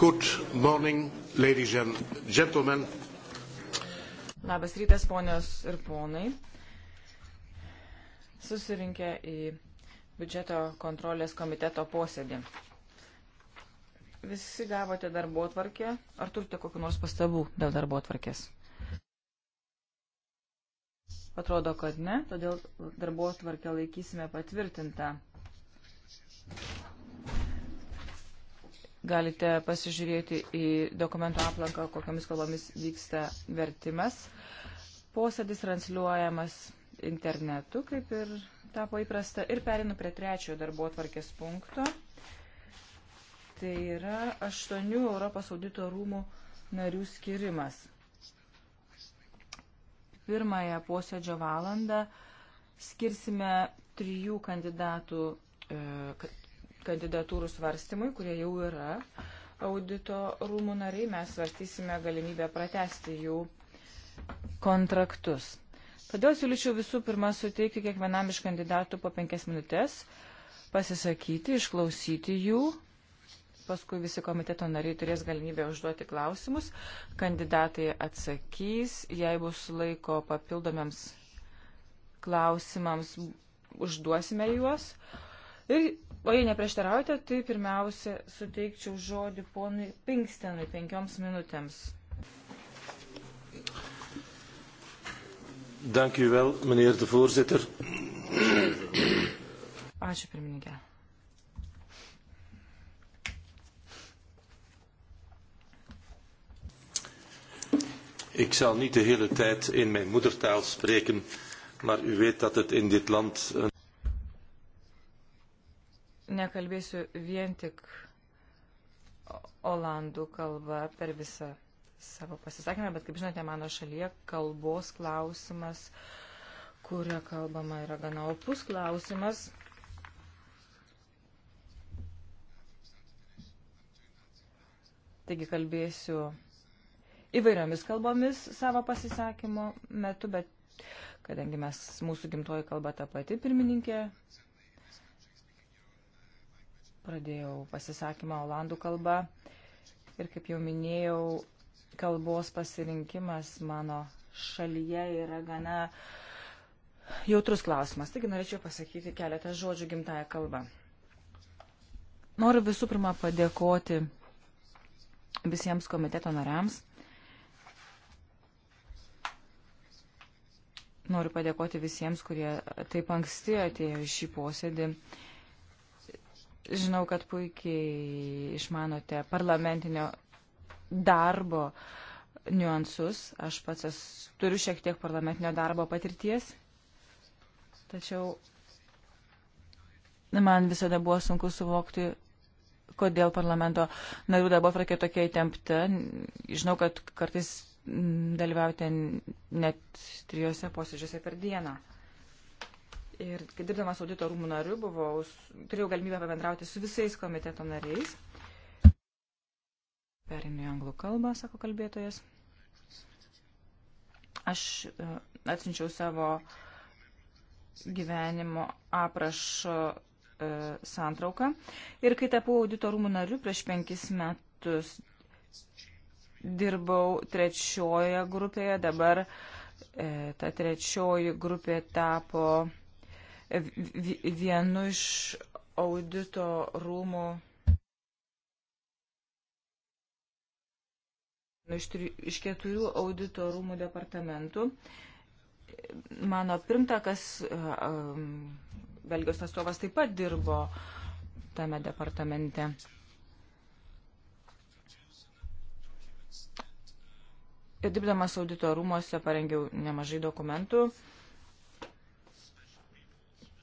Good morning, ladies and gentlemen. Labas rytas, ponios ir ponai. Susirinkę į biudžeto kontrolės komiteto posėdį. Visi gavote darbo atvarkę. Ar turite kokiu nors pastabų dėl darbo atvarkės? Atrodo, kad ne, todėl darbo atvarkę laikysime patvirtintą. Galite pasižiūrėti į dokumentų aplanką, kokiamis kalbomis vyksta vertimas. Posėdis transliuojamas internetu, kaip ir tapo įprasta. Ir perinu prie trečiojo darbo tvarkės punkto. Tai yra aštuonių Europos audito rūmų narių skirimas. Pirmąją posėdžio valandą skirsime trijų kandidatų e, kandidatūrų svarstymui, kurie jau yra audito rūmų nariai. Mes svarstysime galimybę pratesti jų kontraktus. Todėl siūlyčiau visų pirma suteikti kiekvienam iš kandidatų po penkias minutės, pasisakyti, išklausyti jų. Paskui visi komiteto nariai turės galimybę užduoti klausimus. Kandidatai atsakys, jei bus laiko papildomiams klausimams užduosime juos, Ir, o jei neprieštaraujate, tai pirmiausia suteikčiau žodį ponui Pinkstenui penkioms minutėms. Dank u wel, meneer de voorzitter. Ačiū, pirmininkė. Ik zal niet de hele tijd in mijn moedertaal spreken, maar u weet dat het in dit land een nekalbėsiu vien tik olandų kalba per visą savo pasisakymą, bet kaip žinote, mano šalyje kalbos klausimas, kurio kalbama yra gana opus klausimas. Taigi kalbėsiu įvairiomis kalbomis savo pasisakymo metu, bet kadangi mes mūsų gimtoji kalba ta pati pirmininkė, Pradėjau pasisakymą olandų kalba ir, kaip jau minėjau, kalbos pasirinkimas mano šalyje yra gana jautrus klausimas. Taigi norėčiau pasakyti keletą žodžių gimtają kalbą. Noriu visų pirma padėkoti visiems komiteto nariams. Noriu padėkoti visiems, kurie taip anksti atėjo į šį posėdį. Uh, Žinau, kad puikiai išmanote parlamentinio darbo niuansus. Aš pats es, turiu šiek tiek parlamentinio darbo patirties. Tačiau man visada buvo sunku suvokti, kodėl parlamento narių darbo frakė tokia įtempta. Žinau, kad kartais dalyvaujate net trijose posėdžiuose per dieną. Ir kai dirbdamas audito rūmų nariu, buvau, turėjau galimybę pabendrauti su visais komiteto nariais. Perinu į anglų kalbą, sako kalbėtojas. Aš e, atsinčiau savo gyvenimo aprašo e, santrauką. Ir kai tapau auditorumų nariu prieš penkis metus, dirbau trečioje grupėje, dabar e, ta trečioji grupė tapo vienu iš audito rūmų. Iš, tri, iš keturių audito rūmų departamentų. Mano pirmtakas, Belgijos atstovas, taip pat dirbo tame departamente. Ir dirbdamas audito rūmose parengiau nemažai dokumentų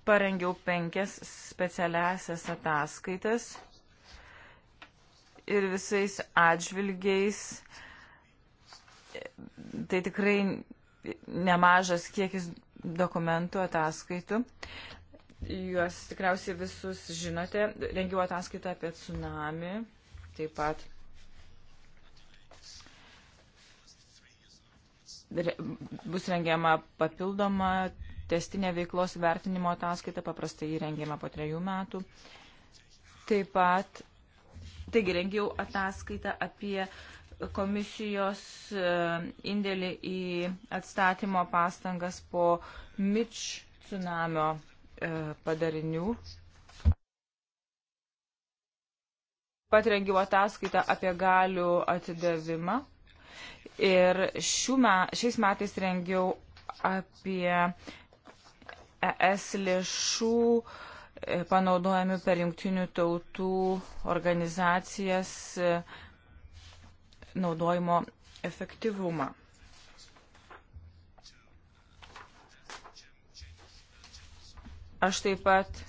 parengiau penkias specialiasias ataskaitas ir visais atžvilgiais. Tai tikrai nemažas kiekis dokumentų ataskaitų. Juos tikriausiai visus žinote. Rengiau ataskaitą apie tsunami taip pat. Bus rengiama papildoma testinė veiklos vertinimo ataskaita paprastai įrengiama po trejų metų. Taip pat, taigi rengiau ataskaitą apie komisijos e, indėlį į atstatymo pastangas po Mitch tsunamio e, padarinių. Pat rengiau ataskaitą apie galių atidavimą. Ir me, šiais metais rengiau apie ES lėšų e, panaudojami per jungtinių tautų organizacijas e, naudojimo efektyvumą. Aš taip pat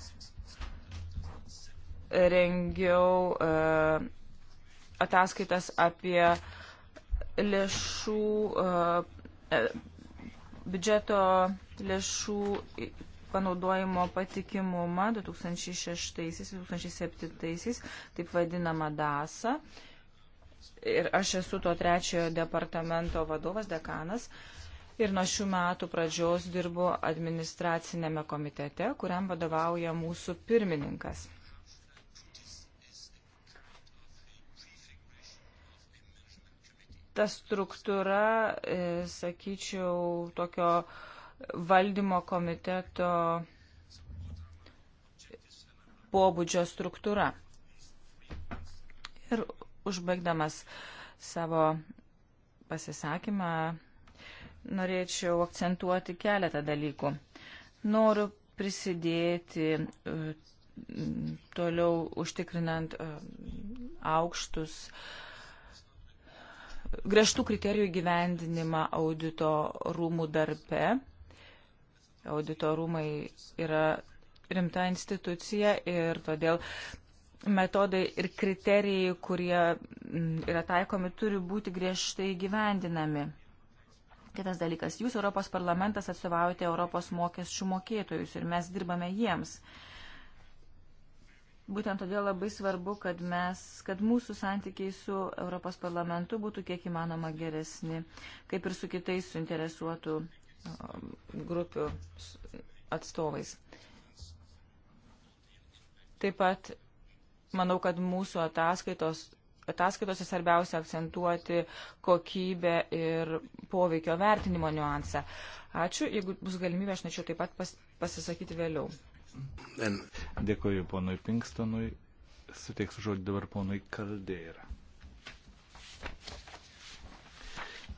rengiau e, ataskaitas apie lėšų biudžeto lėšų panaudojimo patikimumą 2006-2007, taip vadinamą DASą. Ir aš esu to trečiojo departamento vadovas, dekanas. Ir nuo šių metų pradžios dirbu administracinėme komitete, kuriam vadovauja mūsų pirmininkas. ta struktūra, e, sakyčiau, tokio valdymo komiteto pobūdžio struktūra. Ir užbaigdamas savo pasisakymą, norėčiau akcentuoti keletą dalykų. Noriu prisidėti e, toliau užtikrinant e, aukštus uh, griežtų kriterijų gyvendinimą audito rūmų darbe. Audito rūmai yra rimta institucija ir todėl metodai ir kriterijai, kurie mm, yra taikomi, turi būti griežtai gyvendinami. Kitas dalykas, jūs Europos parlamentas atstovaujate Europos mokesčių mokėtojus ir mes dirbame jiems. Uh, Būtent todėl labai svarbu, kad, mes, kad mūsų santykiai su Europos parlamentu būtų kiek įmanoma geresni, kaip ir su kitais suinteresuotų um, grupių atstovais. Taip pat manau, kad mūsų ataskaitos, ataskaitose svarbiausia akcentuoti kokybę ir poveikio vertinimo niuansą. Ačiū, jeigu bus galimybė, aš norėčiau taip pat pas, pasisakyti vėliau. Dėkoju ponui Pinkstonui. Suteiksiu žodį dabar ponui Kaldeira.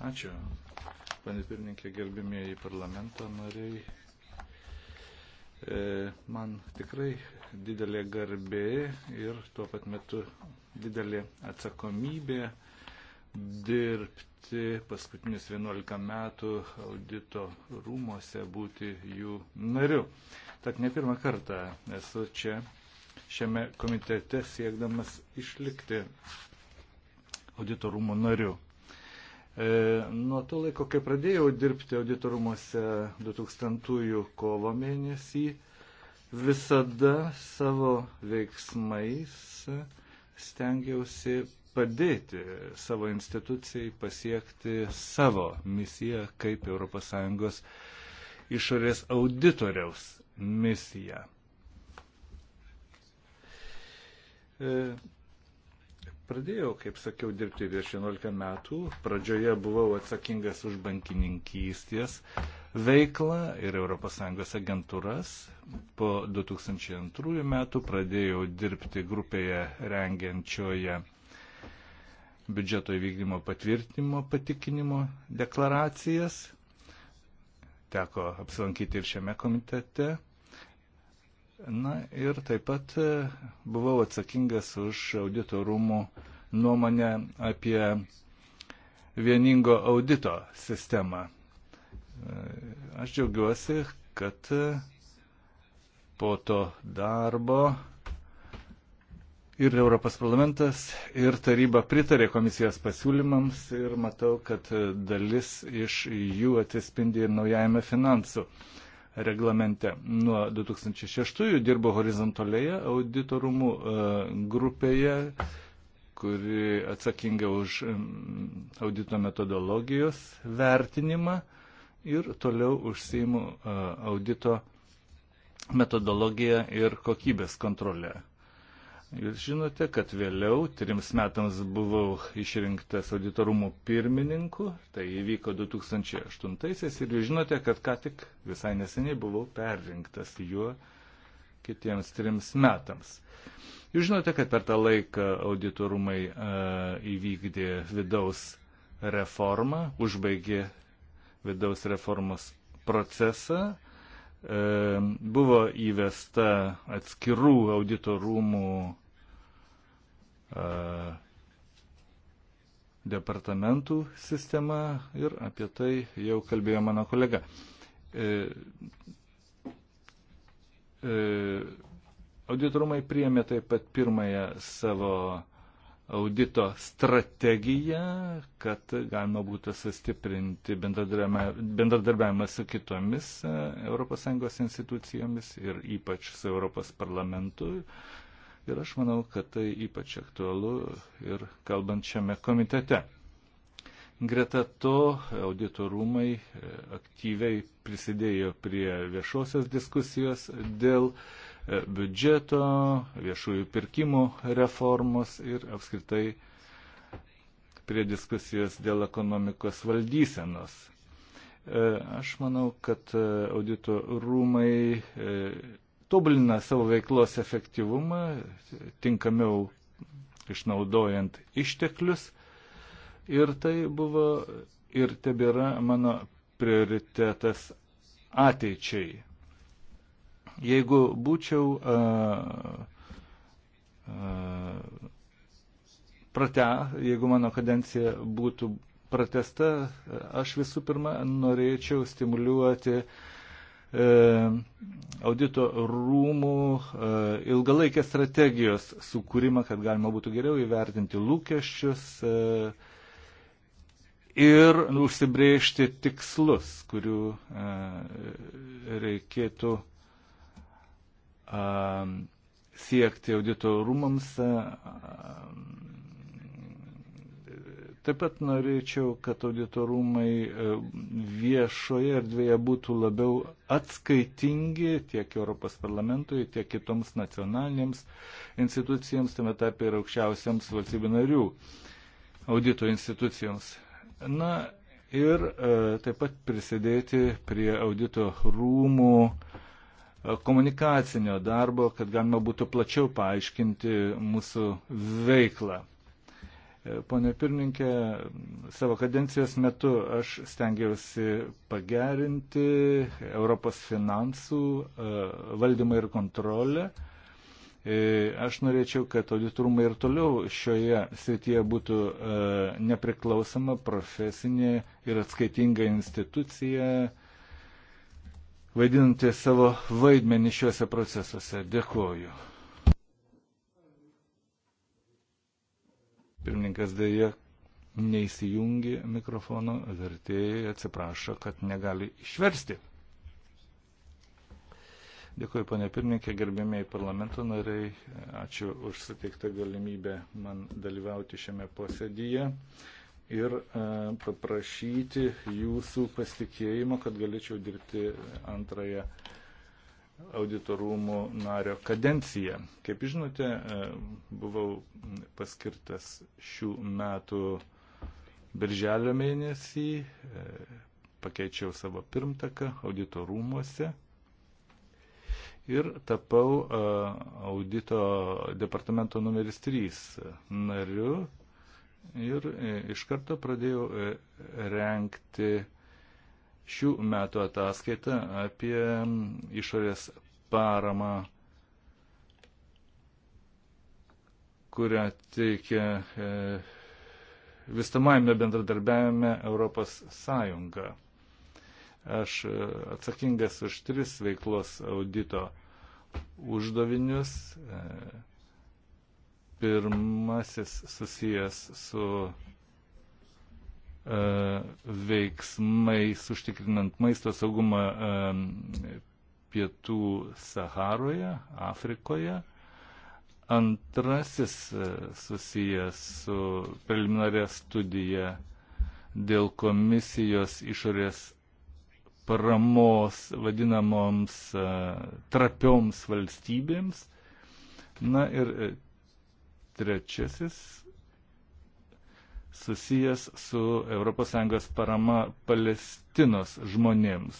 Ačiū. Pane pirmininkė, gerbimieji parlamento nariai. E, man tikrai didelė garbė ir tuo pat metu didelė atsakomybė dirbti paskutinius 11 metų audito rūmose, būti jų nariu. E, Tad ne pirmą kartą esu čia šiame komitete siekdamas išlikti auditorumo nariu. E, nuo to laiko, kai pradėjau dirbti auditorumuose 2000-ųjų kovo mėnesį, visada savo veiksmais stengiausi padėti savo institucijai pasiekti savo misiją kaip ES išorės auditoriaus misiją. E, pradėjau, kaip sakiau, dirbti prieš 11 metų. Pradžioje buvau atsakingas už bankininkystės veiklą ir ES agentūras. Po 2002 metų pradėjau dirbti grupėje rengiančioje biudžeto įvykdymo patvirtinimo patikinimo deklaracijas. Teko apsilankyti ir šiame komitete. Na ir taip pat e, buvau atsakingas už audito rūmų nuomonę apie vieningo audito sistemą. E, aš džiaugiuosi, kad e, po to darbo ir Europos parlamentas, ir taryba pritarė komisijos pasiūlymams ir matau, kad dalis iš jų atsispindi ir naujajame finansų reglamente. Nuo 2006 dirbo horizontalėje auditorumų e, grupėje, kuri atsakinga už audito metodologijos vertinimą ir toliau užsiimu e, audito metodologiją ir kokybės kontrolę. Jūs žinote, kad vėliau trims metams buvau išrinktas auditorumų pirmininku, tai įvyko 2008-aisiais ir jūs žinote, kad ką tik visai neseniai buvau perrinktas juo kitiems trims metams. Jūs žinote, kad per tą laiką auditorumai e, įvykdė vidaus reformą, užbaigė vidaus reformos procesą e, buvo įvesta atskirų auditorumų departamentų sistema ir apie tai jau kalbėjo mano kolega. E, e, auditorumai priėmė taip pat pirmąją savo audito strategiją, kad galima būtų sustiprinti bendradarbiavimą su kitomis ES institucijomis ir ypač su Europos parlamentu. Uh, Ir aš manau, kad tai ypač aktualu ir kalbant šiame komitete. Greta to auditorumai e, aktyviai prisidėjo prie viešosios diskusijos dėl e, biudžeto, viešųjų pirkimų reformos ir apskritai prie diskusijos dėl ekonomikos valdysenos. E, aš manau, kad audito rūmai tobulina savo veiklos efektyvumą, tinkamiau išnaudojant išteklius. Ir tai buvo ir tebėra mano prioritetas ateičiai. Jeigu būčiau a, a, prate, jeigu mano kadencija būtų pratesta, aš visų pirma norėčiau stimuliuoti uh, E, audito rūmų e, ilgalaikės strategijos sukūrimą, kad galima būtų geriau įvertinti lūkesčius e, ir užsibriežti tikslus, kurių reikėtų siekti audito rūmams Taip pat norėčiau, kad auditorumai e, viešoje erdvėje būtų labiau atskaitingi tiek Europos parlamentui, tiek kitoms nacionalinėms institucijams, tame tarp ir aukščiausiams valstybių narių audito institucijoms. Na ir e, taip pat prisidėti prie audito rūmų e, komunikacinio darbo, kad galima būtų plačiau paaiškinti mūsų veiklą. Pone pirmininkė, savo kadencijos metu aš stengiausi pagerinti Europos finansų e, valdymą ir kontrolę. E, aš norėčiau, kad auditorumai ir toliau šioje srityje būtų e, nepriklausoma profesinė ir atskaitinga institucija, vaidinanti savo vaidmenį šiuose procesuose. Dėkuoju. Pirmininkas dėja neįsijungi mikrofono, vertėjai atsiprašo, kad negali išversti. Dėkuoju, ponė pirmininkė, gerbėmiai parlamento nariai, ačiū už suteiktą galimybę man dalyvauti šiame posėdyje ir e, paprašyti jūsų pasitikėjimo, kad galėčiau dirbti antrąją auditorumų nario kadenciją. Kaip žinote, e, buvau paskirtas šių metų birželio mėnesį, e, pakeičiau savo pirmtaką auditorumuose ir tapau e, audito departamento numeris 3 nariu ir iš karto pradėjau renkti šių metų ataskaitą apie išorės paramą, kurią teikia e, vistamajame bendradarbiavime Europos Sąjunga. Aš e, atsakingas už tris veiklos audito uždavinius. E, pirmasis susijęs su E, veiksmais užtikrinant maisto saugumą e, pietų Saharoje, Afrikoje. Antrasis e, susijęs su preliminarė studija dėl komisijos išorės paramos vadinamoms trapioms valstybėms. Na ir trečiasis susijęs su ES parama Palestinos žmonėms.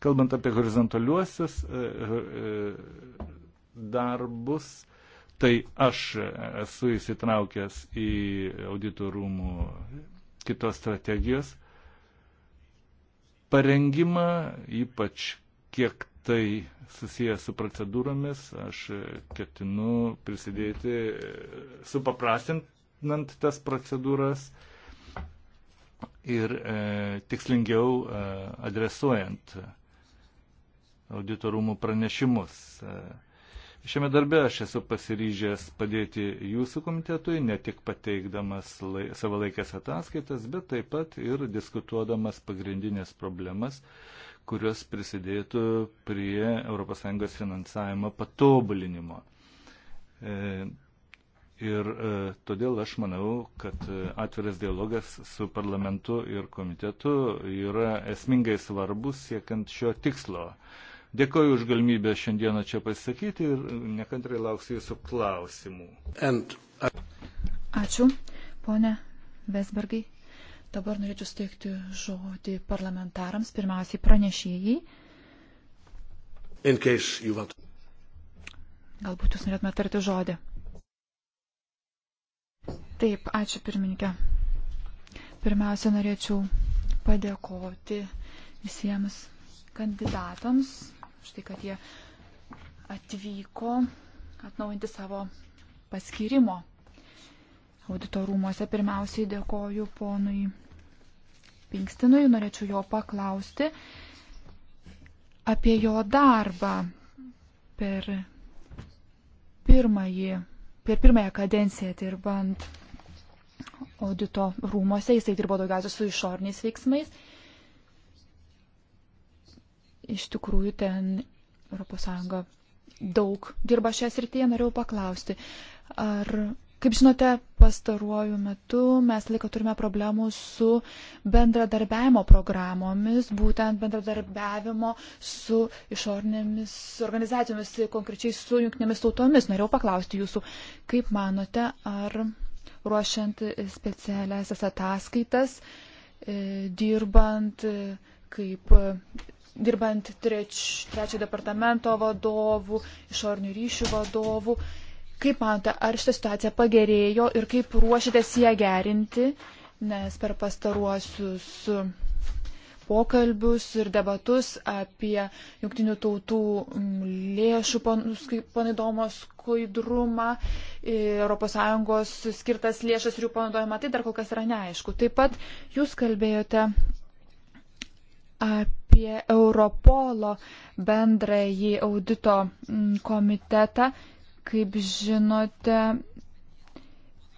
Kalbant apie horizontaliuosius e, e, darbus, tai aš esu įsitraukęs į auditorumų kitos strategijos parengimą, ypač kiek tai susijęs su procedūromis, aš ketinu prisidėti e, supaprastinti nant tas procedūras ir e, tikslingiau e, adresuojant auditorumų pranešimus. E, Šiame darbe aš esu pasiryžęs padėti jūsų komitetui, ne tik pateikdamas lai, savalaikės ataskaitas, bet taip pat ir diskutuodamas pagrindinės problemas, kurios prisidėtų prie ES finansavimo patobulinimo. E, Ir e, todėl aš manau, kad e, atviras dialogas su parlamentu ir komitetu yra esmingai svarbus siekiant šio tikslo. Dėkoju už galimybę šiandieną čia pasisakyti ir nekantrai lauksiu jūsų klausimų. And... Ačiū, ponė Vesbergai. Dabar norėčiau steigti žodį parlamentarams, pirmiausiai pranešėjai. Want... Galbūt jūs norėtumėte tarti žodį. Taip, ačiū pirmininkė. Pirmiausia, norėčiau padėkoti visiems kandidatams štai kad jie atvyko atnaujinti savo paskirimo auditorumuose. Pirmiausiai dėkoju ponui Pinkstinui, norėčiau jo paklausti apie jo darbą per pirmąjį, per pirmąją kadenciją dirbant tai audito rūmose, jisai dirbo daugiausia su išorniais veiksmais. Iš tikrųjų, ten ES daug dirba šią srityje, norėjau paklausti. Ar, kaip žinote, pastaruoju metu mes laiko turime problemų su bendradarbiavimo programomis, būtent bendradarbiavimo su išornėmis organizacijomis, konkrečiai su jungtinėmis tautomis. Norėjau paklausti jūsų, kaip manote, ar ruošiant specialiasias ataskaitas, e, dirbant e, kaip e, dirbant treč, trečio departamento vadovų, išorinių ryšių vadovų. Kaip manote, ar šitą situaciją pagerėjo ir kaip ruošitės ją gerinti, nes per pastaruosius pokalbius ir debatus apie jungtinių tautų mm, lėšų panaidomos skaidrumą, ES skirtas lėšas ir jų panaudojimą, tai dar kol kas yra neaišku. Taip pat jūs kalbėjote apie Europolo bendrąjį audito mm, komitetą. Kaip žinote,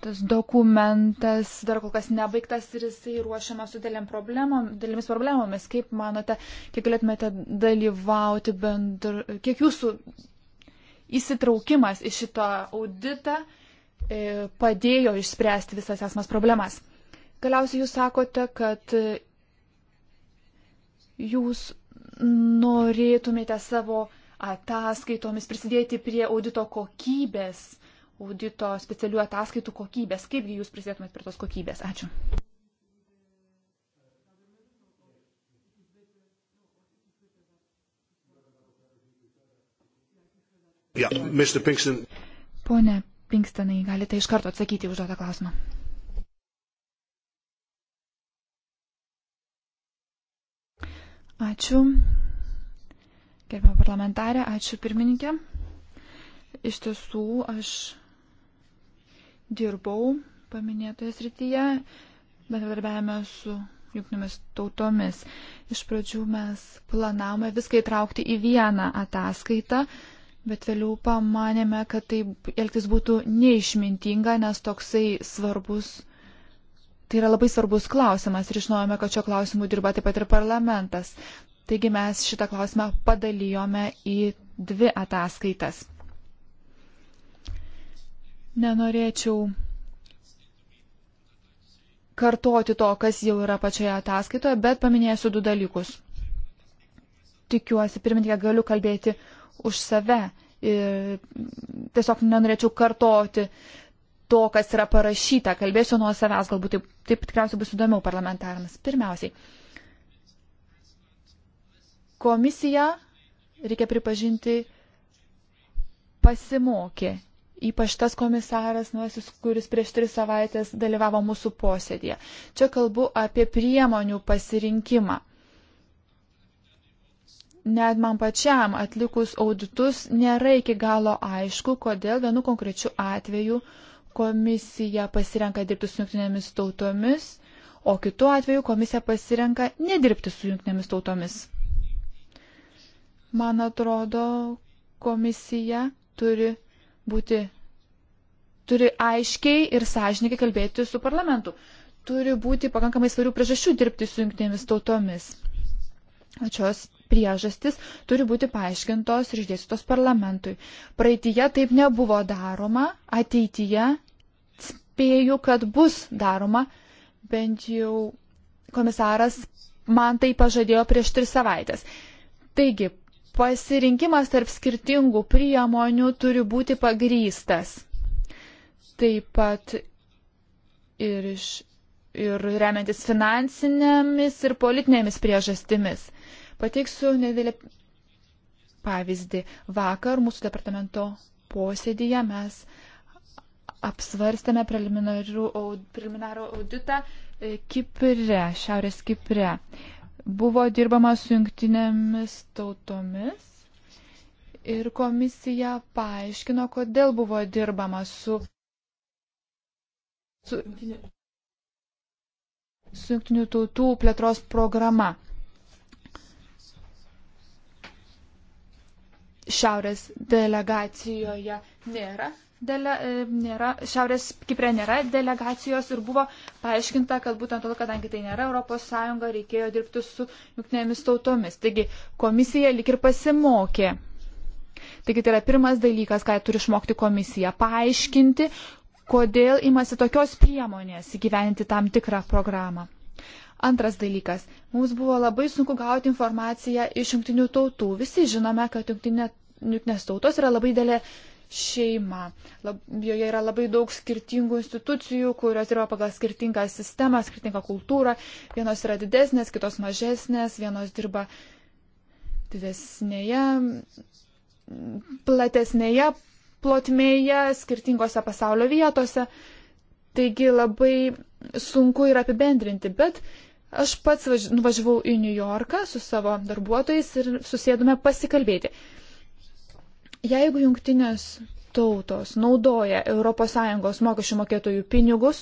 tas dokumentas dar kol kas nebaigtas ir jisai ruošiamas su problemom, dėlėmis problemomis. Kaip manote, kiek galėtumėte dalyvauti bendr, kiek jūsų įsitraukimas į šitą auditą e, padėjo išspręsti visas esmas problemas? Galiausiai jūs sakote, kad jūs norėtumėte savo ataskaitomis prisidėti prie audito kokybės audito specialių ataskaitų kokybės. Kaipgi jūs prisėtumėt prie tos kokybės? Ačiū. Ja, Pinkston. Pone Pinkstonai, galite iš karto atsakyti užduotą klausimą. Ačiū. Gerbama parlamentarė, ačiū pirmininkė. Iš tiesų, aš dirbau paminėtoje srityje, bendradarbiavime su jungtinėmis tautomis. Iš pradžių mes planavome viską įtraukti į vieną ataskaitą, bet vėliau pamanėme, kad tai elgtis būtų neišmintinga, nes toksai svarbus. Tai yra labai svarbus klausimas ir žinojome, kad šio klausimu dirba taip pat ir parlamentas. Taigi mes šitą klausimą padalijome į dvi ataskaitas. Nenorėčiau kartoti to, kas jau yra pačioje ataskaitoje, bet paminėsiu du dalykus. Tikiuosi, pirmininkė, galiu kalbėti už save ir tiesiog nenorėčiau kartoti to, kas yra parašyta. Kalbėsiu nuo savęs, galbūt taip, taip tikriausiai bus įdomiau parlamentarams. Pirmiausiai, komisija, reikia pripažinti, pasimokė ypač tas komisaras, nuosis, kuris prieš tris savaitės dalyvavo mūsų posėdėje. Čia kalbu apie priemonių pasirinkimą. Net man pačiam atlikus auditus nėra iki galo aišku, kodėl vienu konkrečiu atveju komisija pasirenka dirbti su jungtinėmis tautomis, o kitu atveju komisija pasirenka nedirbti su jungtinėmis tautomis. Man atrodo, komisija turi būti, turi aiškiai ir sąžininkai kalbėti su parlamentu. Turi būti pakankamai svarių priežasčių dirbti su jungtinėmis tautomis. Ačios priežastis turi būti paaiškintos ir išdėstytos parlamentui. Praeitie taip nebuvo daroma, ateityje spėju, kad bus daroma, bent jau komisaras man tai pažadėjo prieš tris savaitės. Taigi, pasirinkimas tarp skirtingų priemonių turi būti pagrystas. Taip pat ir, iš, ir remiantis finansinėmis ir politinėmis priežastimis. Pateiksiu nedėlį pavyzdį. Vakar mūsų departamento posėdėje mes apsvarstėme preliminarų auditą e, Kipre, Šiaurės Kipre. Buvo dirbama su jungtinėmis tautomis ir komisija paaiškino, kodėl buvo dirbama su, su, su jungtinių tautų plėtros programa. Šiaurės delegacijoje nėra dele, e, nėra, Šiaurės Kiprė nėra delegacijos ir buvo paaiškinta, kad būtent todėl, kadangi tai nėra ES, reikėjo dirbti su jungtinėmis tautomis. Taigi komisija lik ir pasimokė. Taigi tai yra pirmas dalykas, ką turi išmokti komisija - paaiškinti, kodėl imasi tokios priemonės įgyventi tam tikrą programą. Antras dalykas. Mums buvo labai sunku gauti informaciją iš jungtinių tautų. Visi žinome, kad jungtinė, jungtinės tautos yra labai dėlė šeimą. Lab, joje yra labai daug skirtingų institucijų, kurios dirba pagal skirtingą sistemą, skirtingą kultūrą. Vienos yra didesnės, kitos mažesnės, vienos dirba didesnėje, platesnėje plotmėje, skirtingose pasaulio vietose. Taigi labai sunku yra apibendrinti, bet aš pats nuvažiavau į Niujorką su savo darbuotojais ir susėdome pasikalbėti. Jeigu jungtinės tautos naudoja ES mokesčių mokėtojų pinigus,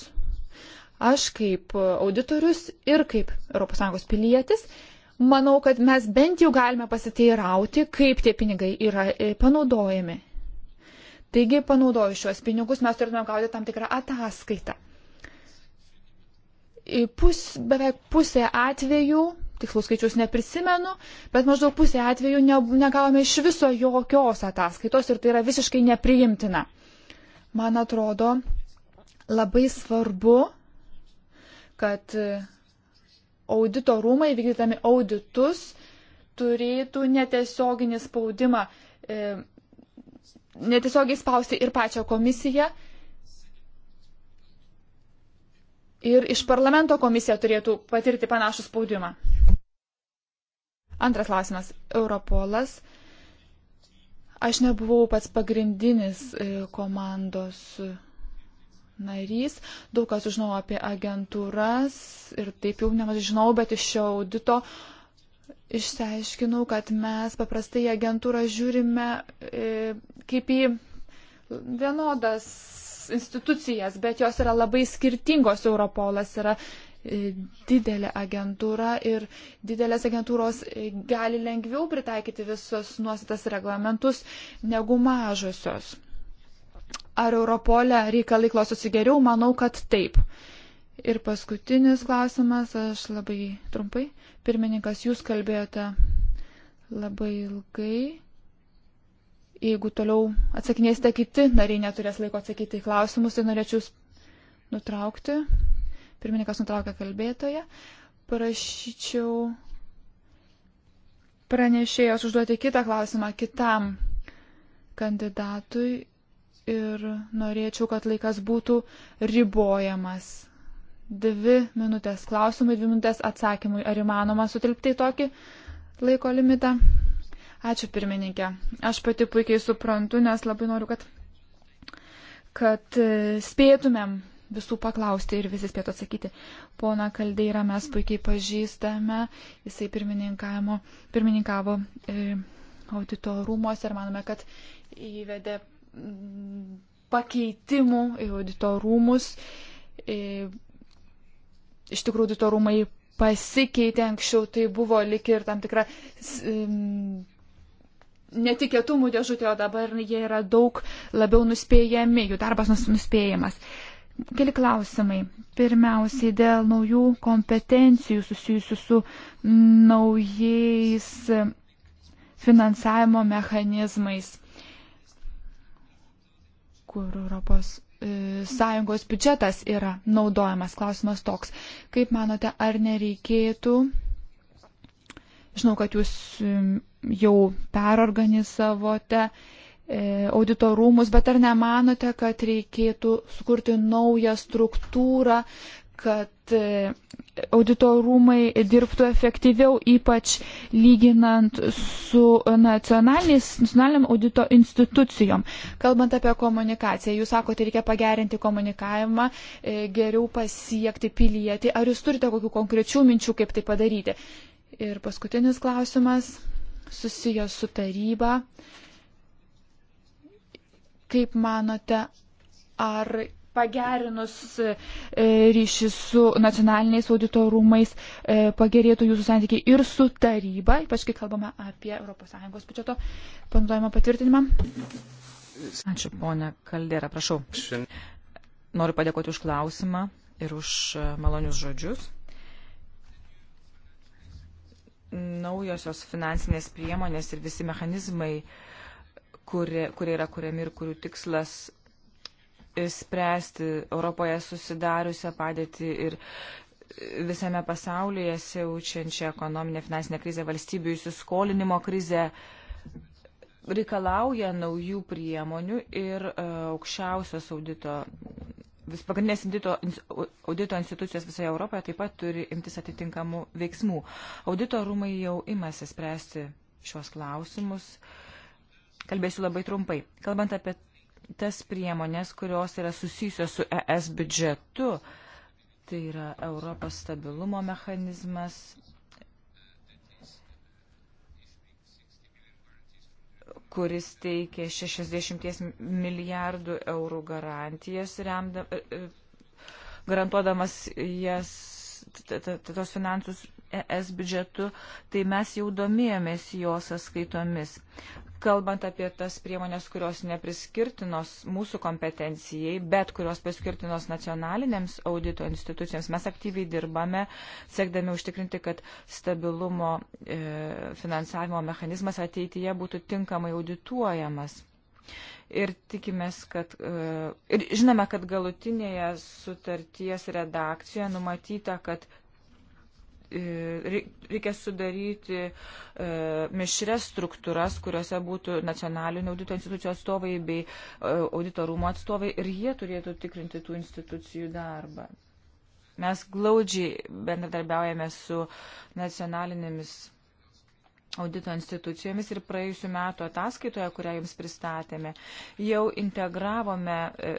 aš kaip auditorius ir kaip ES pilietis, manau, kad mes bent jau galime pasiteirauti, kaip tie pinigai yra e, panaudojami. Taigi, panaudojus šiuos pinigus, mes turime gauti tam tikrą ataskaitą. Pus, beveik pusė atvejų tikslų skaičius neprisimenu, bet maždaug pusė atveju ne, negavome iš viso jokios ataskaitos ir tai yra visiškai nepriimtina. Man atrodo labai svarbu, kad audito rūmai vykdydami auditus turėtų netiesioginį spaudimą, e, netiesiogiai spausti ir pačią komisiją, ir iš parlamento komisija turėtų patirti panašų spaudimą. Antras klausimas. Europolas. Aš nebuvau pats pagrindinis e, komandos narys. Daug kas žinau apie agentūras ir taip jau nemažai žinau, bet iš šio audito išsiaiškinau, kad mes paprastai agentūrą žiūrime e, kaip į vienodas institucijas, bet jos yra labai skirtingos. Europolas yra E, didelė agentūra ir didelės agentūros e, gali lengviau pritaikyti visus nuostatas reglamentus negu mažosios. Ar Europolė reikalai klostosi geriau? Manau, kad taip. Ir paskutinis klausimas, aš labai trumpai. Pirmininkas, jūs kalbėjote labai ilgai jeigu toliau atsakinėsite, kiti nariai neturės laiko atsakyti į klausimus, tai norėčiau nutraukti. Pirmininkas nutraukė kalbėtoją. Parašyčiau pranešėjos užduoti kitą klausimą kitam kandidatui ir norėčiau, kad laikas būtų ribojamas. Dvi minutės klausimui, dvi minutės atsakymui. Ar įmanoma sutilpti į tokį laiko limitą? Ačiū pirmininkė. Aš pati puikiai suprantu, nes labai noriu, kad, kad spėtumėm visų paklausti ir visi spėtų atsakyti. Pona Kaldeira mes puikiai pažįstame, jisai pirmininkavo e, audito rūmos ir manome, kad įvedė mm, pakeitimų į audito rūmus. E, iš tikrųjų, audito rūmai pasikeitė, anksčiau tai buvo lik ir tam tikra mm, netikėtumų dėžutė, o dabar jie yra daug labiau nuspėjami, jų darbas nuspėjamas. Uh, Keli klausimai. Pirmiausiai dėl naujų kompetencijų susijusių su naujais finansavimo mechanizmais, kur Europos e, Sąjungos biudžetas yra naudojamas. Klausimas toks. Kaip manote, ar nereikėtų, žinau, kad jūs jau perorganizavote, E, auditorumus, bet ar nemanote, kad reikėtų sukurti naują struktūrą, kad e, auditorumai dirbtų efektyviau, ypač lyginant su nacionaliniam audito institucijom. Kalbant apie komunikaciją, jūs sakote, reikia pagerinti komunikavimą, e, geriau pasiekti pilietį. Ar jūs turite kokių konkrečių minčių, kaip tai padaryti? Ir paskutinis klausimas susijęs su taryba. E, Kaip manote, ar pagerinus e, ryšį su nacionaliniais audito rūmais e, pagerėtų jūsų santykiai ir su taryba, ypač kai kalbame apie ES biudžeto panaudojimo patvirtinimą? Ačiū, ponia Kaldera, prašau. Noriu padėkoti už klausimą ir už e, malonius žodžius. Naujosios finansinės priemonės ir visi mechanizmai uh, kurie, kurie yra kuriami ir kurių tikslas spręsti Europoje susidariusią padėtį ir visame pasaulyje siaučiančią ekonominę finansinę krizę, valstybių įsiskolinimo krizę, reikalauja naujų priemonių ir e, aukščiausios audito, vis pagrindinės audito, audito institucijos visoje Europoje taip pat turi imtis atitinkamų veiksmų. Audito rūmai jau imasi spręsti šios klausimus. Uh, Kalbėsiu labai trumpai. Kalbant apie tas priemonės, kurios yra susijusios su ES biudžetu, tai yra Europos stabilumo mechanizmas, kuris teikia 60 milijardų eurų garantijas, remda, e, e, garantuodamas jas, tos finansus ES biudžetu, tai mes jau domėjomės jo sąskaitomis kalbant apie tas priemonės, kurios nepriskirtinos mūsų kompetencijai, bet kurios priskirtinos nacionalinėms audito institucijoms, mes aktyviai dirbame, siekdami užtikrinti, kad stabilumo e, finansavimo mechanizmas ateityje būtų tinkamai audituojamas. Ir tikimės, kad, e, ir žinome, kad galutinėje sutarties redakcijoje numatyta, kad E, reikia sudaryti e, mišres struktūras, kuriuose būtų nacionalinio audito institucijų atstovai bei e, auditorumo atstovai ir jie turėtų tikrinti tų institucijų darbą. Mes glaudžiai bendradarbiaujame su nacionalinėmis audito institucijomis ir praėjusiu metu ataskaitoje, kurią jums pristatėme, jau integravome e,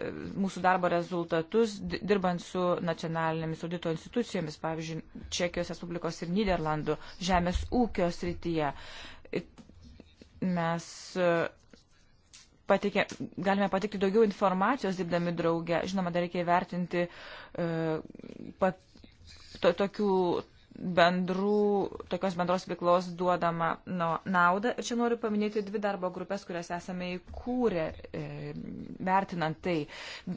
mūsų darbo rezultatus, dirbant su nacionalinėmis audito institucijomis, pavyzdžiui, Čekijos Respublikos ir Niderlandų žemės ūkio srityje. Mes e, patikė, galime patikti daugiau informacijos dirbdami draugę. Žinoma, dar reikia įvertinti uh, pat, to, tokių bendrų, tokios bendros veiklos duodama naudą. Ir čia noriu paminėti dvi darbo grupės, kurias esame įkūrę, e, vertinant tai.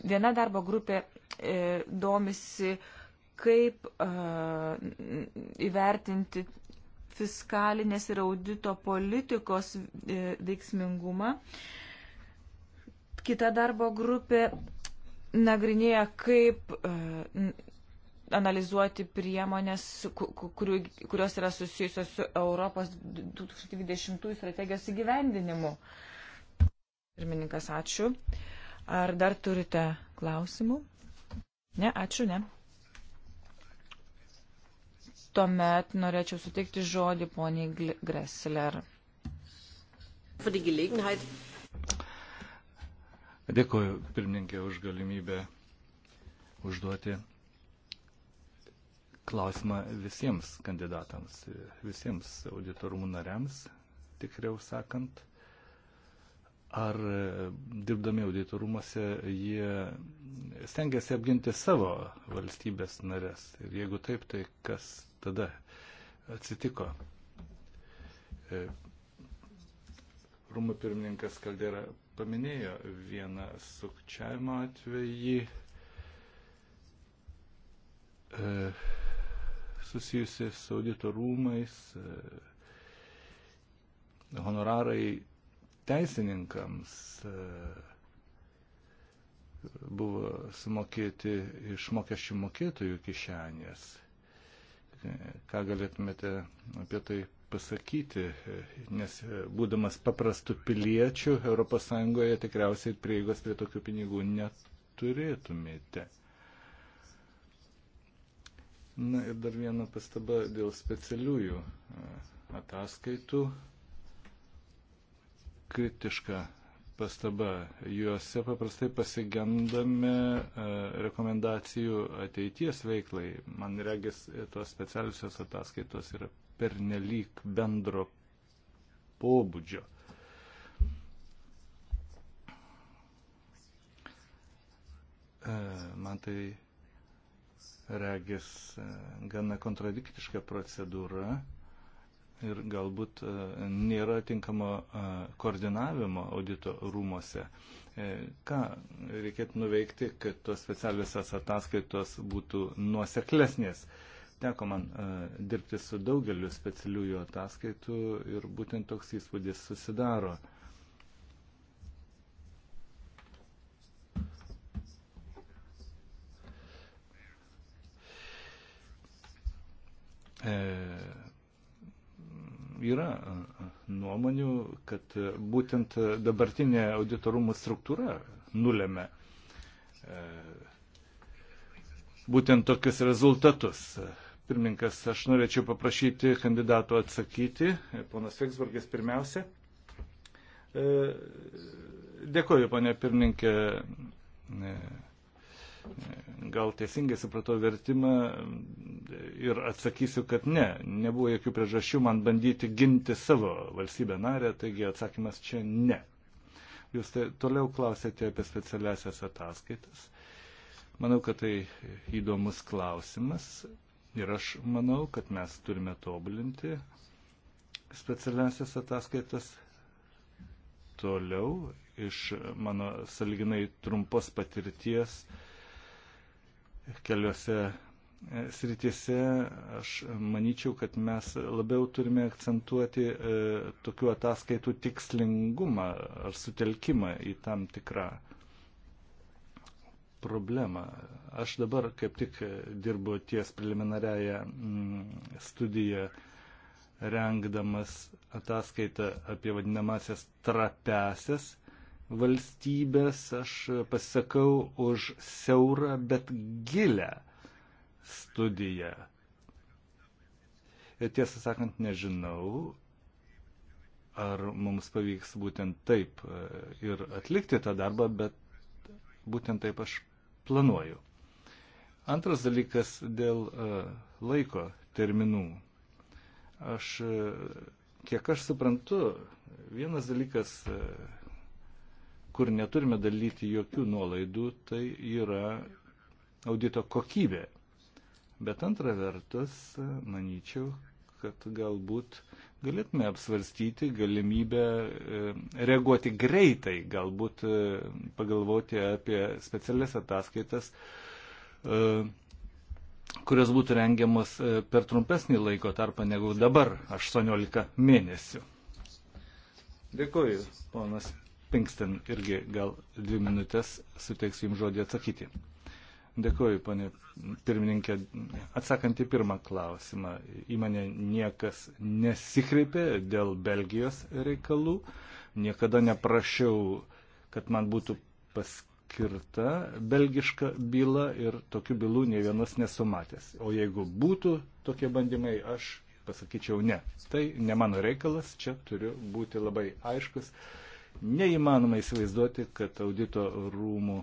Viena darbo grupė e, domisi, kaip e, įvertinti fiskalinės ir audito politikos e, veiksmingumą. Kita darbo grupė nagrinėja, kaip e, analizuoti priemonės, kurių, kurios yra susijusios su Europos 2020 strategijos įgyvendinimu. Pirmininkas, ačiū. Ar dar turite klausimų? Ne, ačiū, ne. Tuomet norėčiau sutikti žodį poniai Gressler. Dėkuoju pirmininkė už galimybę užduoti klausimą visiems kandidatams, visiems auditorumų nariams, tikriau sakant. Ar e, dirbdami auditorumuose jie stengiasi apginti savo valstybės narės? Ir jeigu taip, tai kas tada atsitiko? E, rūmų pirmininkas Kaldera paminėjo vieną sukčiavimo atvejį. E, susijusi su audito rūmais, e, honorarai teisininkams e, buvo sumokėti iš mokesčių mokėtojų kišenės. E, ką galėtumėte apie tai pasakyti, nes būdamas paprastu piliečiu ES tikriausiai prieigos prie tokių pinigų neturėtumėte. Na ir dar viena pastaba dėl specialiųjų e, ataskaitų. Kritiška pastaba. Juose paprastai pasigendame e, rekomendacijų ateities veiklai. Man regis, tos specialiusios ataskaitos yra pernelyg bendro pobūdžio. E, man tai regis e, gana kontradiktiška procedūra ir galbūt e, nėra tinkamo e, koordinavimo audito rūmose. Ką reikėtų nuveikti, kad tos specialiosios ataskaitos būtų nuoseklesnės? Teko man dirbti su daugeliu specialiųjų ataskaitų ir būtent toks įspūdis susidaro. E, yra e, nuomonių, kad būtent dabartinė auditorumų struktūra nulėmė e, būtent tokius rezultatus. Pirmininkas, aš norėčiau paprašyti kandidato atsakyti. Ponas Feksbergis pirmiausia. Dėkoju, ponė pirmininkė. Gal teisingai supratau vertimą ir atsakysiu, kad ne, nebuvo jokių priežasčių man bandyti ginti savo valstybę narę, taigi atsakymas čia ne. Jūs tai toliau klausėte apie specialiasias ataskaitas. Manau, kad tai įdomus klausimas ir aš manau, kad mes turime tobulinti specialiasias ataskaitas toliau iš mano salginai trumpos patirties keliose e, sritise. Aš manyčiau, kad mes labiau turime akcentuoti e, tokių ataskaitų tikslingumą ar sutelkimą į tam tikrą problemą. Aš dabar kaip tik dirbu ties preliminariaja mm, studija rengdamas ataskaitą apie vadinamasias trapesias valstybės, aš pasisakau už siaurą, bet gilę studiją. Ir tiesą sakant, nežinau, ar mums pavyks būtent taip e, ir atlikti tą darbą, bet būtent taip aš planuoju. Antras dalykas dėl e, laiko terminų. Aš, e, kiek aš suprantu, vienas dalykas kur neturime dalyti jokių nuolaidų, tai yra audito kokybė. Bet antra vertus, manyčiau, kad galbūt galėtume apsvarstyti galimybę e, reaguoti greitai, galbūt e, pagalvoti apie specialias ataskaitas, e, kurios būtų rengiamas per trumpesnį laiko tarpą negu dabar 18 mėnesių. Dėkuoju, ponas Pinkston irgi gal dvi minutės suteiksiu jums žodį atsakyti. Dėkuoju, panė pirmininkė. Atsakant į pirmą klausimą, į mane niekas nesikreipė dėl Belgijos reikalų. Niekada neprašiau, kad man būtų paskirta belgiška byla ir tokių bylų ne vienas nesumatęs. O jeigu būtų tokie bandymai, aš pasakyčiau ne. Tai ne mano reikalas, čia turiu būti labai aiškus. Uh, Neįmanoma įsivaizduoti, kad audito rūmų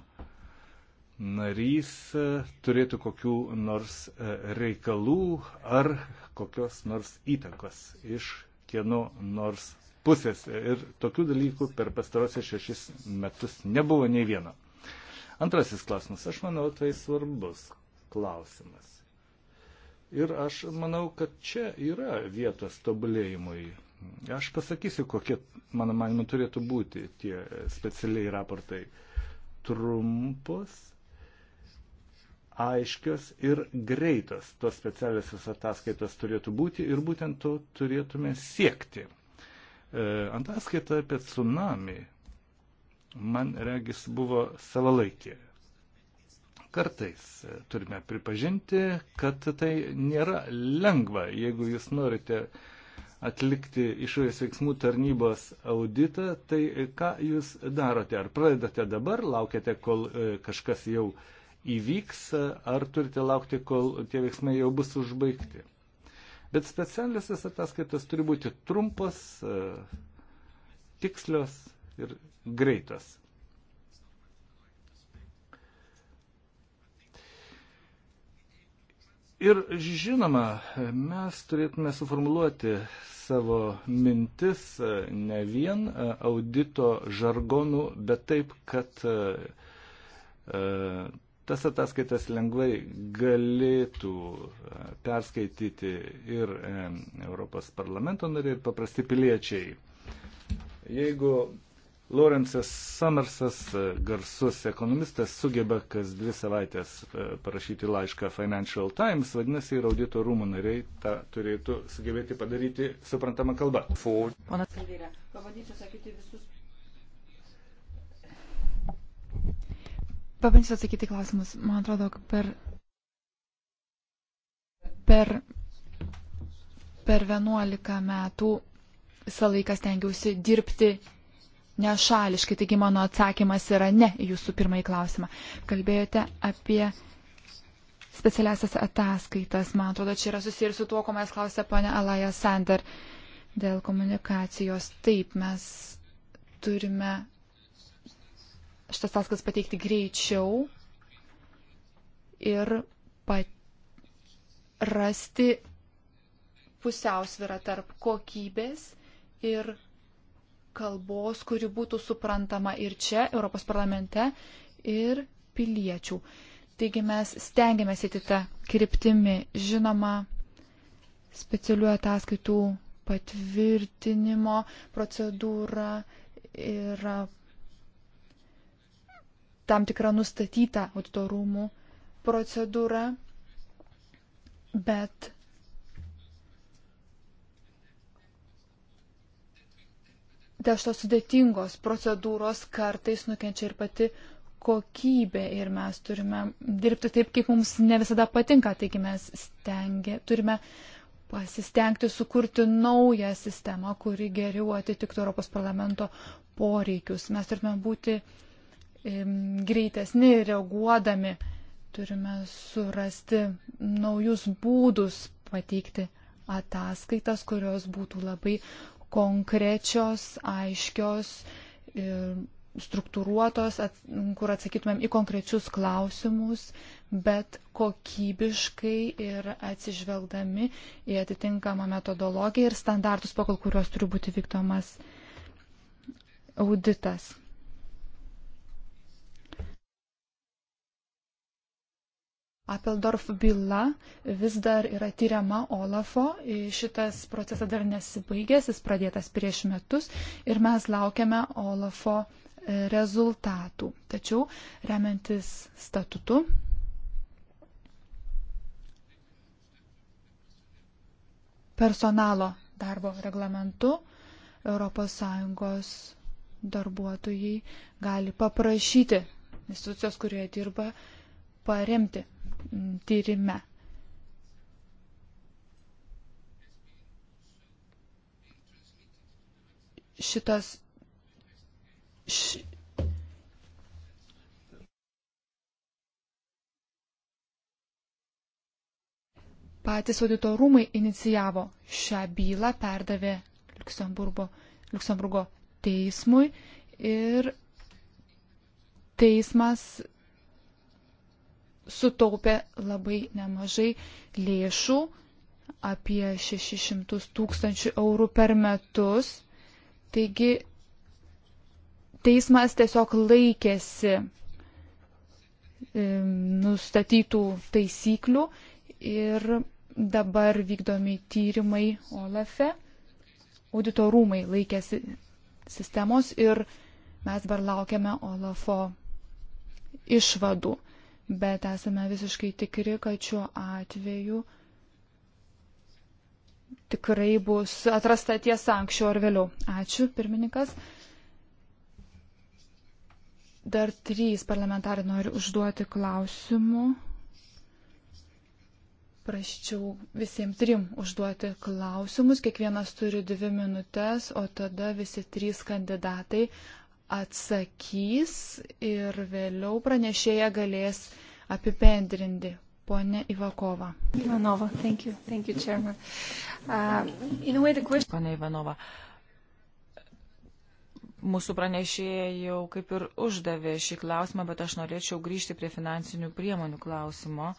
narys e, turėtų kokių nors e, reikalų ar kokios nors įtakos iš kieno nors pusės. Ir tokių dalykų per pastarosius šešis metus nebuvo nei vieno. Antrasis klausimas, aš manau, tai svarbus klausimas. Ir aš manau, kad čia yra vietos tobulėjimui. Aš pasakysiu, kokie, mano manimu, turėtų būti tie specialiai raportai. Trumpos, aiškios ir greitos tos specialiosios ataskaitos turėtų būti ir būtent to turėtume siekti. E, ataskaita apie tsunami, man regis, buvo savalaikė. Kartais turime pripažinti, kad tai nėra lengva, jeigu jūs norite uh, atlikti išorės veiksmų tarnybos auditą, tai e, ką jūs darote? Ar pradedate dabar, laukiate, kol e, kažkas jau įvyks, ar turite laukti, kol tie veiksmai jau bus užbaigti? Bet specialiasis ataskaitas turi būti trumpas, e, tikslios ir greitos. Ir žinoma, mes turėtume suformuluoti savo mintis ne vien e, audito žargonų, bet taip, kad e, e, tas ataskaitas lengvai galėtų perskaityti ir Europos parlamento nariai, ir paprasti piliečiai. Jeigu Lorenzas Summersas, e, garsus ekonomistas, sugeba kas dvi savaitės e, parašyti laišką Financial Times, vadinasi, ir audito rūmų nariai tą turėtų sugebėti padaryti suprantamą kalbą. For... Ponas Kalvyrė, pabandysiu sakyti visus. Pabandysiu atsakyti klausimus. Man atrodo, per, per, per 11 metų visą laiką stengiausi dirbti nešališkai. Taigi mano atsakymas yra ne jūsų pirmąjį klausimą. Kalbėjote apie specialiasias ataskaitas. Man atrodo, čia yra susijęs su tuo, ko mes klausė ponė Alaja Sander dėl komunikacijos. Taip, mes turime šitas ataskaitas pateikti greičiau ir pat rasti pusiausvyrą tarp kokybės ir kalbos, kuri būtų suprantama ir čia, Europos parlamente, ir piliečių. Taigi mes stengiamės įti tą kryptimį, žinoma, specialių ataskaitų patvirtinimo procedūra yra tam tikra nustatyta auditorumų procedūra, bet dėl šios sudėtingos procedūros kartais nukenčia ir pati kokybė ir mes turime dirbti taip, kaip mums ne visada patinka, taigi mes stengia, turime pasistengti sukurti naują sistemą, kuri geriau atitiktų Europos parlamento poreikius. Mes turime būti im, greitesni reaguodami, turime surasti naujus būdus pateikti ataskaitas, kurios būtų labai konkrečios, aiškios ir struktūruotos, at, kur atsakytumėm į konkrečius klausimus, bet kokybiškai ir atsižvelgdami į atitinkamą metodologiją ir standartus, pagal kuriuos turi būti vykdomas auditas. Apeldorf byla vis dar yra tyriama Olafo. Šitas procesas dar nesibaigęs, jis pradėtas prieš metus ir mes laukiame Olafo e, rezultatų. Tačiau remiantis statutu personalo darbo reglamentu ES darbuotojai gali paprašyti institucijos, kurioje dirba, paremti tyrime. Šitas. Š, patys auditorumai inicijavo šią bylą, perdavė Luksemburgo, Luksemburgo teismui ir teismas sutaupė labai nemažai lėšų, apie 600 tūkstančių eurų per metus. Taigi teismas tiesiog laikėsi nustatytų taisyklių ir dabar vykdomi tyrimai OLAFE. Auditorumai laikėsi sistemos ir mes dabar laukiame OLAFO išvadų bet esame visiškai tikri, kad šiuo atveju tikrai bus atrasta tiesa anksčiau ar vėliau. Ačiū, pirmininkas. Dar trys parlamentarai nori užduoti klausimų. Praščiau visiems trim užduoti klausimus. Kiekvienas turi dvi minutės, o tada visi trys kandidatai atsakys ir vėliau pranešėja galės apipendrinti. Pone Ivakova. Ivanova, thank you, thank you, Chairman. Uh, in a way the question... Pane Ivanova, mūsų pranešėja jau kaip ir uždavė šį klausimą, bet aš norėčiau grįžti prie finansinių priemonių klausimo,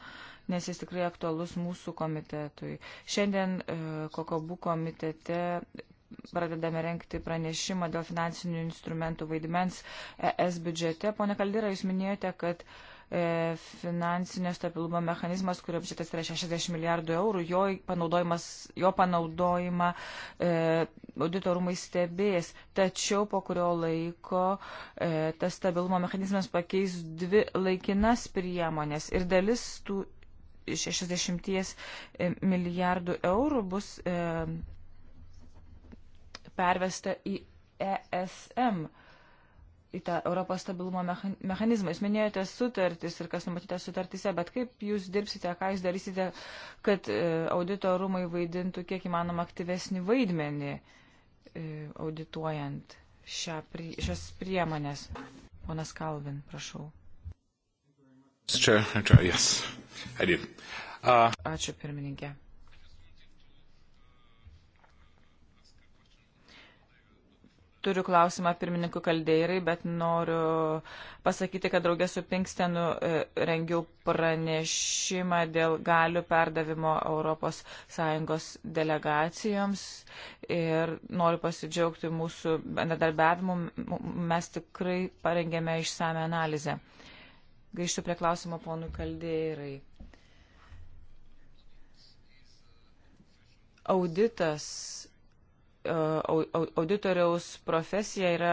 nes jis tikrai aktualus mūsų komitetui. Šiandien uh, Kokobų komitete pradedame renkti pranešimą dėl finansinių instrumentų vaidmens ES biudžete. Pone Kaldira, jūs minėjote, kad e, finansinio stabilumo mechanizmas, kurio biudžetas yra 60 milijardų eurų, jo, jo panaudojimą e, auditorumai stebės. Tačiau po kurio laiko e, tas stabilumo mechanizmas pakeis dvi laikinas priemonės ir dalis tų 60 e, milijardų eurų bus e, pervesta į ESM, į tą Europos stabilumo mechanizmą. Jūs minėjote sutartis ir kas numatyta sutartise, bet kaip jūs dirbsite, ką jūs darysite, kad e, audito rūmai vaidintų kiek įmanoma aktyvesnį vaidmenį e, audituojant šią, šias priemonės. Ponas Kalvin, prašau. Čia, čia, yes. Uh, Ačiū pirmininkė. Turiu klausimą pirmininkų kaldeirai, bet noriu pasakyti, kad draugė su Pinkstenu e, rengiau pranešimą dėl galių perdavimo ES delegacijoms ir noriu pasidžiaugti mūsų bendradarbiavimu. Mes tikrai parengėme išsame analizę. Grįžtu prie klausimo ponų kaldeirai. Auditas E, auditoriaus profesija yra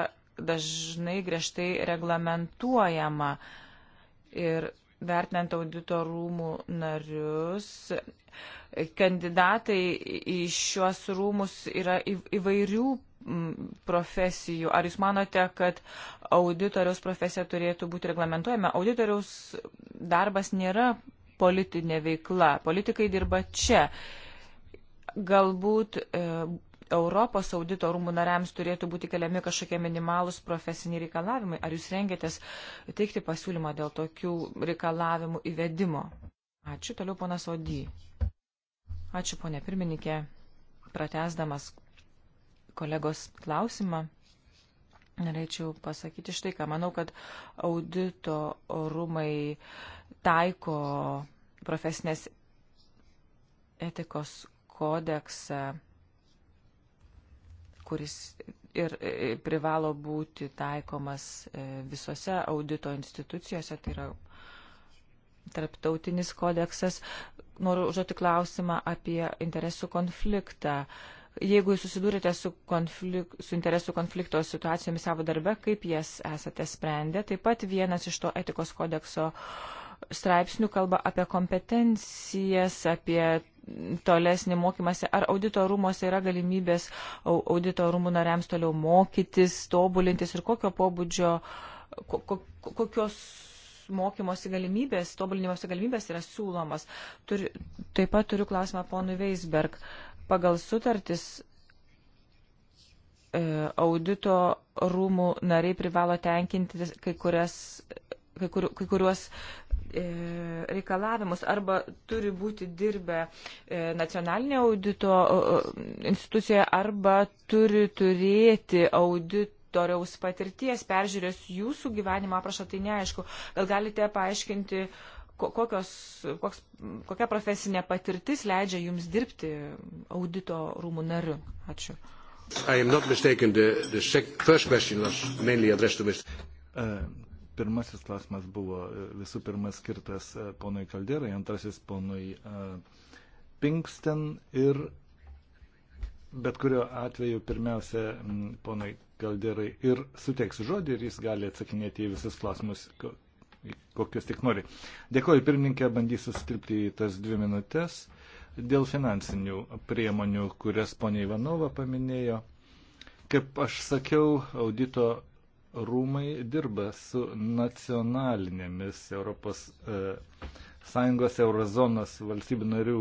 dažnai griežtai reglamentuojama. Ir vertinant audito rūmų narius, kandidatai į šiuos rūmus yra įvairių profesijų. Ar jūs manote, kad auditoriaus profesija turėtų būti reglamentuojama? Auditoriaus darbas nėra politinė veikla. Politikai dirba čia. Galbūt e, Europos audito rūmų nariams turėtų būti keliami kažkokie minimalūs profesiniai reikalavimai. Ar jūs rengėtės teikti pasiūlymą dėl tokių reikalavimų įvedimo? Ačiū, toliau ponas Odį. Ačiū, ponė pirmininkė, pratesdamas kolegos klausimą. Norėčiau pasakyti štai ką. Manau, kad audito rūmai taiko profesinės etikos kodeksą kuris ir e, privalo būti taikomas e, visose audito institucijose, tai yra tarptautinis kodeksas. Noriu užduoti klausimą apie interesų konfliktą. Jeigu jūs susidūrėte su, konflik, su interesų konflikto situacijomis savo darbe, kaip jas esate sprendę? Taip pat vienas iš to etikos kodekso straipsnių kalba apie kompetencijas, apie tolesnį mokymąsi. Ar audito rūmose yra galimybės audito rūmų nariams toliau mokytis, tobulintis ir kokio pobūdžio, ko, ko, kokios mokymosi galimybės, tobulinimosi galimybės yra siūlomas. Turi, taip pat turiu klausimą ponui Weisberg. Pagal sutartis e, audito rūmų nariai privalo tenkinti kai, kurias, e, kai, kur, kai kuriuos E, reikalavimus arba turi būti dirbę e, nacionalinė audito institucija arba turi turėti auditoriaus patirties, peržiūrės jūsų gyvenimą aprašą, tai neaišku. Gal galite paaiškinti, kokios, koks, kokia profesinė patirtis leidžia jums dirbti audito rūmų nariu? Ačiū. I am not mistaken, the, the first question was mainly addressed to Mr. Uh, Pirmasis klausimas buvo e, visų pirmas skirtas e, ponui Kalderai, antrasis ponui e, Pinksten ir bet kurio atveju pirmiausia ponui Kalderai ir suteiks žodį ir jis gali atsakinėti į visus klausimus, kokius tik nori. Dėkoju pirmininkė, bandysiu stripti į tas dvi minutės dėl finansinių priemonių, kurias ponia Ivanova paminėjo. Kaip aš sakiau, audito rūmai dirba su nacionalinėmis Europos e, Sąjungos eurozonos valstybių narių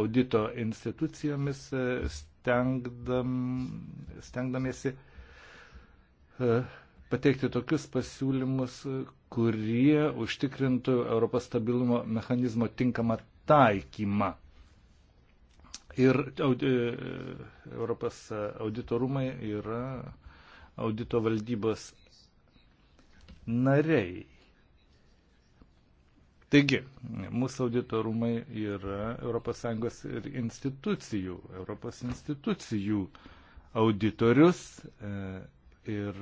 audito institucijomis, e, stengdam, stengdamiesi e, pateikti tokius pasiūlymus, kurie užtikrintų Europos stabilumo mechanizmo tinkamą taikymą. Ir audi, Europos auditorumai yra audito valdybos nariai. Taigi, mūsų auditorumai yra ES ir institucijų, Europos institucijų auditorius e, ir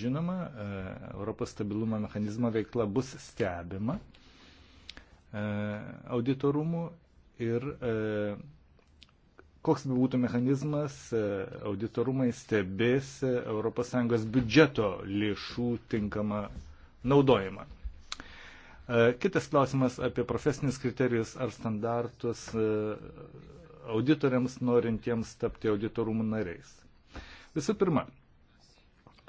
žinoma, e, Europos stabilumo mechanizmo veikla bus stebima e, auditorumų ir Koks būtų mechanizmas, e, auditorumai stebės e, ES biudžeto lėšų tinkamą naudojimą. E, kitas klausimas apie profesinius kriterijus ar standartus auditoriams norintiems tapti auditorumų nariais. Visų pirma,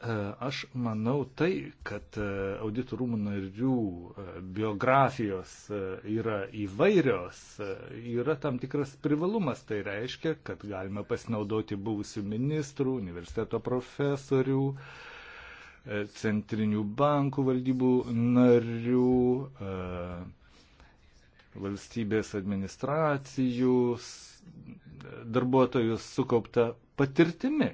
E, aš manau tai, kad e, auditų rūmų narių e, biografijos yra įvairios, yra tam tikras privalumas. Tai reiškia, kad galime pasinaudoti buvusių ministrų, universiteto profesorių, centrinių bankų valdybų narių, valstybės administracijų darbuotojus sukaupta patirtimi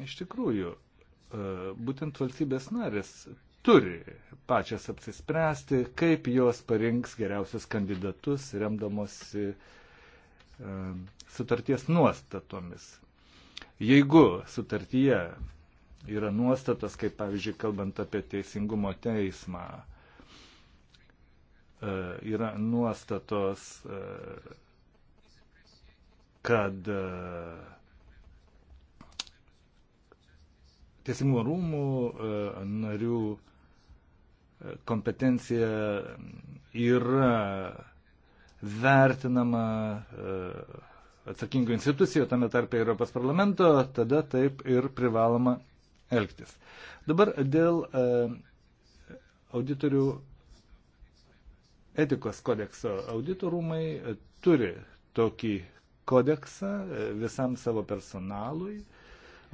Iš tikrųjų, e, būtent valstybės narės turi pačias apsispręsti, kaip jos parinks geriausius kandidatus, remdamosi e, sutarties nuostatomis. Jeigu sutartyje yra nuostatas, kaip pavyzdžiui, kalbant apie teisingumo teismą, e, yra nuostatos, kad teisingumo rūmų e, narių e, kompetencija yra vertinama e, atsakingų institucijų, tame tarpe Europos parlamento, tada taip ir privaloma elgtis. Dabar dėl auditorių etikos kodekso. Auditorumai turi tokį kodeksą visam savo personalui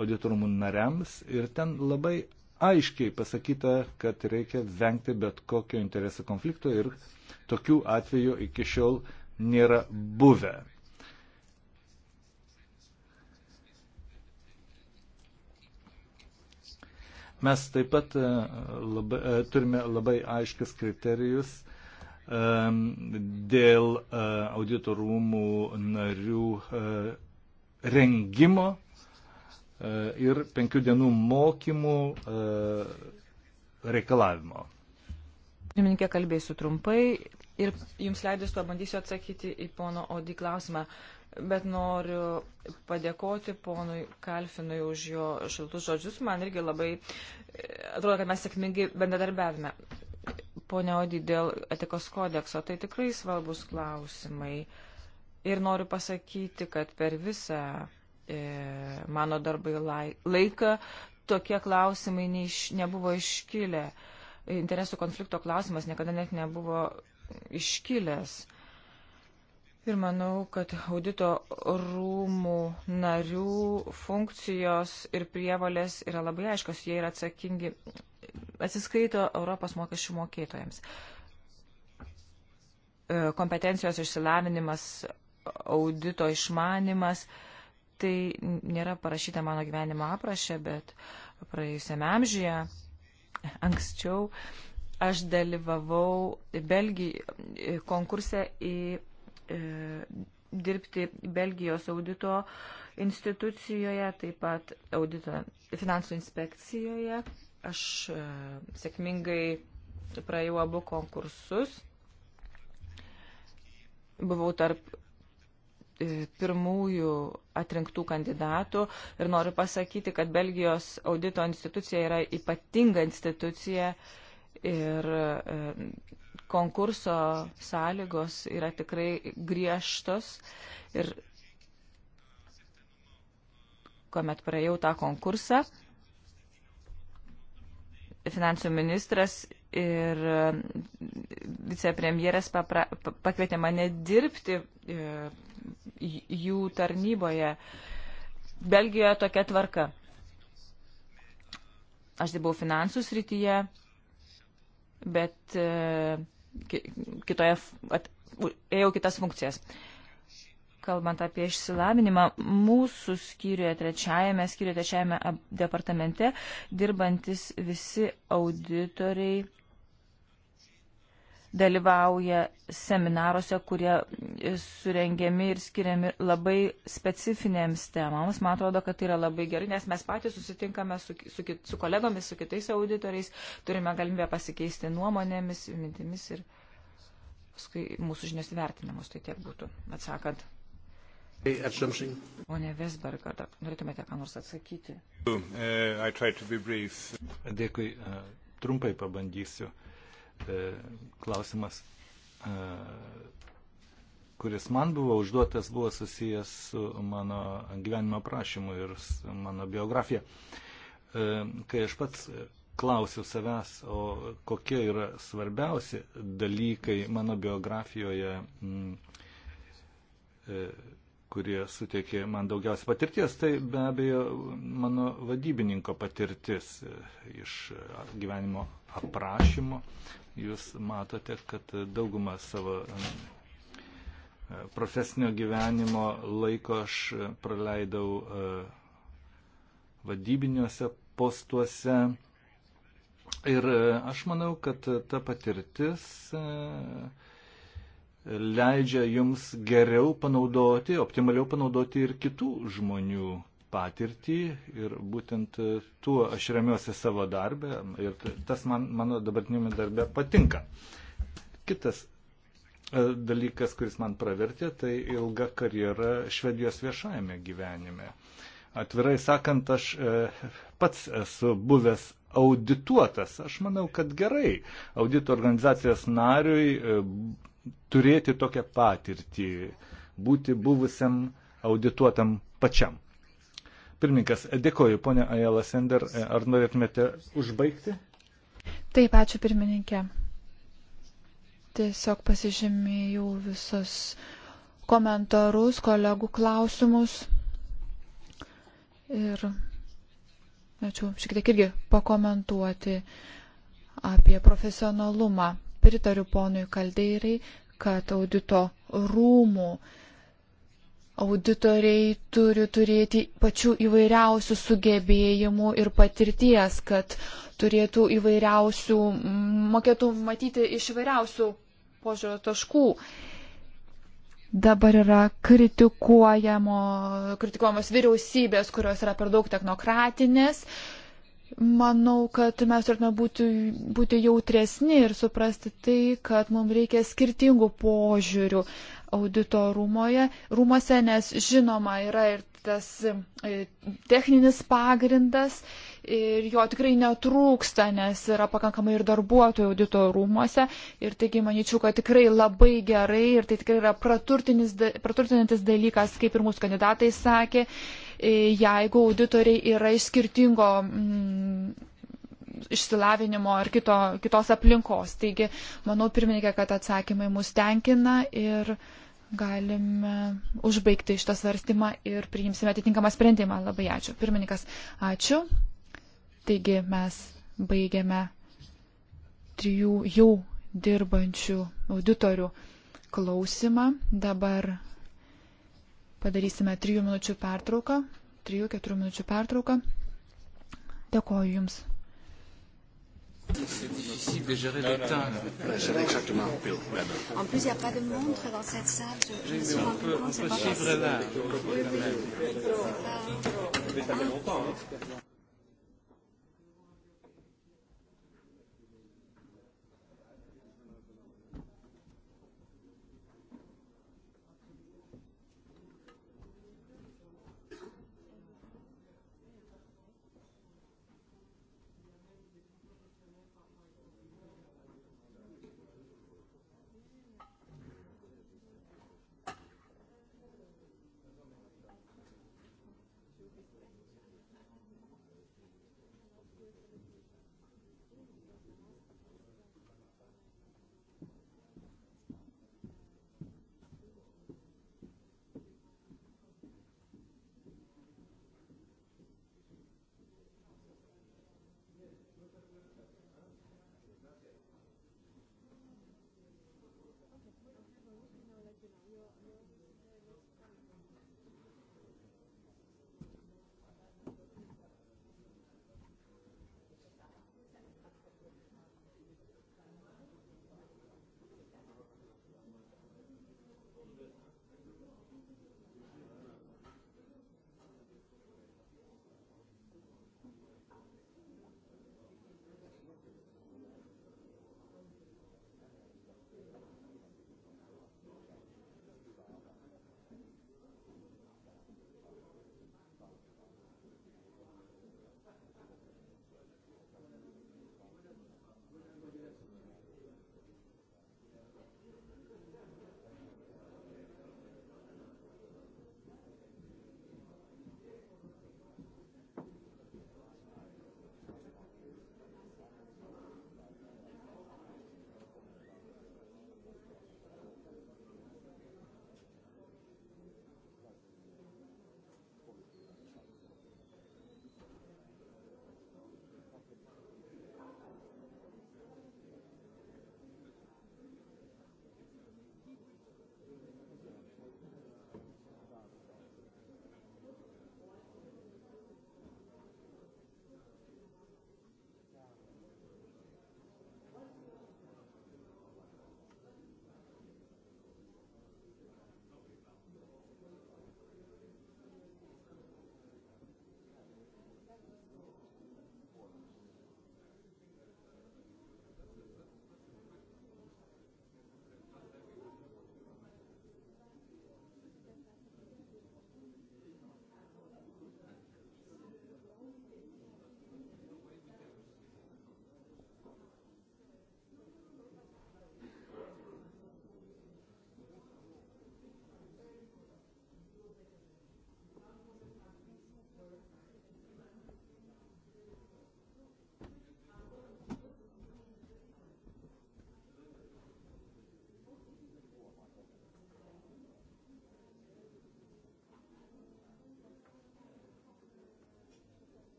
auditorumų nariams ir ten labai aiškiai pasakyta, kad reikia vengti bet kokio interesų konflikto ir tokių atvejų iki šiol nėra buvę. Mes taip pat e, labai, e, turime labai aiškius kriterijus e, dėl auditorumų narių rengimo E, ir penkių dienų mokymų e, reikalavimo. Pirmininkė, kalbėsiu trumpai ir jums leidus pabandysiu atsakyti į pono Odį klausimą, bet noriu padėkoti ponui Kalfinui už jo šiltus žodžius. Man irgi labai e, atrodo, kad mes sėkmingai bendradarbiavime. Pone Odį, dėl etikos kodekso, tai tikrai svarbus klausimai. Ir noriu pasakyti, kad per visą E, mano darbai laiką, tokie klausimai neiš, nebuvo iškilę. Interesų konflikto klausimas niekada net nebuvo iškilęs. Ir manau, kad audito rūmų narių funkcijos ir prievalės yra labai aiškios, jie yra atsakingi, atsiskaito Europos mokesčių mokėtojams. E, kompetencijos išsilavinimas, audito išmanimas Tai nėra parašyta mano gyvenimo aprašė, bet praėjusiame amžiuje, anksčiau, aš dalyvavau Belgijai konkurse į e, dirbti Belgijos audito institucijoje, taip pat audito finansų inspekcijoje. Aš e, sėkmingai praėjau abu konkursus. Buvau tarp E, pirmųjų atrinktų kandidatų ir noriu pasakyti, kad Belgijos audito institucija yra ypatinga institucija ir e, konkurso sąlygos yra tikrai griežtos ir kuomet praėjau tą konkursą, finansų ministras ir e, vicepremjeras papra, pakvietė mane dirbti e, jų tarnyboje. Belgijoje tokia tvarka. Aš dirbau finansų srityje, bet e, kitoje, at, ėjau kitas funkcijas. Kalbant apie išsilavinimą, mūsų skyriuje trečiajame, skyriuje trečiajame departamente dirbantis visi auditoriai dalyvauja seminaruose, kurie surengiami ir skiriami labai specifinėms temams. Man atrodo, kad tai yra labai gerai, nes mes patys susitinkame su, su, su kolegomis, su kitais auditoriais, turime galimybę pasikeisti nuomonėmis, mintimis ir paskui mūsų žinios vertinimus. Tai tiek būtų atsakant. Pone Vesberg, ar norėtumėte ką nors atsakyti? Uh, Dėkui, uh, trumpai pabandysiu. Uh, E, klausimas, e, kuris man buvo užduotas, buvo susijęs su mano gyvenimo prašymu ir mano biografija. E, kai aš pats klausiu savęs, o kokie yra svarbiausi dalykai mano biografijoje, kurie suteikė man daugiausia patirties, tai be abejo mano vadybininko patirtis iš gyvenimo aprašymo jūs matote, kad daugumą savo um, profesinio gyvenimo laiko aš praleidau uh, vadybiniuose postuose. Ir uh, aš manau, kad ta patirtis uh, leidžia jums geriau panaudoti, optimaliau panaudoti ir kitų žmonių patirtį ir būtent e, tuo aš remiuosi savo darbę ir tas man, mano dabartinėme darbe patinka. Kitas e, dalykas, kuris man pravertė, tai ilga karjera Švedijos viešajame gyvenime. Atvirai sakant, aš e, pats esu buvęs audituotas. Aš manau, kad gerai audito organizacijos nariui turėti tokią patirtį, būti buvusiam audituotam pačiam. Pirmininkas, dėkoju, ponė Ajala Sender, ar norėtumėte užbaigti? Taip, ačiū pirmininkė. Tiesiog pasižymėjau visus komentarus, kolegų klausimus. Ir ačiū, šiek tiek irgi pakomentuoti apie profesionalumą. Pritariu ponui Kaldeirai, kad audito rūmų uh, auditoriai turi turėti pačių įvairiausių sugebėjimų ir patirties, kad turėtų įvairiausių, mokėtų matyti iš įvairiausių požiūrio taškų. Dabar yra kritikuojamo, kritikuojamos vyriausybės, kurios yra per daug technokratinės. Manau, kad mes turėtume būti, būti jautresni ir suprasti tai, kad mums reikia skirtingų požiūrių. Uh, audito rūmoje, rūmose, nes žinoma yra ir tas e, techninis pagrindas ir jo tikrai netrūksta, nes yra pakankamai ir darbuotojų audito rūmose. Ir taigi manyčiau, kad tikrai labai gerai ir tai tikrai yra praturtinantis dalykas, kaip ir mūsų kandidatai sakė, e, jeigu auditoriai yra iš skirtingo. Mm, išsilavinimo ar kito, kitos aplinkos. Taigi, manau, pirmininkė, kad atsakymai mus tenkina ir uh, galime užbaigti šitą svarstymą ir priimsime atitinkamą sprendimą. Labai ačiū. Pirmininkas, ačiū. Taigi mes baigiame trijų jau dirbančių auditorių klausimą. Dabar padarysime trijų minučių pertrauką. Trijų, keturių minučių pertrauką. Dėkoju Jums. C'est difficile de gérer non, le temps. C'est exactement pile. En plus, il n'y a pas de montre dans cette salle. Je, je me suis rendu compte, c'est pas possible. On peut chiffrer là. Oui, oui. Ça fait longtemps.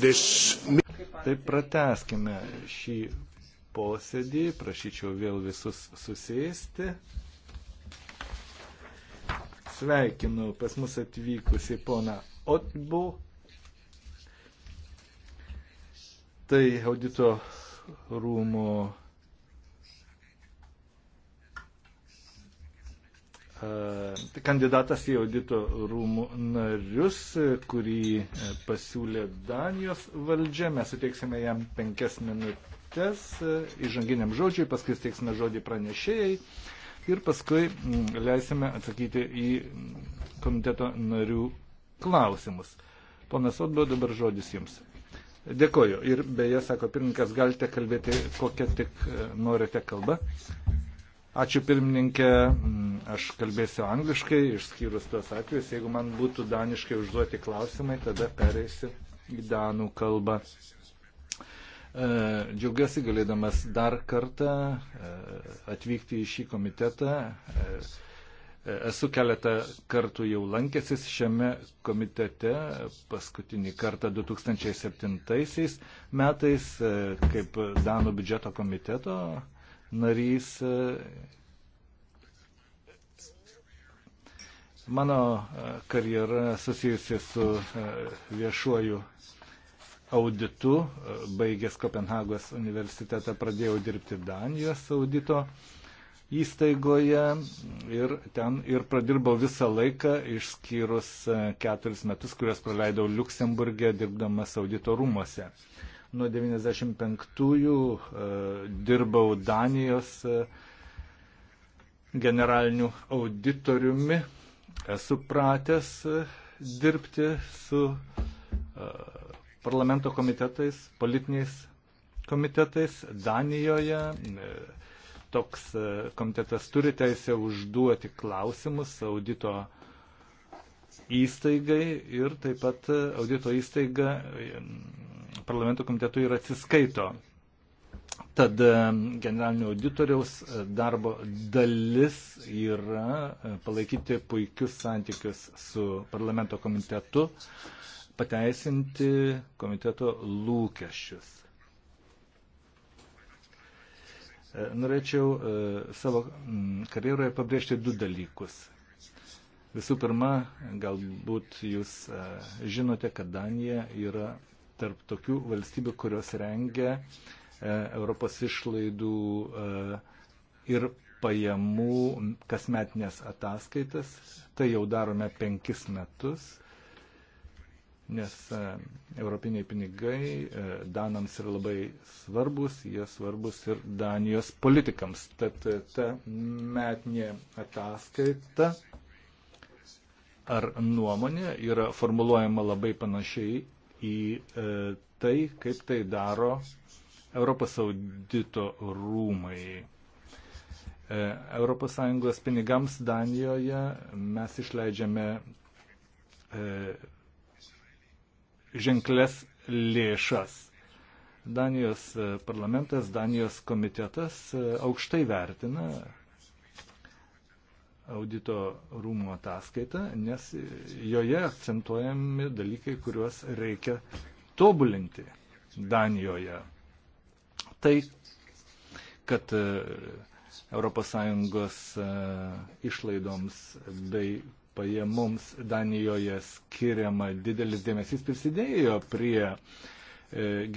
This... Tai prateskime šį posėdį, prašyčiau vėl visus susėsti. Sveikinu pas mus atvykusi pona Otbu. Tai audito rūmo kandidatas į audito rūmų narius, kurį e, pasiūlė Danijos valdžia. Mes suteiksime jam penkias minutės e, įžanginiam žodžiui, paskui steiksime žodį pranešėjai ir paskui leisime atsakyti į komiteto narių klausimus. Ponas Otbo, dabar žodis jums. Dėkoju. Ir beje, sako pirmininkas, galite kalbėti kokią tik e, norite kalbą. Ačiū pirmininkė, mm, aš kalbėsiu angliškai, išskyrus tos atvejus. Jeigu man būtų daniškai užduoti klausimai, tada pereisiu į danų kalbą. E, džiaugiuosi galėdamas dar kartą e, atvykti į šį komitetą. E, esu keletą kartų jau lankęsis šiame komitete, paskutinį kartą 2007 metais kaip Danų biudžeto komiteto narys. E, mano e, karjera susijusi su e, viešuoju auditu, baigęs Kopenhagos universitetą, pradėjau dirbti Danijos audito įstaigoje ir ten ir pradirbau visą laiką, išskyrus keturis metus, kuriuos praleidau Luksemburgė dirbdamas audito rūmose. Nuo 95-ųjų e, dirbau Danijos e, generaliniu auditoriumi. Esu pratęs e, dirbti su parlamento komitetais, politiniais komitetais Danijoje. Toks komitetas turi teisę užduoti klausimus audito įstaigai ir taip pat audito įstaiga parlamento komitetui ir atsiskaito. Tad e, generalinio auditoriaus e, darbo dalis yra e, palaikyti puikius santykius su parlamento komitetu, pateisinti komiteto lūkesčius. Norėčiau savo karjeroje pabrėžti du dalykus. Visų pirma, galbūt jūs žinote, kad Danija yra tarp tokių valstybių, kurios rengia e, Europos išlaidų e, ir pajamų kasmetinės ataskaitas. Tai jau darome penkis metus, nes e, europiniai pinigai Danams yra labai svarbus, jie svarbus ir Danijos politikams. Tad ta metinė ataskaita ar nuomonė yra formuluojama labai panašiai į e, tai, kaip tai daro Europos audito rūmai. ES pinigams Danijoje mes išleidžiame e, ženklės lėšas. Danijos e, parlamentas, Danijos komitetas aukštai vertina audito rūmų ataskaitą, nes joje akcentuojami dalykai, kuriuos reikia tobulinti Danijoje. Tai, kad ES e, išlaidoms bei pajamoms Danijoje skiriama didelis dėmesys prisidėjo prie e,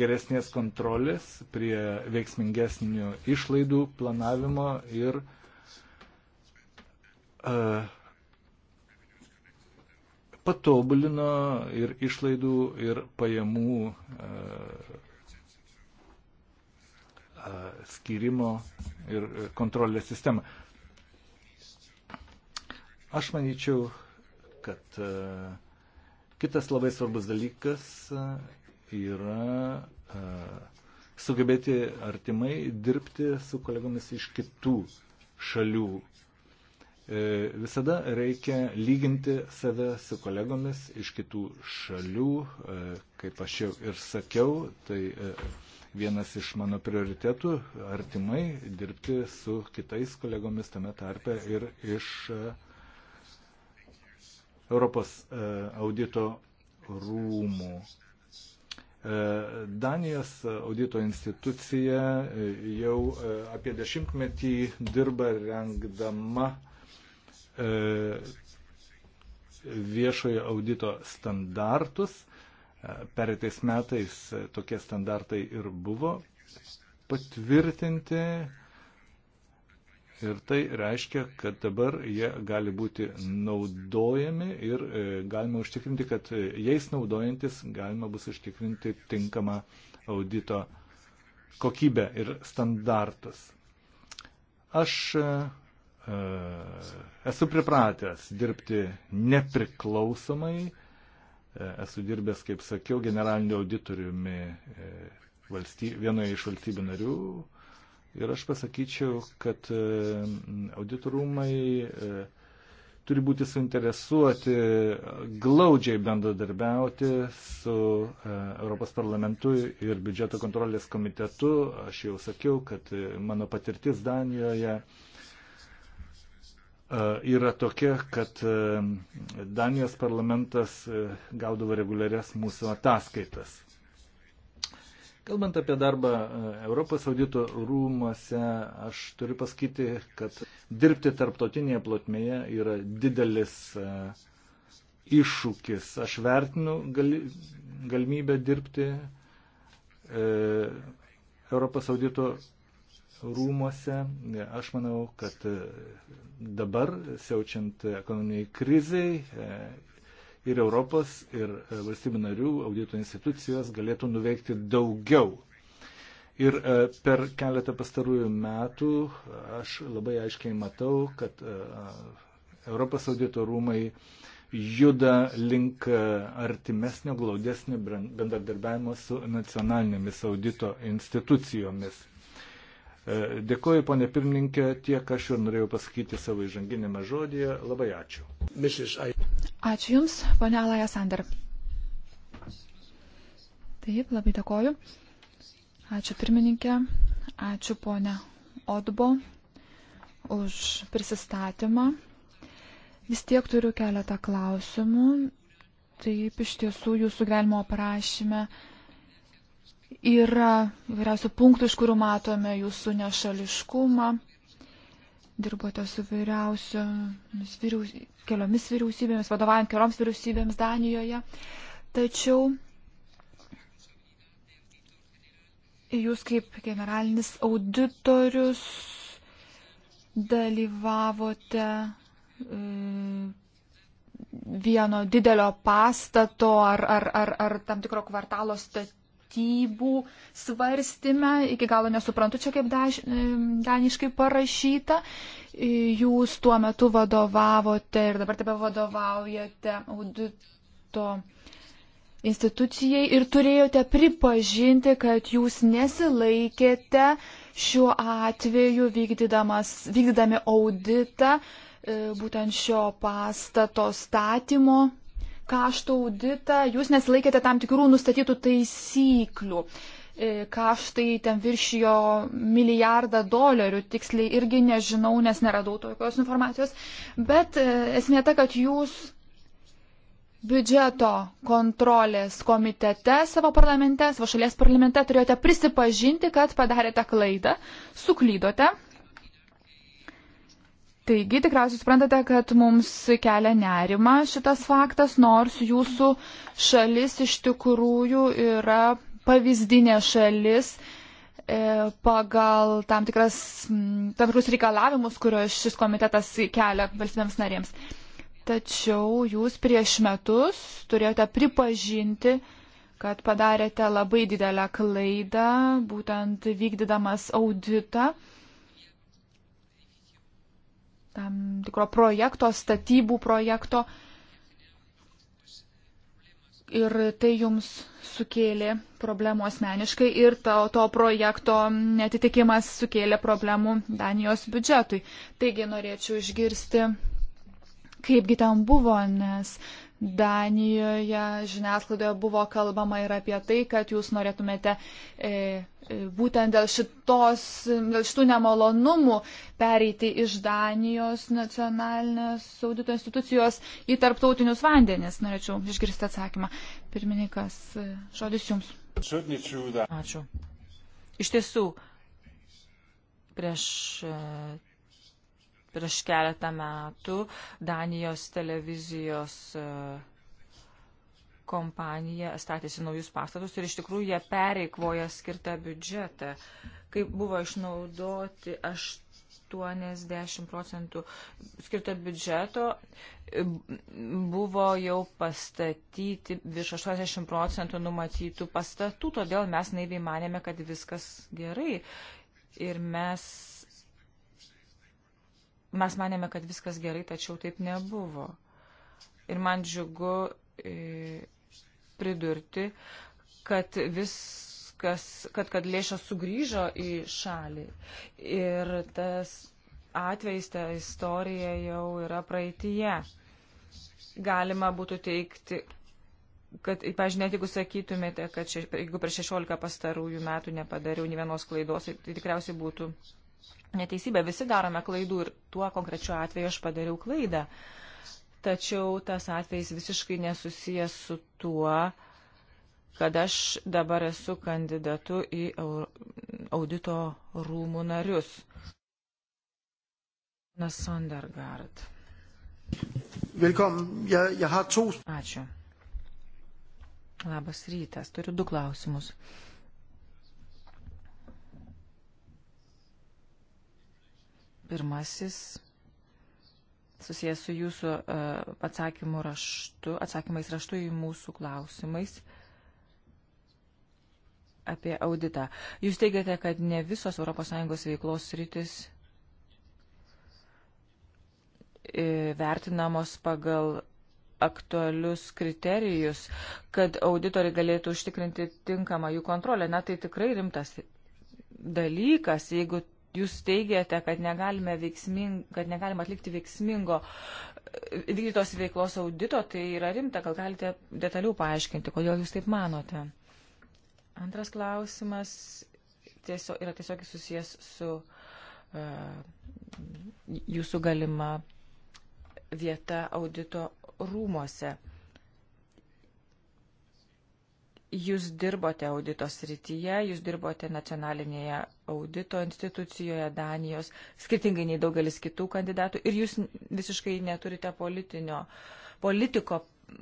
geresnės kontrolės, prie veiksmingesnių išlaidų planavimo ir uh, E, patobulino ir išlaidų, ir pajamų e, e, skirimo ir kontrolės sistemą. Aš manyčiau, kad kitas labai svarbus dalykas yra sugebėti artimai dirbti su kolegomis iš kitų šalių E, visada reikia lyginti save su kolegomis iš kitų šalių, e, kaip aš jau ir sakiau, tai e, vienas iš mano prioritetų artimai dirbti su kitais kolegomis tame tarpe ir iš Europos audito rūmų. Danijos audito institucija jau apie dešimtmetį dirba rengdama E, viešojo audito standartus. E, pereitais metais tokie standartai ir buvo patvirtinti. Ir tai reiškia, kad dabar jie gali būti naudojami ir e, galima užtikrinti, kad jais naudojantis galima bus užtikrinti tinkamą audito kokybę ir standartus. Aš esu pripratęs dirbti nepriklausomai, esu dirbęs, kaip sakiau, generaliniu auditoriumi e, valstyb, vienoje iš valstybių narių. Ir aš pasakyčiau, kad e, auditorumai e, turi būti suinteresuoti glaudžiai bendradarbiauti su Europos parlamentu ir biudžeto kontrolės komitetu. Aš jau sakiau, kad mano patirtis Danijoje E, yra tokia, kad e, Danijos parlamentas e, gaudavo reguliarias mūsų ataskaitas. Kalbant apie darbą Europos audito rūmose, aš turiu pasakyti, kad dirbti tarptautinėje plotmėje yra didelis iššūkis. Aš vertinu gali, galimybę dirbti e, Europos audito rūmose. Aš manau, kad dabar, siaučiant ekonominiai kriziai, ir Europos, ir valstybių narių audito institucijos galėtų nuveikti daugiau. Ir e, per keletą pastarųjų metų aš labai aiškiai matau, kad e, Europos audito rūmai juda link e, artimesnio, glaudesnio bendradarbiavimo su nacionalinėmis audito institucijomis. E, Dėkuoju, ponė pirmininkė, tiek aš ir norėjau pasakyti savo įžanginėme žodėje. Labai ačiū. Ačiū Jums, ponė Alaja Sander. Taip, labai dėkoju. Ačiū pirmininkė, ačiū ponė Odbo už prisistatymą. Vis tiek turiu keletą klausimų. Taip, iš tiesų jūsų gyvenimo aprašyme Yra įvairiausių punktų, iš kurių matome jūsų nešališkumą. Dirbote su vyriausiomis vyriaus, keliomis vyriausybėmis, vadovaujant kelioms vyriausybėms Danijoje. Tačiau jūs kaip generalinis auditorius dalyvavote e, vieno didelio pastato ar, ar, ar, ar tam tikro kvartalo statyboje vertybų svarstime. Iki galo nesuprantu čia, kaip daž, e, daniškai parašyta. E, jūs tuo metu vadovavote ir dabar tebe vadovaujate audito institucijai ir turėjote pripažinti, kad jūs nesilaikėte šiuo atveju vykdydami auditą e, būtent šio pastato statymo kaštų auditą, jūs nesilaikėte tam tikrų nustatytų taisyklių. E, kaštai ten viršijo milijardą dolerių, tiksliai irgi nežinau, nes neradau tokios informacijos. Bet e, esmė ta, kad jūs biudžeto kontrolės komitete savo parlamente, savo šalies parlamente turėjote prisipažinti, kad padarėte klaidą, suklydote Taigi tikriausiai suprantate, kad mums kelia nerima šitas faktas, nors jūsų šalis iš tikrųjų yra pavyzdinė šalis e, pagal tam, tikras, tam tikrus reikalavimus, kuriuos šis komitetas kelia valstybėms narėms. Tačiau jūs prieš metus turėjote pripažinti, kad padarėte labai didelę klaidą, būtent vykdydamas auditą tam tikro projekto, statybų projekto. Ir tai jums sukėlė problemų asmeniškai ir to, to projekto netitikimas sukėlė problemų Danijos biudžetui. Taigi norėčiau išgirsti, kaipgi ten buvo, nes Danijoje žiniasklaidoje buvo kalbama ir apie tai, kad jūs norėtumėte e, e, būtent dėl, šitos, dėl šitų nemalonumų pereiti iš Danijos nacionalinės audito institucijos į tarptautinius vandenis. Norėčiau išgirsti atsakymą. Pirmininkas, e, žodis jums. Ačiū. Iš tiesų, prieš e, Prieš keletą metų Danijos televizijos e, kompanija statėsi naujus pastatus ir iš tikrųjų jie pereikvoja skirtą biudžetą. Kaip buvo išnaudoti 80 procentų skirto biudžeto, e, buvo jau pastatyti virš 80 procentų numatytų pastatų, todėl mes naiviai manėme, kad viskas gerai. Ir mes Mes manėme, kad viskas gerai, tačiau taip nebuvo. Ir man džiugu e, pridurti, kad viskas, kad, kad lėšos sugrįžo į šalį. Ir tas atvejs, ta istorija jau yra praeitie. Galima būtų teikti, kad, pažiūrėjau, net jeigu sakytumėte, kad še, jeigu per 16 pastarųjų metų nepadariau nei vienos klaidos, tai, tai tikriausiai būtų neteisybė. Visi darome klaidų ir tuo konkrečiu atveju aš padariau klaidą. Tačiau tas atvejis visiškai nesusijęs su tuo, kad aš dabar esu kandidatu į audito rūmų narius. Nasondergaard. Velkommen. Jeg, jeg har to. Ačiū. Labas rytas. Turiu du klausimus. Pirmasis susijęs su jūsų e, atsakymu raštu, atsakymais raštu į mūsų klausimais apie auditą. Jūs teigiate, kad ne visos ES veiklos rytis e, vertinamos pagal aktualius kriterijus, kad auditoriai galėtų užtikrinti tinkamą jų kontrolę. Na, tai tikrai rimtas dalykas, jeigu Jūs teigiate, kad negalime, veiksming, kad negalime atlikti veiksmingo e, vykdytos veiklos audito, tai yra rimta, gal galite detaliau paaiškinti, kodėl jūs taip manote. Antras klausimas tiesiog, yra tiesiog susijęs su uh, jūsų galima vieta audito rūmose. Jūs dirbote audito srityje, jūs dirbote nacionalinėje audito institucijoje Danijos, skirtingai nei daugelis kitų kandidatų, ir jūs visiškai neturite politinio, politiko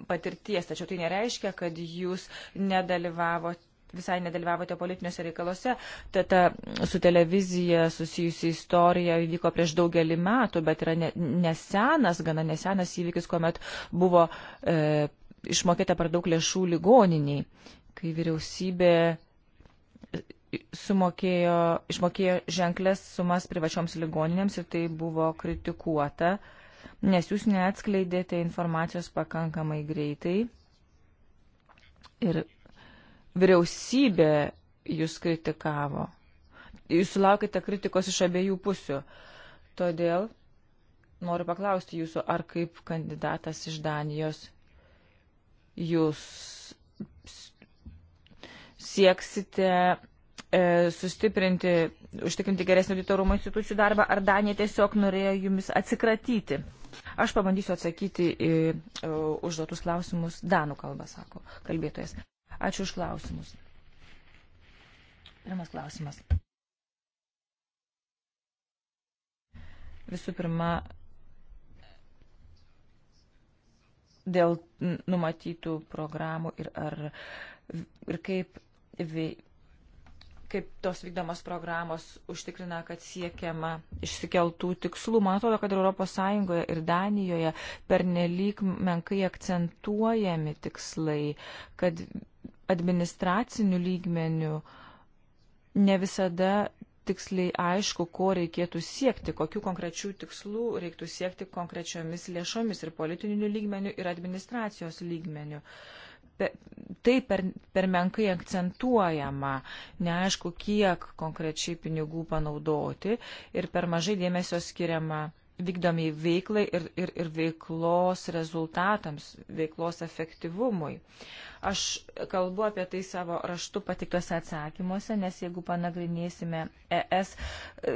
patirties, tačiau tai nereiškia, kad jūs nedalyvavote visai nedalyvavote politiniuose reikaluose. Ta, ta su televizija susijusi istorija įvyko prieš daugelį metų, bet yra ne, nesenas, gana nesenas įvykis, kuomet buvo e, išmokėta per daug lėšų ligoniniai kai vyriausybė sumokėjo, išmokėjo ženklės sumas privačioms ligoninėms ir tai buvo kritikuota, nes jūs neatskleidėte informacijos pakankamai greitai ir vyriausybė jūs kritikavo. Jūs sulaukite kritikos iš abiejų pusių. Todėl noriu paklausti jūsų, ar kaip kandidatas iš Danijos jūs sieksite e, sustiprinti, užtikrinti geresnį auditorumo institucijų darbą, ar Danija tiesiog norėjo jumis atsikratyti? Aš pabandysiu atsakyti į e, užduotus klausimus Danų kalbą, sako kalbėtojas. Ačiū už klausimus. Pirmas klausimas. Visų pirma, dėl numatytų programų ir, ar, ir kaip kaip tos vykdomos programos užtikrina, kad siekiama išsikeltų tikslų. Man atrodo, kad ES ir Danijoje pernelyg menkai akcentuojami tikslai, kad administracinių lygmenių ne visada tiksliai aišku, ko reikėtų siekti, kokių konkrečių tikslų reiktų siekti konkrečiomis lėšomis ir politinių lygmenių, ir administracijos lygmenių. Uh, tai per, per menkai akcentuojama, neaišku, kiek konkrečiai pinigų panaudoti ir per mažai dėmesio skiriama vykdomiai veiklai ir, ir, ir veiklos rezultatams, veiklos efektyvumui. Aš kalbu apie tai savo raštu patiktose atsakymuose, nes jeigu panagrinėsime ES e,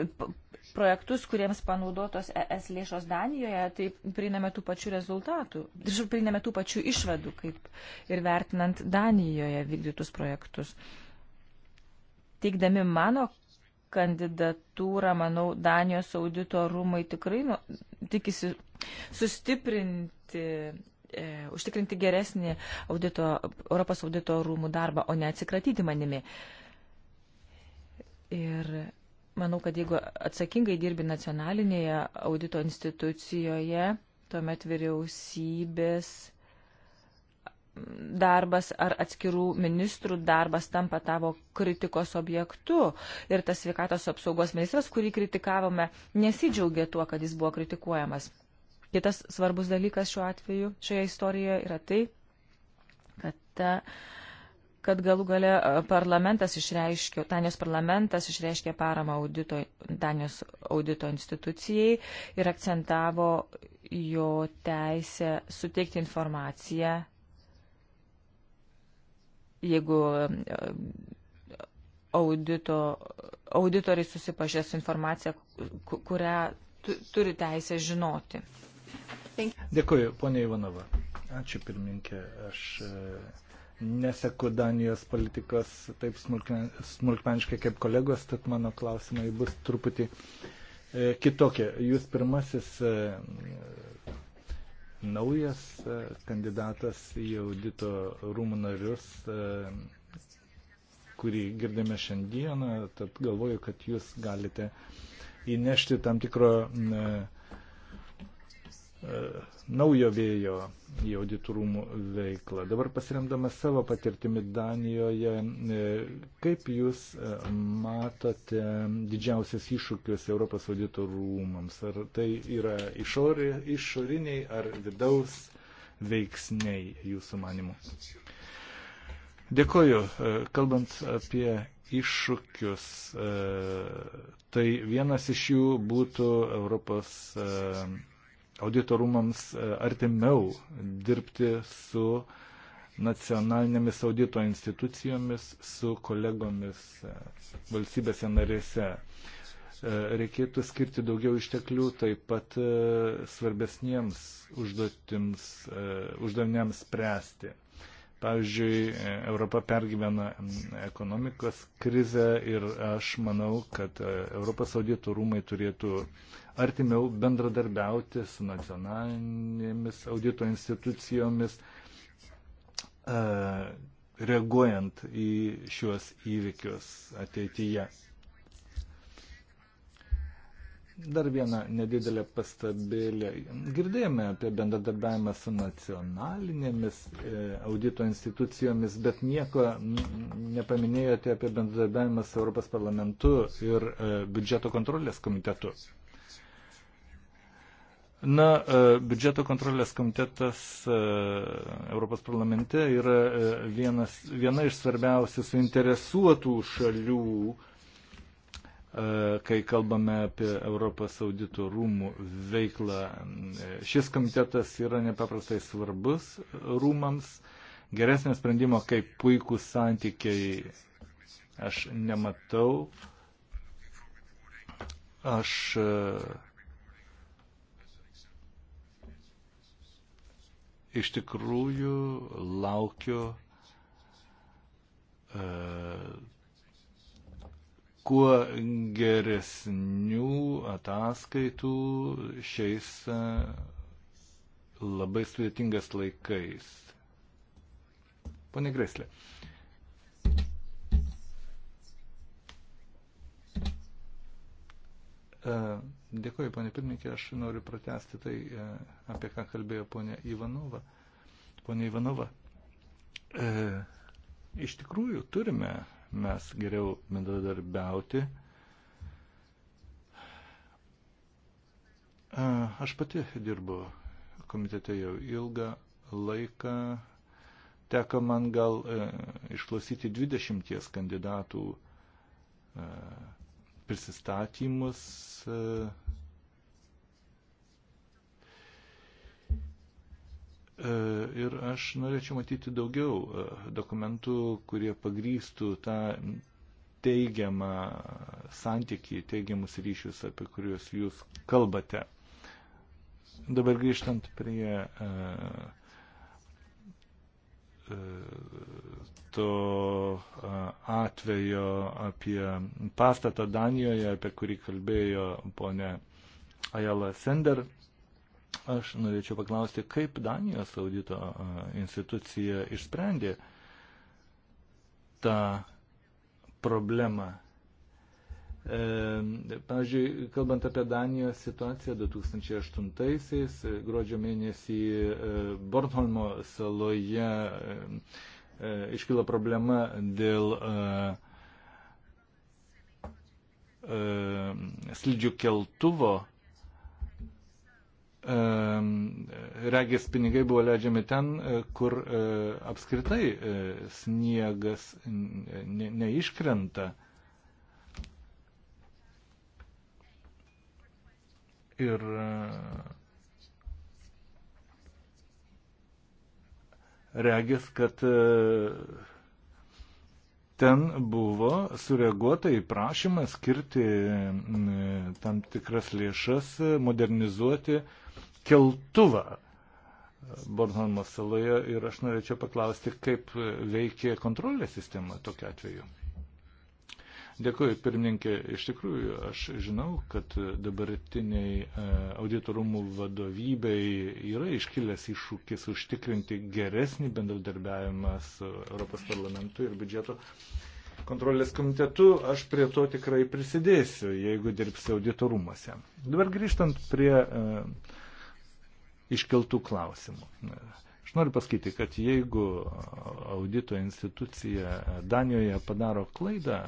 projektus, kuriems panaudotos ES lėšos Danijoje, tai prieiname tų pačių rezultatų, prieiname tų pačių išvadų, kaip ir vertinant Danijoje vykdytus projektus. Teikdami mano kandidatūrą, manau, Danijos audito rūmai tikrai nu, tikisi sustiprinti, e, užtikrinti geresnį audito, Europos audito rūmų darbą, o ne atsikratyti manimi. Ir manau, kad jeigu atsakingai dirbi nacionalinėje audito institucijoje, tuomet vyriausybės darbas ar atskirų ministrų darbas tampa tavo kritikos objektu. Ir tas sveikatos apsaugos ministras, kurį kritikavome, nesidžiaugė tuo, kad jis buvo kritikuojamas. Kitas svarbus dalykas šiuo atveju šioje istorijoje yra tai, kad ta kad galų gale e, parlamentas išreiškė, Danijos parlamentas išreiškė paramą audito, Danijos audito institucijai ir akcentavo jo teisę suteikti informaciją jeigu e, audito, auditoriai susipažė su informacija, kurią turi teisę žinoti. Dėkuoju, ponia Ivanova. Ačiū pirminkė. Aš e, neseku Danijos politikos taip smulkmeniškai kaip kolegos, tad mano klausimai bus truputį e, kitokie. Jūs pirmasis naujas e, kandidatas į audito rūmų narius, e, kurį girdime šiandieną, tad galvoju, kad jūs galite įnešti tam tikro e, E, naujo vėjo į auditorumų veiklą. Dabar pasiremdamas savo patirtimi Danijoje, e, kaip Jūs e, matote didžiausias iššūkius Europos auditorumams? Ar tai yra išorė, išoriniai ar vidaus veiksniai Jūsų manimu? Dėkoju. Kalbant apie iššūkius. Tai vienas iš jų būtų Europos auditorumams e, artimiau dirbti su nacionalinėmis audito institucijomis, su kolegomis e, valstybėse narėse. E, reikėtų skirti daugiau išteklių taip pat svarbesniems užduotims, uždaviniams spręsti. Pavyzdžiui, Europa pergyvena ekonomikos krizę ir aš manau, kad Europos audito rūmai turėtų artimiau bendradarbiauti su nacionalinėmis audito institucijomis, e, reaguojant į šiuos įvykius ateityje. Dar viena nedidelė pastabėlė. Girdėjome apie bendradarbiavimą su nacionalinėmis e, audito institucijomis, bet nieko nepaminėjote apie bendradarbiavimą su Europos parlamentu ir e, biudžeto kontrolės komitetu. Na, e, biudžeto kontrolės komitetas e, Europos parlamente yra e, vienas, viena iš svarbiausių suinteresuotų šalių, kai kalbame apie Europos audito rūmų veiklą. Šis komitetas yra nepaprastai svarbus rūmams. Geresnio sprendimo, kaip puikūs santykiai, aš nematau. Aš uh, iš tikrųjų laukiu e, kuo geresnių ataskaitų šiais e, labai sudėtingas laikais. Pone Greslė. E, E, dėkuoju, ponė pirmininkė, aš noriu pratesti tai, e, apie ką kalbėjo ponė Ivanova. Ponė Ivanova, e, iš tikrųjų turime mes geriau bendradarbiauti. E, aš pati dirbu komitete jau ilgą laiką. Teko man gal e, išklausyti 20 kandidatų e, prisistatymus. E, e, ir aš norėčiau matyti daugiau e, dokumentų, kurie pagrystų tą teigiamą santykį, teigiamus ryšius, apie kuriuos jūs kalbate. Dabar grįžtant prie uh, to e, atvejo apie pastatą Danijoje, apie kurį kalbėjo ponė Ajala Sender. Aš norėčiau paklausti, kaip Danijos audito e, institucija išsprendė tą problemą Ehm, pavyzdžiui, kalbant apie Danijos situaciją 2008-aisiais, e, gruodžio mėnesį e, Bornholmo saloje e, iškilo problema dėl slidžių keltuvo. Ehm, Regės pinigai buvo leidžiami ten, kur apskritai sniegas neiškrenta. Ne ir e, regis, kad e, ten buvo sureaguota į prašymą skirti e, tam tikras lėšas, modernizuoti keltuvą Bornholmo saloje ir aš norėčiau paklausti, kaip veikia kontrolės sistema tokiu atveju. Dėkuoju, pirmininkė. Iš tikrųjų, aš žinau, kad dabartiniai e, auditorumų vadovybei yra iškilęs iššūkis užtikrinti geresnį bendradarbiavimą su Europos parlamentu ir biudžeto kontrolės komitetu. Aš prie to tikrai prisidėsiu, jeigu dirbsiu auditorumuose. Dabar grįžtant prie e, iškeltų klausimų. Aš noriu pasakyti, kad jeigu audito institucija Danijoje padaro klaidą,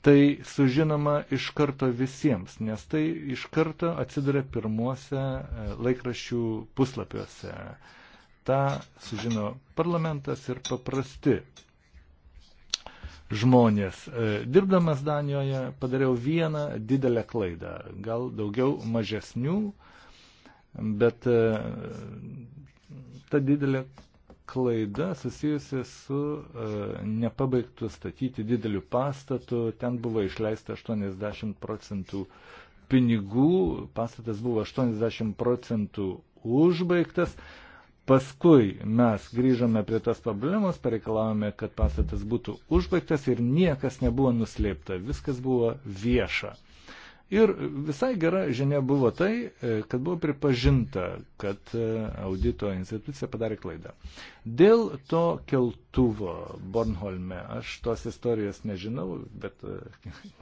tai sužinoma iš karto visiems, nes tai iš karto atsiduria pirmuose e, laikraščių puslapiuose. Ta sužino parlamentas ir paprasti žmonės. E, dirbdamas Danijoje padariau vieną didelę klaidą, gal daugiau mažesnių, bet e, ta didelė klaida susijusi su e, nepabaigtų statyti dideliu pastatu. Ten buvo išleista 80 procentų pinigų, pastatas buvo 80 procentų užbaigtas. Paskui mes grįžome prie tos problemos, pareikalavome, kad pastatas būtų užbaigtas ir niekas nebuvo nuslėpta, viskas buvo vieša. Ir visai gera žinia buvo tai, e, kad buvo pripažinta, kad e, audito institucija padarė klaidą. Dėl to keltuvo Bornholme, aš tos istorijos nežinau, bet e,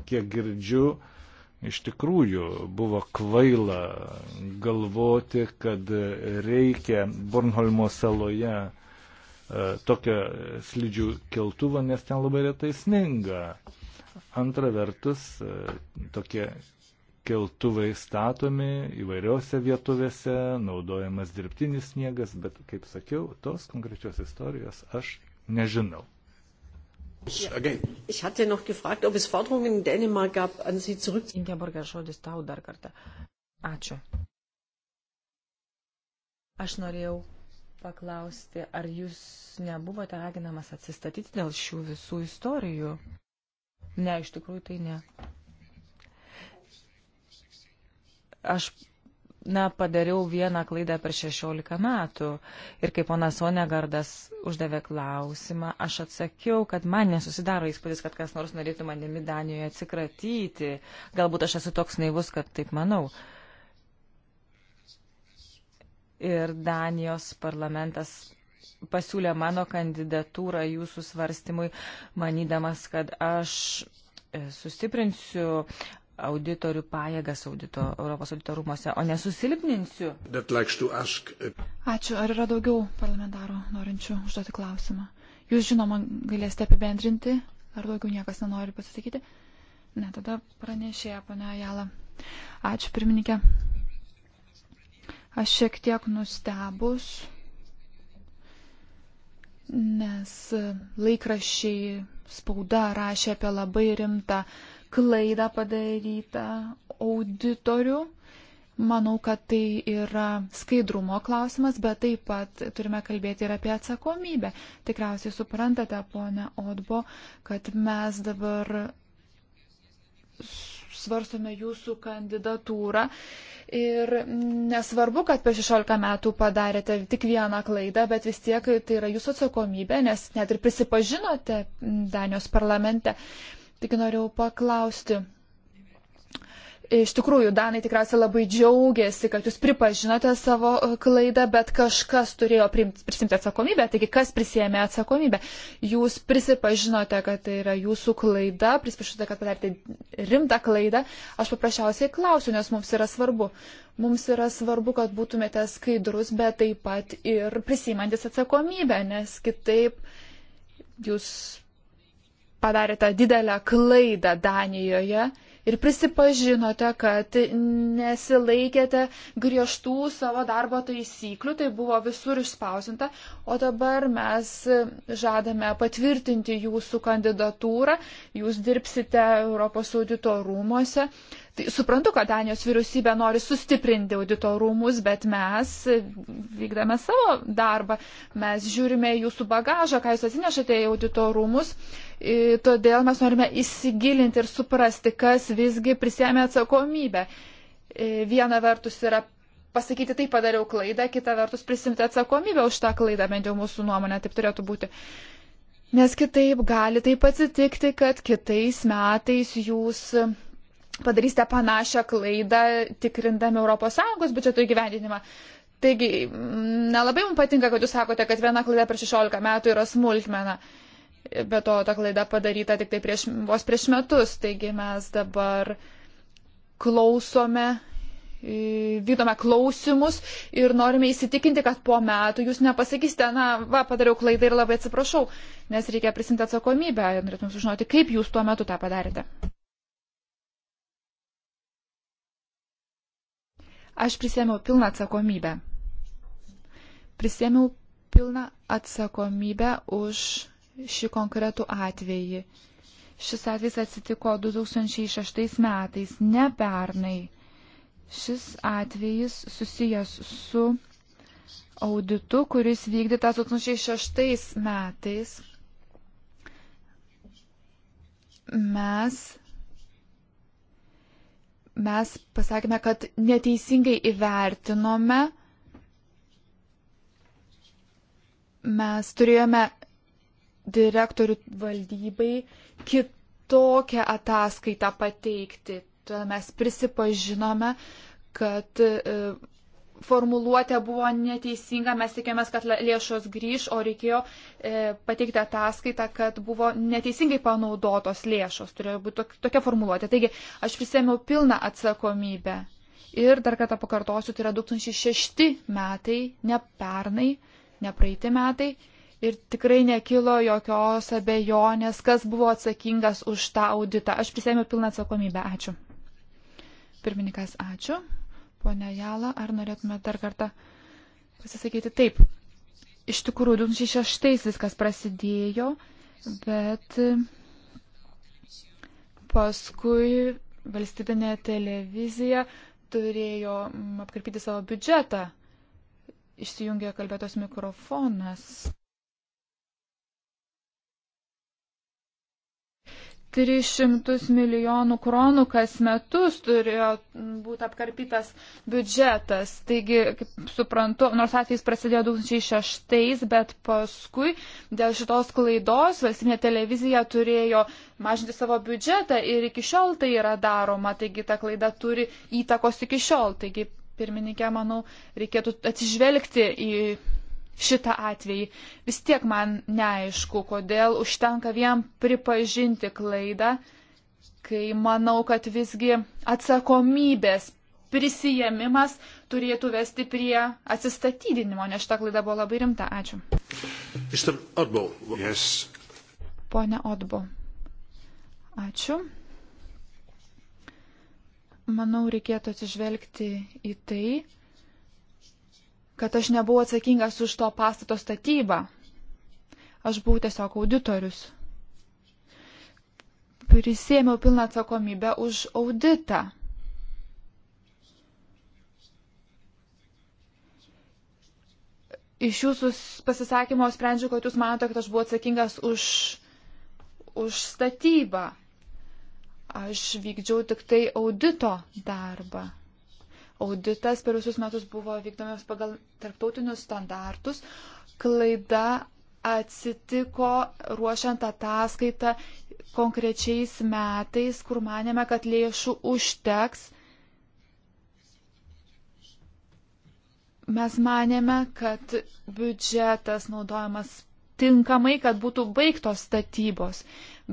kiek girdžiu, iš tikrųjų buvo kvaila galvoti, kad reikia Bornholmo saloje tokią slidžių keltuvą, nes ten labai retai sninga. Antra vertus, tokie keltuvai statomi įvairiose vietovėse, naudojamas dirbtinis sniegas, bet, kaip sakiau, tos konkrečios istorijos aš nežinau. Ich hatte noch gefragt, ob es Forderungen in Dänemark gab, an Sie zurückzuziehen. Ingeborg, žodis tau dar kartą. Ačiū. Aš norėjau paklausti, ar jūs nebuvote raginamas atsistatyti dėl šių visų istorijų? Ne, iš tikrųjų tai ne. aš na, padariau vieną klaidą per 16 metų. Ir kaip ponas Onegardas uždavė klausimą, aš atsakiau, kad man nesusidaro įspūdis, kad kas nors norėtų manimi Danijoje atsikratyti. Galbūt aš esu toks naivus, kad taip manau. Ir Danijos parlamentas pasiūlė mano kandidatūrą jūsų svarstymui, manydamas, kad aš e, sustiprinsiu auditorių pajėgas audito, Europos audito rūmose, o nesusilpninsiu. Ask... Ačiū. Ar yra daugiau parlamentarų norinčių užduoti klausimą? Jūs, žinoma, galėsite apibendrinti, ar daugiau niekas nenori pasisakyti? Ne, tada pranešėja, pane Jala. Ačiū, pirmininkė. Aš šiek tiek nustebus, nes laikrašiai spauda rašė apie labai rimtą uh, klaidą padarytą auditorių. Manau, kad tai yra skaidrumo klausimas, bet taip pat turime kalbėti ir apie atsakomybę. Tikriausiai suprantate, ponė Odbo, kad mes dabar svarstome jūsų kandidatūrą. Ir nesvarbu, kad per 16 metų padarėte tik vieną klaidą, bet vis tiek tai yra jūsų atsakomybė, nes net ir prisipažinote Danijos parlamente. Tik norėjau paklausti. Iš tikrųjų, Danai tikriausiai labai džiaugiasi, kad jūs pripažinote savo e, klaidą, bet kažkas turėjo prisimti atsakomybę. Taigi, kas prisėmė atsakomybę? Jūs prisipažinote, kad tai yra jūsų klaida, prisipažinote, kad padarėte rimtą klaidą. Aš paprasčiausiai klausiu, nes mums yra svarbu. Mums yra svarbu, kad būtumėte skaidrus, bet taip pat ir prisimantis atsakomybę, nes kitaip jūs padarė tą didelę klaidą Danijoje ir prisipažinote, kad nesilaikėte griežtų savo darbo taisyklių, tai buvo visur išspausinta, o dabar mes žadame patvirtinti jūsų kandidatūrą, jūs dirbsite Europos audito rūmose, Tai suprantu, kad Danijos vyriausybė nori sustiprinti auditorumus, bet mes e, vykdame savo darbą, mes žiūrime jūsų bagažą, ką jūs atsinešate į auditorumus, e, todėl mes norime įsigilinti ir suprasti, kas visgi prisėmė atsakomybę. E, viena vertus yra pasakyti, tai padariau klaidą, kita vertus prisimti atsakomybę už tą klaidą, bent jau mūsų nuomonė taip turėtų būti. Nes kitaip gali taip atsitikti, kad kitais metais jūs padarysite panašią klaidą tikrindami ES biudžeto įgyvendinimą. Taigi, nelabai mums patinka, kad jūs sakote, kad viena klaida per 16 metų yra smulkmena. Be to, ta klaida padaryta tik tai prieš, vos prieš metus. Taigi mes dabar klausome, vykdome klausimus ir norime įsitikinti, kad po metų jūs nepasakysite, na, va, padariau klaidą ir labai atsiprašau, nes reikia prisimti atsakomybę ir norėtum sužinoti, kaip jūs tuo metu tą padarėte. Aš prisėmiau pilną atsakomybę. Prisėmiau pilną atsakomybę už šį konkretų atvejį. Šis atvejis atsitiko 2006 metais, ne pernai. Šis atvejis susijęs su auditu, kuris vykdytas 2006 metais. Mes mes pasakėme, kad neteisingai įvertinome, mes turėjome direktorių valdybai kitokią ataskaitą pateikti. Tad mes prisipažinome, kad e, formuluotė buvo neteisinga, mes tikėjomės, kad lėšos grįž, o reikėjo e, pateikti ataskaitą, kad buvo neteisingai panaudotos lėšos, turėjo būti tokia formuluotė. Taigi aš prisėmiau pilną atsakomybę. Ir dar kartą pakartosiu, tai yra 2006 metai, ne pernai, ne praeiti metai. Ir tikrai nekilo jokios abejonės, kas buvo atsakingas už tą auditą. Aš prisėmiau pilną atsakomybę. Ačiū. Pirmininkas, ačiū. Pone Jala, ar norėtumėte dar kartą pasisakyti taip? Iš tikrųjų, 2006 viskas prasidėjo, bet e, paskui valstybinė televizija turėjo apkarpyti savo biudžetą. Išsijungė kalbėtos mikrofonas. 300 milijonų kronų kas metus turėjo būti apkarpytas biudžetas. Taigi, kaip suprantu, nors atvejs prasidėjo 2006, bet paskui dėl šitos klaidos valstybinė televizija turėjo mažinti savo biudžetą ir iki šiol tai yra daroma. Taigi, ta klaida turi įtakos iki šiol. Taigi, pirmininkė, manau, reikėtų atsižvelgti į šitą atvejį. Vis tiek man neaišku, kodėl užtenka vien pripažinti klaidą, kai manau, kad visgi atsakomybės prisijėmimas turėtų vesti prie atsistatydinimo, nes šita klaida buvo labai rimta. Ačiū. Yes. Pone Otbo. Ačiū. Manau, reikėtų atsižvelgti į tai, kad aš nebuvau atsakingas už to pastato statybą. Aš buvau tiesiog auditorius. Prisėmiau pilną atsakomybę už auditą. Iš jūsų pasisakymo sprendžiu, kad jūs manote, kad aš buvau atsakingas už, už statybą. Aš vykdžiau tik tai audito darbą auditas per visus metus buvo vykdomas pagal tarptautinius standartus. Klaida atsitiko ruošiant ataskaitą konkrečiais metais, kur manėme, kad lėšų užteks. Mes manėme, kad biudžetas naudojamas tinkamai, kad būtų baigtos statybos,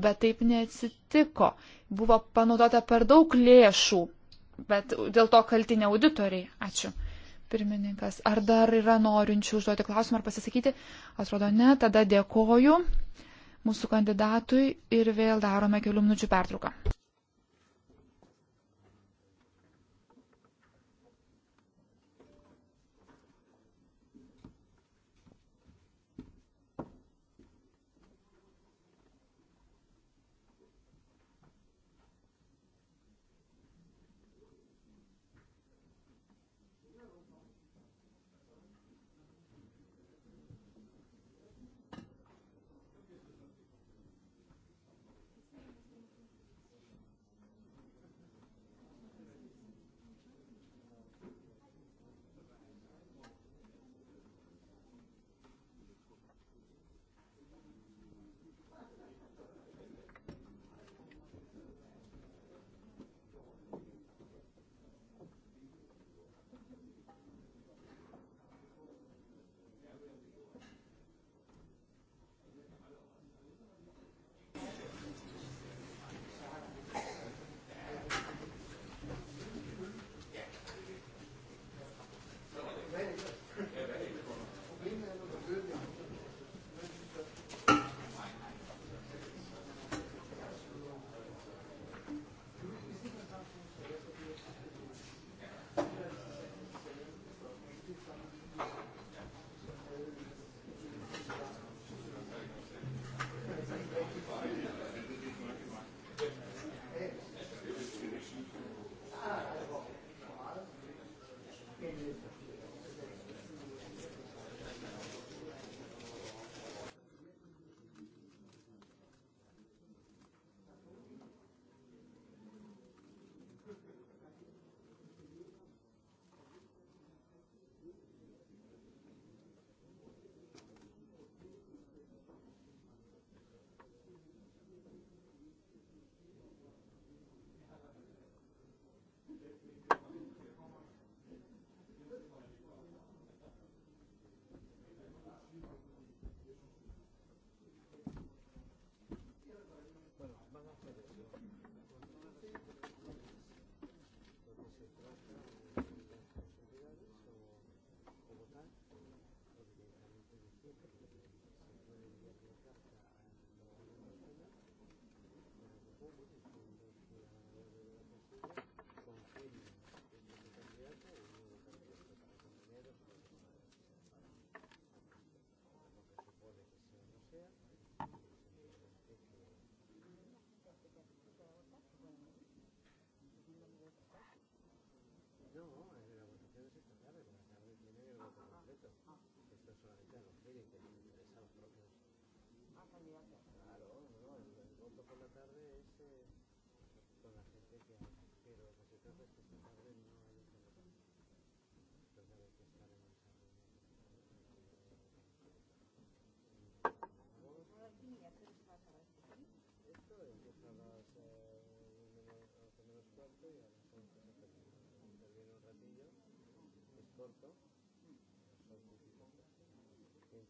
bet taip neatsitiko. Buvo panaudota per daug lėšų bet dėl to kalti ne auditoriai. Ačiū. Pirmininkas, ar dar yra norinčių užduoti klausimą ar pasisakyti? Atrodo, ne. Tada dėkoju mūsų kandidatui ir vėl darome kelių minučių pertrauką.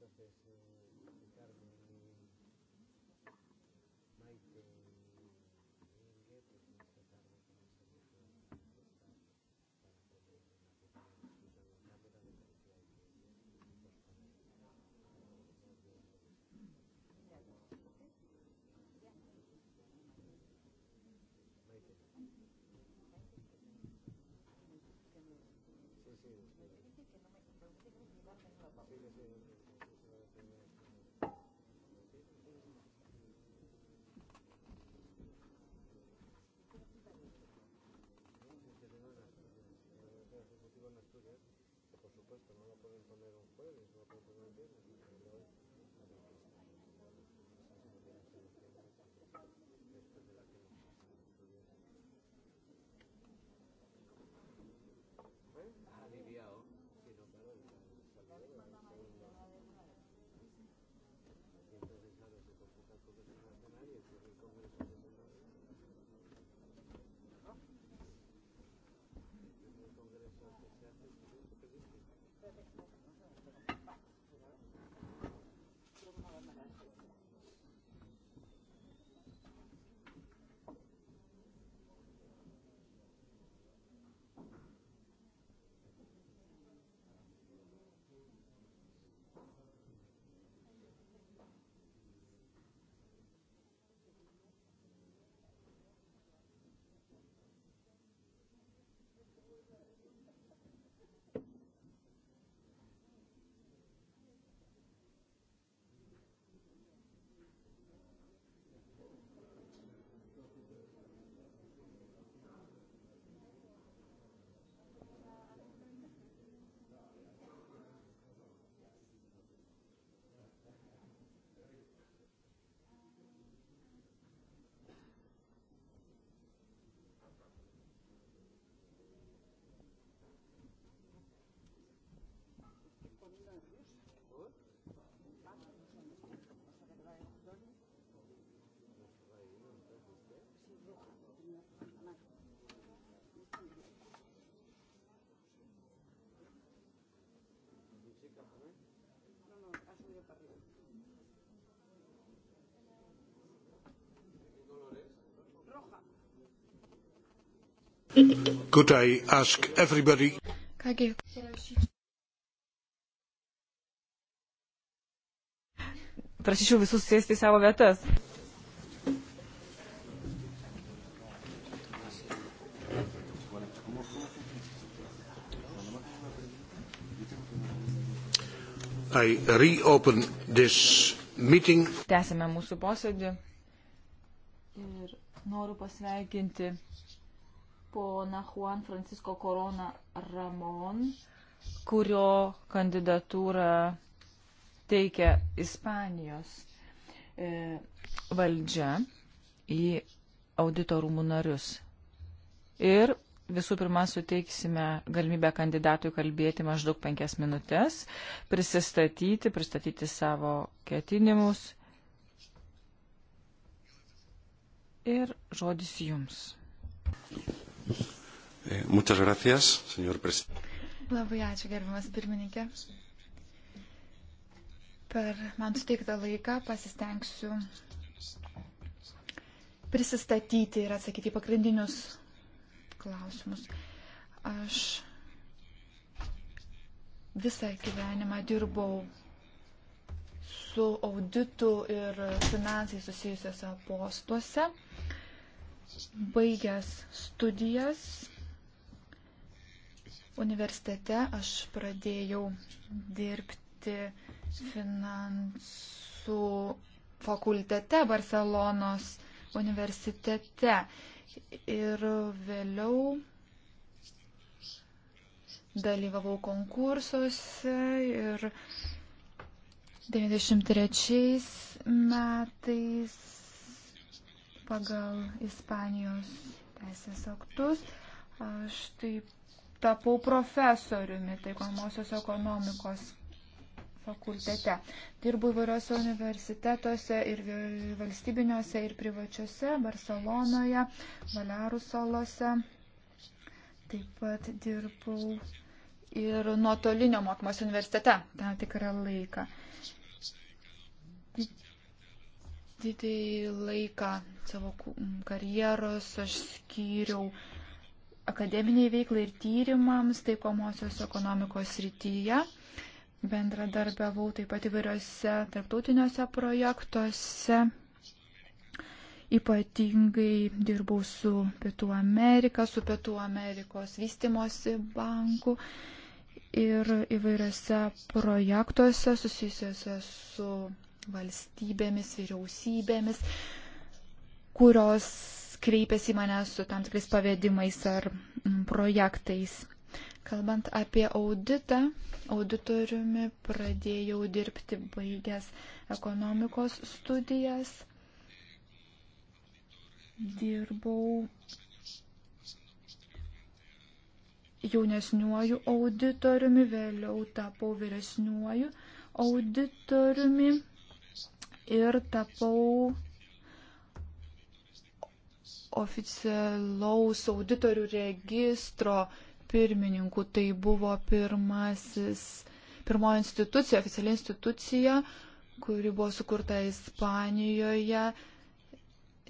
kalbėsi, pergimė. suyas, que por supuesto no lo pueden poner un jueves, no lo pueden poner un viernes, flojo, ¿eh? No, no, ha subido para arriba. Could I ask everybody? Kągi. Prašyčiau visus sėsti į savo vietas. I reopen this meeting. Tęsime mūsų posėdį ir noriu pasveikinti poną Juan Francisco Corona Ramon, kurio kandidatūrą teikia Ispanijos e, valdžia į auditorumų narius. Ir visų pirma suteiksime galimybę kandidatui kalbėti maždaug penkias minutės, prisistatyti, pristatyti savo ketinimus. Ir žodis jums. Eh, muchas gracias, señor presidente. Labai ačiū, gerbimas pirmininkė. Per man suteiktą laiką pasistengsiu prisistatyti ir atsakyti pagrindinius klausimus. Aš visą gyvenimą dirbau su auditu ir finansai susijusiuose postuose. Baigęs studijas universitete aš pradėjau dirbti finansų fakultete Barcelonos universitete ir vėliau dalyvavau konkursuose ir 93 metais pagal Ispanijos teisės aktus aš taip tapau profesoriumi taikomosios ekonomikos fakultete. Dirbu įvairiose universitetuose ir valstybiniuose ir privačiuose, Barcelonoje, Valerų salose. Taip pat dirbau ir nuotolinio mokymosi universitete tam tikrą laiką. Didelį laiką savo karjeros aš skyriau akademiniai veiklai ir tyrimams taikomosios ekonomikos srityje bendradarbiavau taip pat įvairiose tarptautiniuose projektuose. Ypatingai dirbau su Pietų Amerika, su Pietų Amerikos vystimosi banku ir įvairiose projektuose susijusiuose su valstybėmis, vyriausybėmis, kurios kreipiasi į mane su tam tikrais pavėdimais ar projektais. Kalbant apie auditą, auditoriumi pradėjau dirbti baigęs ekonomikos studijas. Dirbau jaunesniuoju auditoriumi, vėliau tapau vyresniuoju auditoriumi ir tapau oficialaus auditorių registro pirmininku. Tai buvo pirmasis, pirmoji institucija, oficiali institucija, kuri buvo sukurta Ispanijoje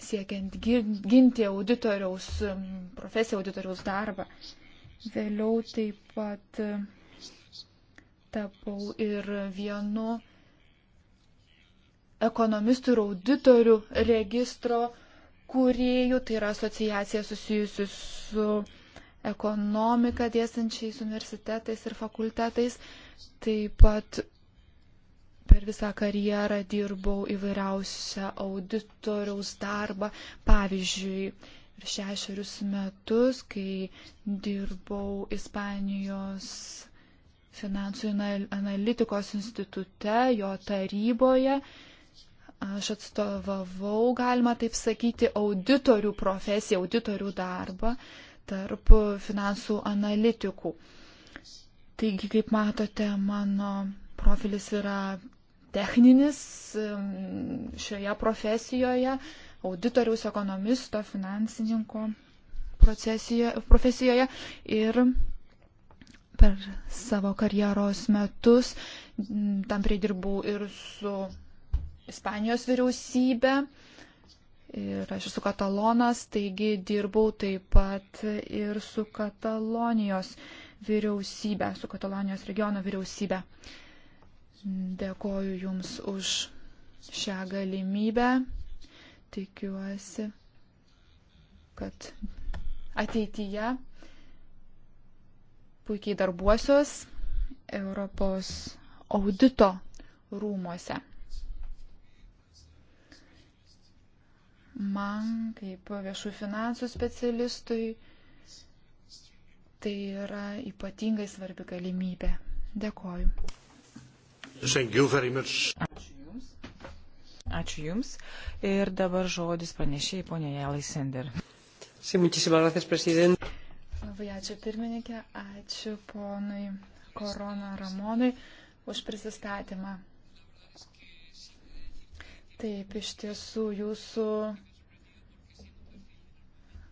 siekiant ginti auditoriaus, profesiją auditoriaus darbą. Vėliau taip pat tapau ir vienu ekonomistų ir auditorių registro kūrėjų, tai yra asociacija susijusi su ekonomiką dėstančiais universitetais ir fakultetais. Taip pat per visą karjerą dirbau įvairiausią auditoriaus darbą. Pavyzdžiui, ir šešerius metus, kai dirbau Ispanijos finansų analitikos institute, jo taryboje. Aš atstovavau, galima taip sakyti, auditorių profesiją, auditorių darbą. Uh, tarp finansų analitikų. Taigi, kaip matote, mano profilis yra techninis šioje profesijoje, auditoriaus, ekonomisto, finansininko profesijoje ir per savo karjeros metus tam pridirbau ir su Ispanijos vyriausybė, Ir aš esu katalonas, taigi dirbau taip pat ir su Katalonijos vyriausybė, su Katalonijos regiono vyriausybė. Dėkoju Jums už šią galimybę. Tikiuosi, kad ateityje puikiai darbuosios Europos audito rūmose. Man, kaip viešų finansų specialistui, tai yra ypatingai svarbi galimybė. Dėkoju. Ačiū Jums. Ačiū Jums. Ir dabar žodis pranešėjai ponė Jalai Sender. Sí, Labai ačiū pirmininkė, ačiū ponui Korona Ramonui už prisistatymą. Taip, iš tiesų jūsų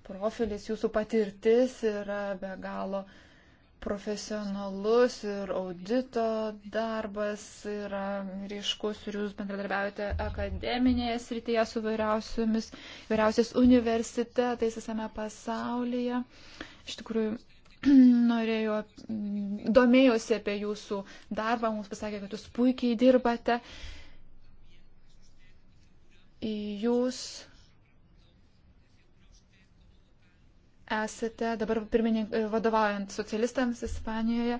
profilis, jūsų patirtis yra be galo profesionalus ir audito darbas yra ryškus ir jūs bendradarbiaujate akademinėje srityje su vairiausiais universitetais visame pasaulyje. Iš tikrųjų, norėjau, domėjausi apie jūsų darbą, mums pasakė, kad jūs puikiai dirbate. Uh, jūs esate dabar pirmininkai vadovaujant socialistams Ispanijoje,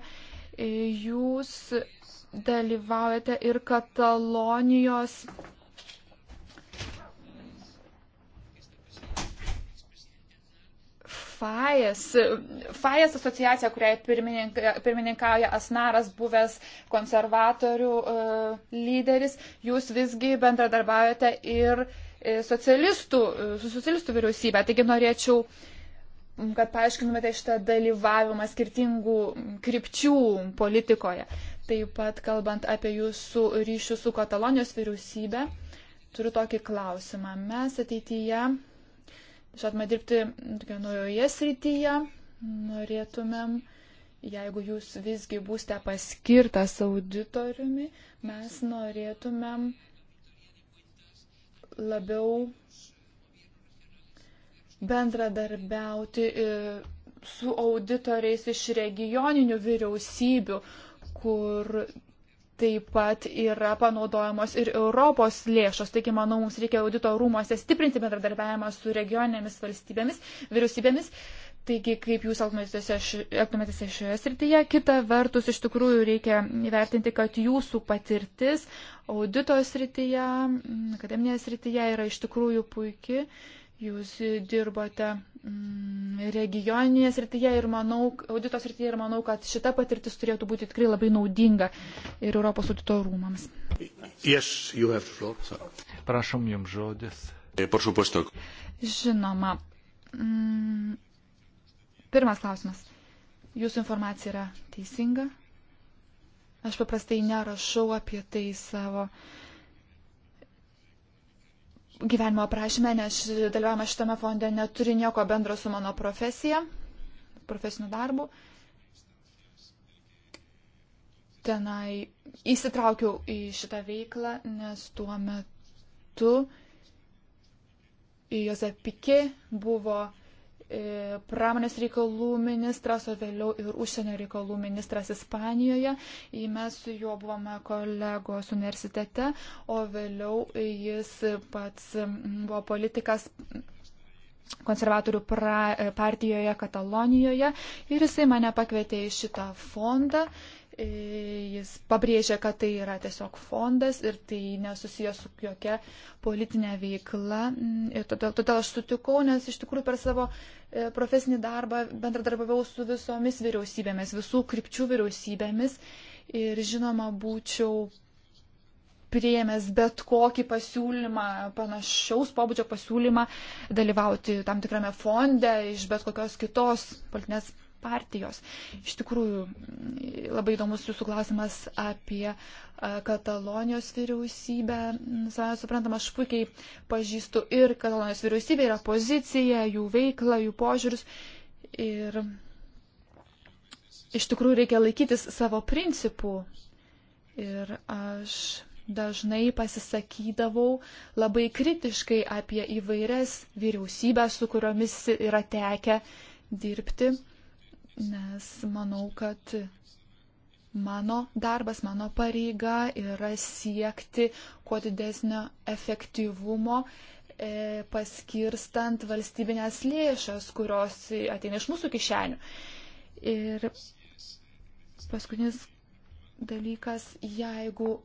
jūs dalyvaujate ir Katalonijos FAES, FAES asociacija, kuriai pirmininkauja Asnaras, buvęs konservatorių e, lyderis, jūs visgi bendradarbiaujate ir e, socialistų, su socialistų vyriausybė. Taigi norėčiau, kad paaiškinumėte šitą dalyvavimą skirtingų krypčių politikoje. Taip pat kalbant apie jūsų ryšių su Katalonijos vyriausybė, turiu tokį klausimą. Mes ateityje Norėtume dirbti tokio naujoje srityje, norėtumėm, jeigu jūs visgi būsite paskirtas auditoriumi, mes norėtumėm labiau bendradarbiauti e, su auditoriais iš regioninių vyriausybių, kur Taip pat yra panaudojamos ir Europos lėšos. Taigi, manau, mums reikia audito rūmose stiprinti bendradarbiavimą su regioninėmis valstybėmis, vyriausybėmis. Taigi, kaip jūs elgtumėtės šioje srityje, kita vertus, iš tikrųjų reikia įvertinti, kad jūsų patirtis audito srityje, akademinėje srityje yra iš tikrųjų puikia. Jūs dirbote Mm, regioninėje srityje ir manau, audito srityje ir manau, kad šita patirtis turėtų būti tikrai labai naudinga ir Europos audito rūmams. Yes, floor, so. Prašom jums žodis. E, Žinoma. Mm, pirmas klausimas. Jūsų informacija yra teisinga? Aš paprastai nerašau apie tai savo uh, gyvenimo aprašymę, nes dalyvavimą šitame fonde neturi nieko bendro su mano profesija, profesiniu darbu. Tenai įsitraukiau į šitą veiklą, nes tuo metu Jose Pike buvo E, pramonės reikalų ministras, o vėliau ir užsienio reikalų ministras Ispanijoje. Mes su juo buvome kolegos universitete, o vėliau jis pats buvo politikas konservatorių pra, e, partijoje Katalonijoje ir jisai mane pakvietė į šitą fondą E, jis pabrėžia, kad tai yra tiesiog fondas ir tai nesusijęs su jokia politinė veikla. Mm, ir todėl, todėl aš sutikau, nes iš tikrųjų per savo e, profesinį darbą bendradarbiavau su visomis vyriausybėmis, visų krypčių vyriausybėmis. Ir žinoma, būčiau priėmęs bet kokį pasiūlymą, panašaus pobūdžio pasiūlymą dalyvauti tam tikrame fonde iš bet kokios kitos politinės partijos. Iš tikrųjų, labai įdomus jūsų klausimas apie Katalonijos vyriausybę. Savai suprantama, aš puikiai pažįstu ir Katalonijos vyriausybę, ir opoziciją, jų veiklą, jų požiūrius. Ir iš tikrųjų reikia laikytis savo principų. Ir aš dažnai pasisakydavau labai kritiškai apie įvairias vyriausybės, su kuriomis yra tekę dirbti nes manau, kad mano darbas, mano pareiga yra siekti kuo didesnio efektyvumo e, paskirstant valstybinės lėšas, kurios ateina iš mūsų kišenių. Ir paskutinis dalykas, jeigu,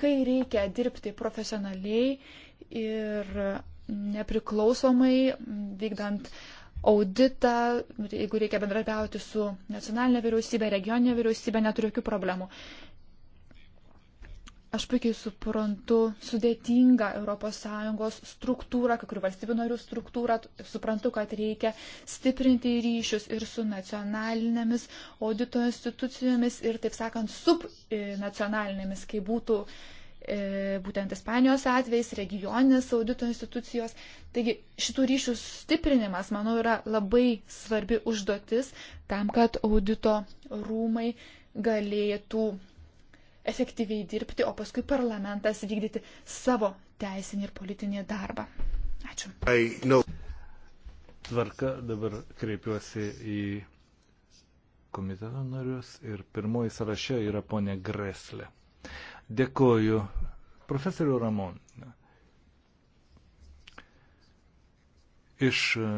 kai reikia dirbti profesionaliai ir nepriklausomai, vykdant uh, auditą, jeigu reikia bendradarbiauti su nacionalinė vyriausybė, regioninė vyriausybė, neturiu jokių problemų. Aš puikiai suprantu sudėtingą ES struktūrą, kai kurių valstybių narių struktūrą, suprantu, kad reikia stiprinti ryšius ir su nacionalinėmis audito institucijomis ir, taip sakant, subnacionalinėmis, e, kai būtų uh, E, būtent Ispanijos atvejais, regioninės audito institucijos. Taigi šitų ryšių stiprinimas, manau, yra labai svarbi užduotis tam, kad audito rūmai galėtų efektyviai dirbti, o paskui parlamentas vykdyti savo teisinį ir politinį darbą. Ačiū. Tvarka dabar kreipiuosi į komiteto narius ir pirmoji sąraše yra ponė Greslė. Dėkoju. Profesoriu Ramon. Iš e,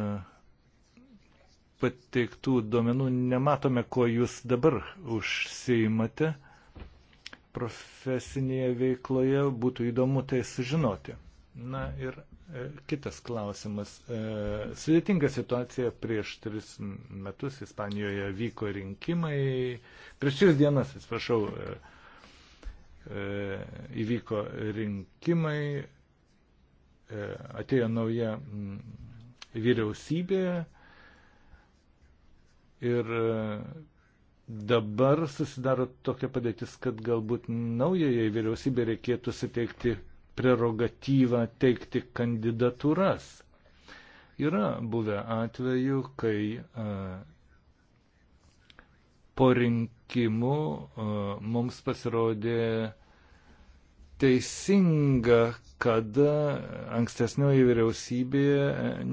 pateiktų duomenų nematome, ko jūs dabar užsiimate profesinėje veikloje. Būtų įdomu tai sužinoti. Na ir e, Kitas klausimas. E, sudėtinga situacija prieš tris metus Ispanijoje vyko rinkimai, prieš tris dienas, atsiprašau, E, įvyko rinkimai, e, atėjo nauja mm, vyriausybė ir e, dabar susidaro tokia padėtis, kad galbūt naujajai vyriausybė reikėtų suteikti prerogatyvą teikti kandidatūras. Yra buvę atvejų, kai po rinkimų mums pasirodė teisinga, kad ankstesnioji vyriausybė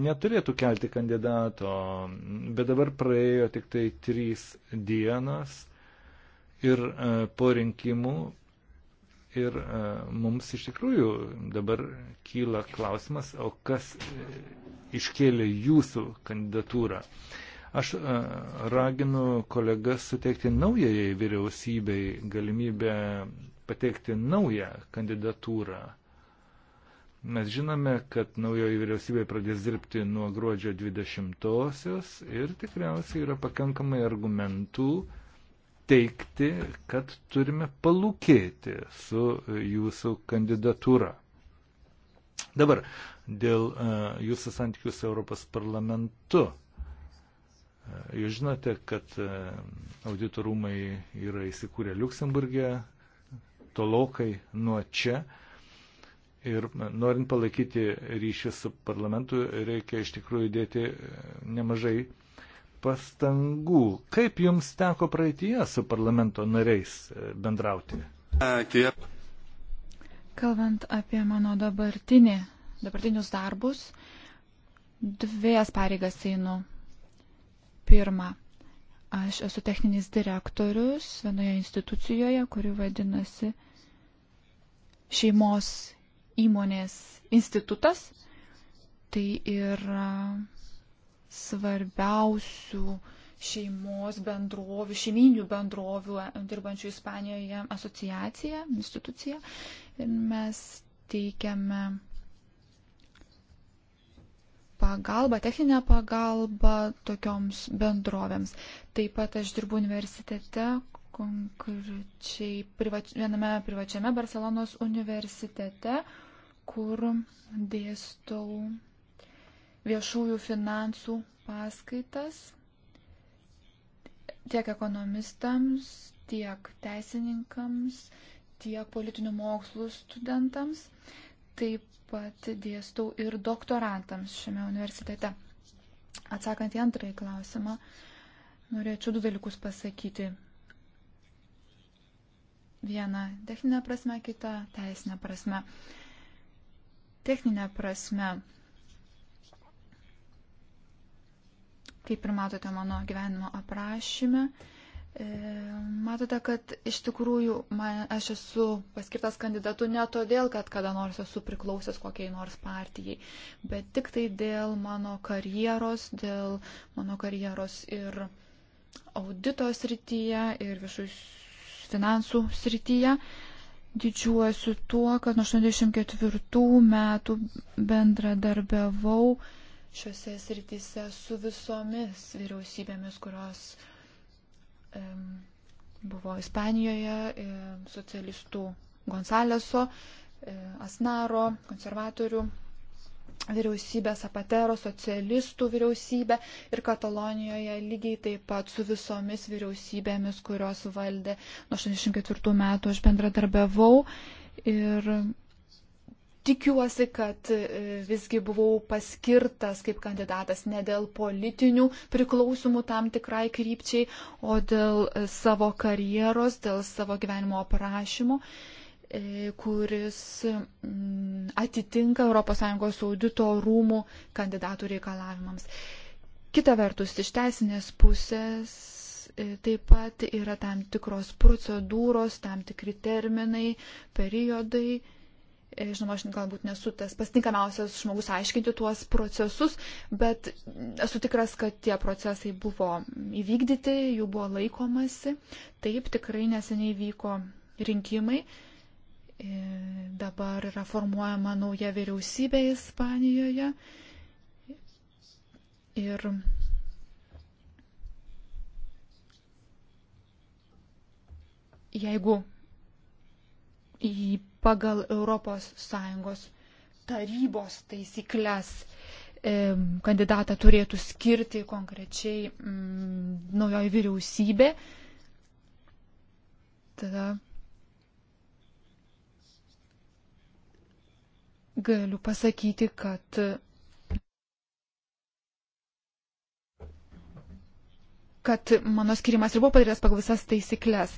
neturėtų kelti kandidato, bet dabar praėjo tik tai trys dienas ir po rinkimų ir mums iš tikrųjų dabar kyla klausimas, o kas e, iškėlė jūsų kandidatūrą. Aš e, raginu kolegas suteikti naujai vyriausybei galimybę pateikti naują kandidatūrą. Mes žinome, kad naujoji vyriausybė pradės dirbti nuo gruodžio 20-osios ir tikriausiai yra pakankamai argumentų teikti, kad turime palūkėti su jūsų kandidatūra. Dabar dėl uh, jūsų santykių su Europos parlamentu. Jūs žinote, kad e, auditorumai yra įsikūrę Luksemburgė, tolokai nuo čia. Ir e, norint palaikyti ryšį su parlamentu, reikia iš tikrųjų dėti e, nemažai pastangų. Kaip jums teko praeitie su parlamento nariais bendrauti? Kalbant apie mano dabartinį, dabartinius darbus, dviejas pareigas einu. Pirma, aš esu techninis direktorius vienoje institucijoje, kuri vadinasi šeimos įmonės institutas. Tai yra svarbiausių šeimos bendrovių, šeiminių bendrovių e, dirbančių Ispanijoje asociacija, institucija. Ir mes teikiame pagalbą, techninę pagalbą tokioms bendrovėms. Taip pat aš dirbu universitete, konkrečiai privač, viename privačiame Barcelonos universitete, kur dėstau viešųjų finansų paskaitas tiek ekonomistams, tiek teisininkams, tiek politinių mokslų studentams. Uh, Taip pat dėstau ir doktorantams šiame universitete. Atsakant į antrąjį klausimą, norėčiau du dalykus pasakyti. Viena techninė prasme, kita teisinė prasme. Techninė prasme kaip ir matote mano gyvenimo aprašyme, E, matote, kad iš tikrųjų man, aš esu paskirtas kandidatu ne todėl, kad kada nors esu priklausęs kokiai nors partijai, bet tik tai dėl mano karjeros, dėl mano karjeros ir audito srityje, ir viešų finansų srityje. Didžiuosiu tuo, kad nuo 84 metų bendradarbiavau šiuose srityse su visomis vyriausybėmis, kurios buvo Ispanijoje e, socialistų Gonzaleso, e, Asnaro, konservatorių vyriausybė, Zapatero socialistų vyriausybė ir Katalonijoje lygiai taip pat su visomis vyriausybėmis, kurios valdė nuo 84 metų aš bendradarbiavau ir tikiuosi, kad e, visgi buvau paskirtas kaip kandidatas ne dėl politinių priklausimų tam tikrai krypčiai, o dėl e, savo karjeros, dėl savo gyvenimo aprašymo e, kuris mm, atitinka ES audito rūmų kandidatų reikalavimams. Kita vertus, iš teisinės pusės taip pat yra tam tikros procedūros, tam tikri terminai, periodai, E, žinoma, aš galbūt nesu tas pasitinkamiausias žmogus aiškinti tuos procesus, bet esu tikras, kad tie procesai buvo įvykdyti, jų buvo laikomasi. Taip, tikrai neseniai vyko rinkimai. E, dabar yra formuojama nauja vyriausybė Ispanijoje. Ir jeigu pagal ES tarybos taisyklės e, kandidatą turėtų skirti konkrečiai mm, naujoji vyriausybė. Tada galiu pasakyti, kad kad mano skirimas ir buvo padarytas pagal visas taisyklės.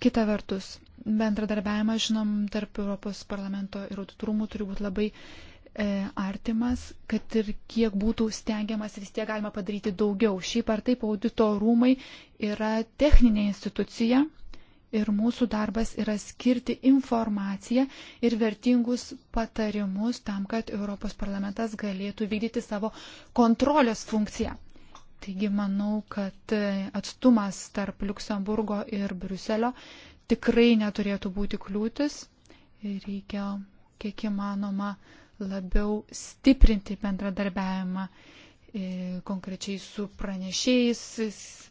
Kita vertus, bendradarbiavimas, žinom, tarp Europos parlamento ir auditorumų turi būti labai e, artimas, kad ir kiek būtų stengiamas, vis tiek galima padaryti daugiau. Šiaip ar taip audito rūmai yra techninė institucija ir mūsų darbas yra skirti informaciją ir vertingus patarimus tam, kad Europos parlamentas galėtų vykdyti savo kontrolės funkciją. Taigi manau, kad e, atstumas tarp Luksemburgo ir Bruselio tikrai neturėtų būti kliūtis. Reikia kiek įmanoma labiau stiprinti bendradarbiavimą e, konkrečiai su pranešėjais,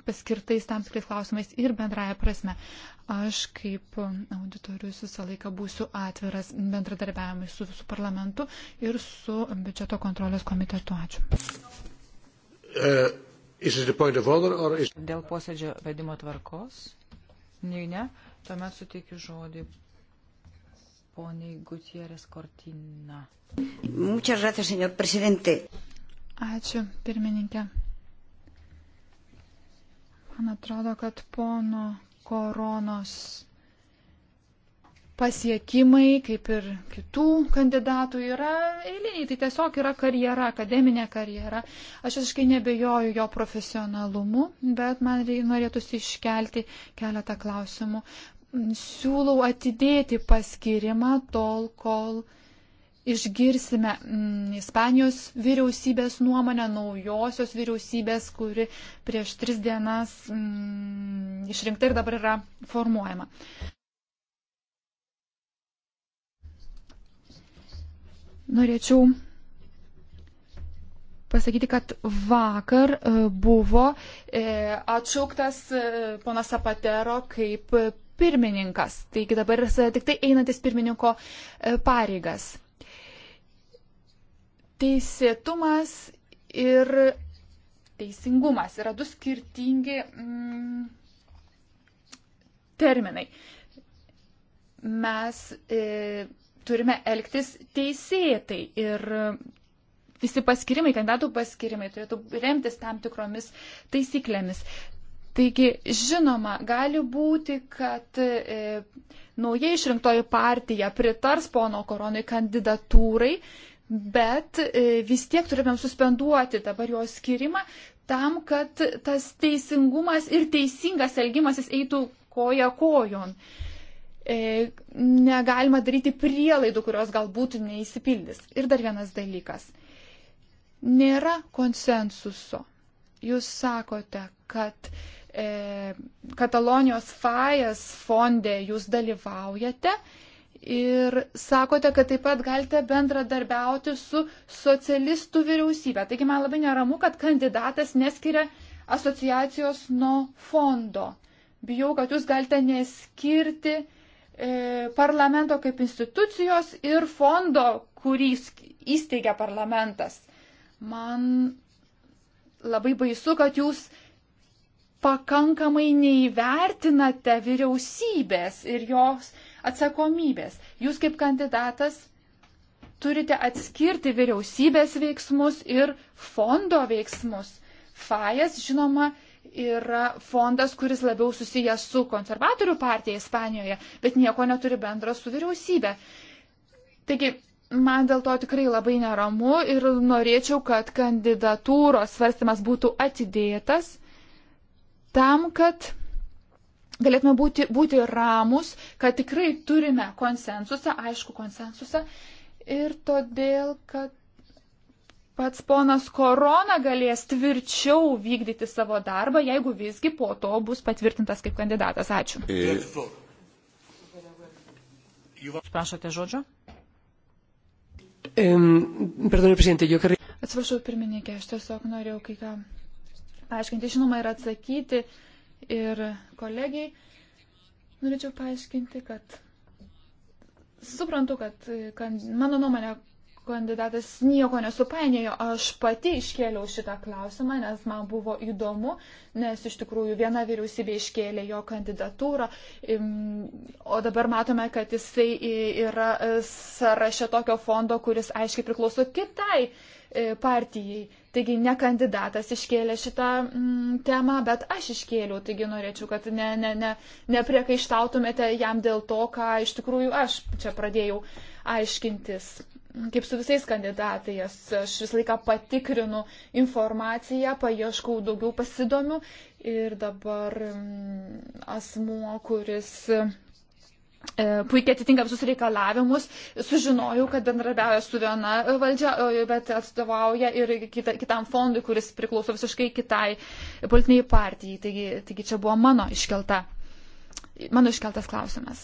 paskirtais tam tikrais klausimais ir bendraja prasme. Aš kaip auditorius visą laiką būsiu atviras bendradarbiavimui su, su parlamentu ir su biudžeto kontrolės komitetu. Ačiū. Uh, is... Dėl posėdžio vedimo tvarkos? Ne, ne. Tuomet suteikiu žodį poniai Gutierrez Cortina. Muchas gracias, señor presidente. Ačiū, pirmininkė. Man atrodo, kad pono koronos pasiekimai, kaip ir kitų kandidatų, yra eiliniai. Tai tiesiog yra karjera, akademinė karjera. Aš visiškai nebejoju jo profesionalumu, bet man norėtųsi iškelti keletą klausimų siūlau atidėti paskirimą tol, kol išgirsime mm, Ispanijos vyriausybės nuomonę, naujosios vyriausybės, kuri prieš tris dienas mm, išrinkta ir dabar yra formuojama. Norėčiau pasakyti, kad vakar e, buvo e, atšauktas e, ponas Zapatero kaip pirmininkas. Taigi dabar jis tik tai einantis pirmininko e, pareigas. Teisėtumas ir teisingumas yra du skirtingi mm, terminai. Mes e, turime elgtis teisėtai ir visi paskirimai, kandidatų paskirimai turėtų remtis tam tikromis taisyklėmis. Taigi, žinoma, gali būti, kad e, naujai išrinktoji partija pritars pono koronai kandidatūrai, bet e, vis tiek turėtumėm suspenduoti dabar jos skirimą tam, kad tas teisingumas ir teisingas elgimasis eitų koja kojon. E, negalima daryti prielaidų, kurios galbūt neįsipildys. Ir dar vienas dalykas. Nėra konsensuso. Jūs sakote, kad E, Katalonijos fajas fonde jūs dalyvaujate ir sakote, kad taip pat galite bendradarbiauti su socialistų vyriausybė. Taigi man labai neramu, kad kandidatas neskiria asociacijos nuo fondo. Bijau, kad jūs galite neskirti e, parlamento kaip institucijos ir fondo, kurį įsteigia parlamentas. Man labai baisu, kad jūs pakankamai neįvertinate vyriausybės ir jos atsakomybės. Jūs kaip kandidatas turite atskirti vyriausybės veiksmus ir fondo veiksmus. Fajas, žinoma, yra fondas, kuris labiau susijęs su konservatorių partija Ispanijoje, bet nieko neturi bendro su vyriausybė. Taigi, man dėl to tikrai labai neramu ir norėčiau, kad kandidatūros svarstymas būtų atidėtas tam, kad galėtume būti, būti ramus, kad tikrai turime konsensusą, aišku konsensusą, ir todėl, kad pats ponas Korona galės tvirčiau vykdyti savo darbą, jeigu visgi po to bus patvirtintas kaip kandidatas. Ačiū. E, Prašote žodžio? Atsiprašau, pirmininkė, aš tiesiog norėjau kai ką paaiškinti, žinoma, ir atsakyti. Ir kolegiai norėčiau paaiškinti, kad suprantu, kad, kad mano nuomonė kandidatas nieko nesupainėjo. Aš pati iškėliau šitą klausimą, nes man buvo įdomu, nes iš tikrųjų viena vyriausybė iškėlė jo kandidatūrą, o dabar matome, kad jisai yra sąraše tokio fondo, kuris aiškiai priklauso kitai E, partijai. Taigi ne kandidatas iškėlė šitą mm, temą, bet aš iškėliau. Taigi norėčiau, kad ne, ne, ne, nepriekaištautumėte jam dėl to, ką iš tikrųjų aš čia pradėjau aiškintis. Kaip su visais kandidatais, aš visą laiką patikrinu informaciją, paieškau daugiau pasidomių ir dabar mm, asmuo, kuris. Mm, E, puikiai atitinka visus reikalavimus, sužinojau, kad bendrabiauja su viena valdžia, bet atstovauja ir kita, kitam fondui, kuris priklauso visiškai kitai politiniai partijai. Taigi, taigi čia buvo mano, iškelta, mano iškeltas klausimas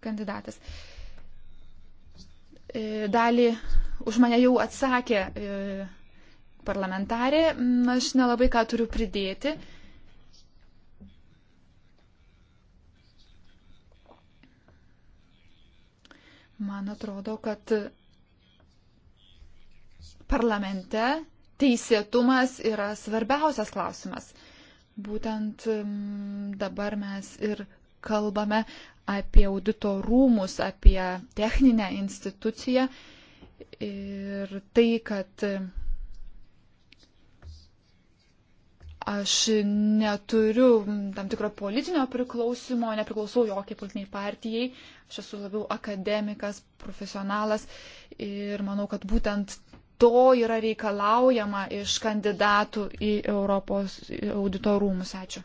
kandidatas. E, dalį už mane jau atsakė e, parlamentarė, mm, aš nelabai ką turiu pridėti. Man atrodo, kad parlamente teisėtumas yra svarbiausias klausimas. Būtent mm, dabar mes ir kalbame apie audito rūmus, apie techninę instituciją ir tai, kad Aš neturiu tam tikro politinio priklausimo, nepriklausau jokiai politiniai partijai, aš esu labiau akademikas, profesionalas ir manau, kad būtent to yra reikalaujama iš kandidatų į Europos auditorumus. Ačiū.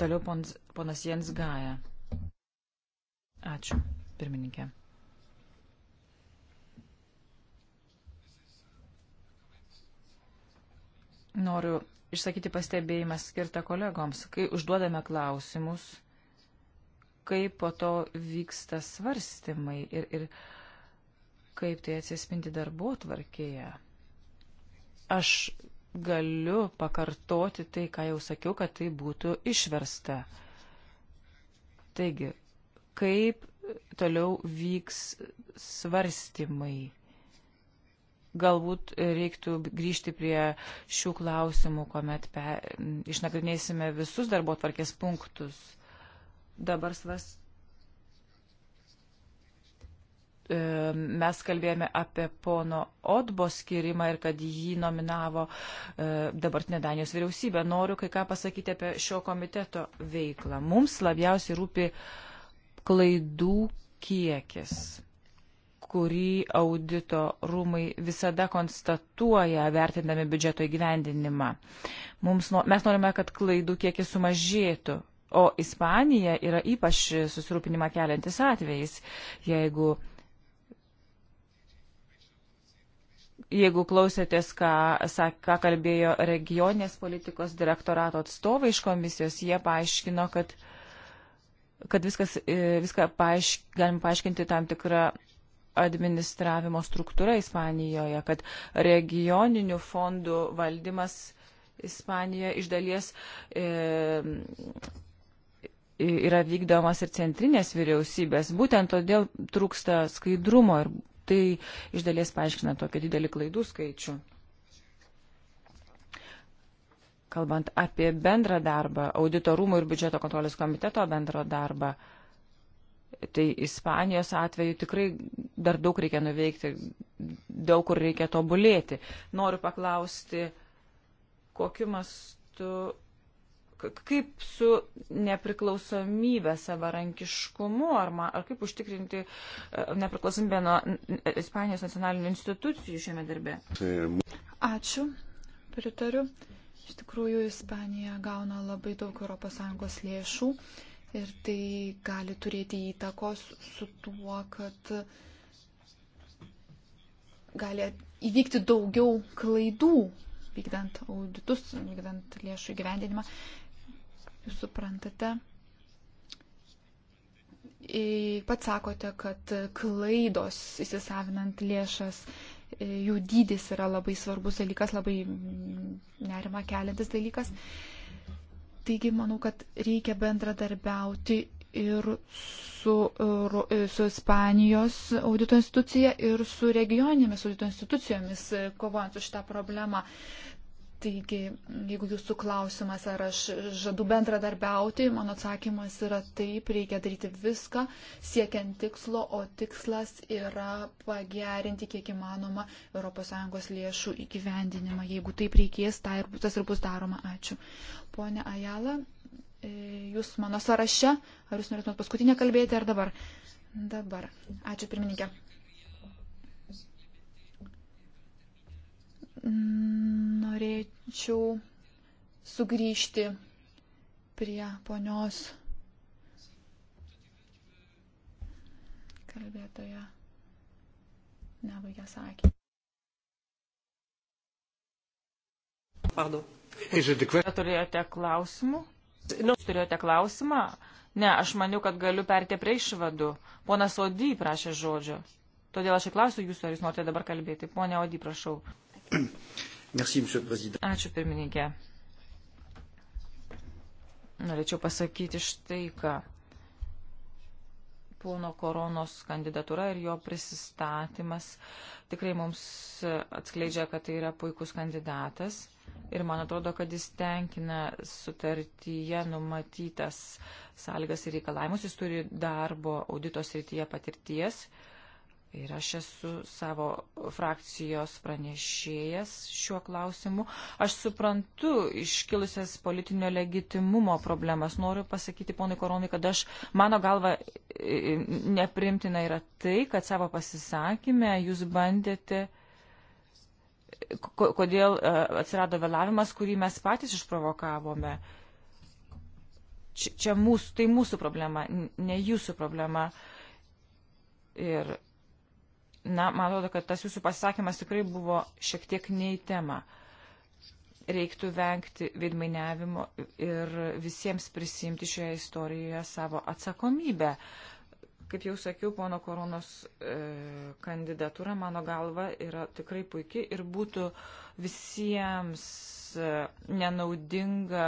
Toliau ponas Jens Gaja. Ačiū, pirmininkė. Noriu išsakyti pastebėjimą skirtą kolegoms, kai užduodame klausimus, kaip po to vyksta svarstymai ir, ir kaip tai atsispindi darbo tvarkėje. Aš galiu pakartoti tai, ką jau sakiau, kad tai būtų išversta. Taigi, kaip toliau vyks svarstymai galbūt reiktų grįžti prie šių klausimų, kuomet pe, išnagrinėsime visus darbo tvarkės punktus. Dabar svas. E, mes kalbėjome apie pono Otbo skirimą ir kad jį nominavo e, dabartinė Danijos vyriausybė. Noriu kai ką pasakyti apie šio komiteto veiklą. Mums labiausiai rūpi klaidų kiekis kurį audito rūmai visada konstatuoja vertindami biudžeto įgyvendinimą. Mums, mes norime, kad klaidų kiekis sumažėtų, o Ispanija yra ypač susirūpinimą keliantis atvejais, jeigu jeigu klausėtės, ką, ką kalbėjo regionės politikos direktorato atstovai iš komisijos, jie paaiškino, kad, kad viskas, e, viską paaišk, galim paaiškinti tam tikrą administravimo struktūra Ispanijoje, kad regioninių fondų valdymas Ispanijoje iš dalies e, yra vykdomas ir centrinės vyriausybės. Būtent todėl trūksta skaidrumo ir tai iš dalies paaiškina tokį didelį klaidų skaičių. Kalbant apie bendrą darbą, auditorumų ir biudžeto kontrolės komiteto bendrą darbą, e, Tai Ispanijos atveju tikrai dar daug reikia nuveikti, daug kur reikia tobulėti. Noriu paklausti, kokiu mastu, kaip su nepriklausomybė, savarankiškumu, ar, ma, ar kaip užtikrinti e, nepriklausomybę nuo Ispanijos nacionalinių institucijų šiame darbe. Ačiū, pritariu. Iš tikrųjų, Ispanija gauna labai daug ES lėšų Ir tai gali turėti įtakos su tuo, kad gali įvykti daugiau klaidų, vykdant auditus, vykdant lėšų įgyvendinimą. Jūs suprantate, pats sakote, kad klaidos įsisavinant lėšas, e, jų dydis yra labai svarbus dalykas, labai nerima keliantis dalykas. Mm. Taigi manau, kad reikia bendradarbiauti ir su, e, su Ispanijos audito institucija ir su regioninėmis audito institucijomis e, kovojant su šitą problemą. Taigi, jeigu jūsų klausimas, ar aš žadu bendradarbiauti, mano atsakymas yra taip, reikia daryti viską siekiant tikslo, o tikslas yra pagerinti kiek įmanoma ES lėšų įgyvendinimą. Jeigu taip reikės, tai ir, tas ir bus daroma. Ačiū. Pone Ajala, e, jūs mano sąraše, ar jūs norėtumėt paskutinę kalbėti ar dabar? Dabar. Ačiū pirmininkė. norėčiau sugrįžti prie ponios kalbėtoje. Nebaigia sakė. Pardon. Turėjote klausimų? Nu- turėjote klausimą? Ne, aš maniau, kad galiu perti prie išvadų. Ponas Odį prašė žodžio. Todėl aš ir klausiu jūsų, ar jūs norite dabar kalbėti. Pone Odį, prašau. Merci, Ačiū pirmininkė. Norėčiau pasakyti štai ką. Pono Koronos kandidatūra ir jo prisistatymas tikrai mums atskleidžia, kad tai yra puikus kandidatas ir man atrodo, kad jis tenkina sutartyje numatytas sąlygas ir reikalavimus, jis turi darbo audito srityje patirties. Uh, Ir aš esu savo frakcijos pranešėjas šiuo klausimu. Aš suprantu iškilusias politinio legitimumo problemas. Noriu pasakyti ponai Koronai, kad aš, mano galva, neprimtina yra tai, kad savo pasisakymę jūs bandėte, kodėl e, atsirado vėlavimas, kurį mes patys išprovokavome. Čia, čia mūsų, tai mūsų problema, ne jūsų problema. Ir Na, man atrodo, kad tas jūsų pasisakymas tikrai buvo šiek tiek nei tema. Reiktų vengti veidmainiavimo ir visiems prisimti šioje istorijoje savo atsakomybę. Kaip jau sakiau, pono Koronos e, kandidatūra, mano galva, yra tikrai puikiai ir būtų visiems e, nenaudinga,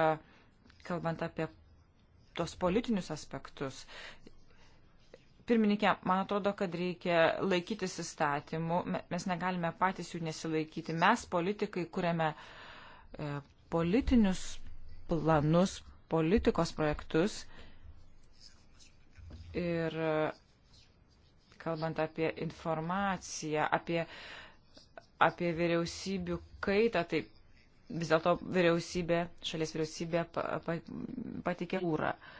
kalbant apie tos politinius aspektus, Pirmininkė, man atrodo, kad reikia laikytis įstatymų. Mes negalime patys jų nesilaikyti. Mes, politikai, kuriame e, politinius planus, politikos projektus. Ir e, kalbant apie informaciją, apie, apie vyriausybių kaitą, tai vis dėlto vyriausybė, šalies vyriausybė patikė pa, pa, pa, pa, pa, pa, pa, pa, pa,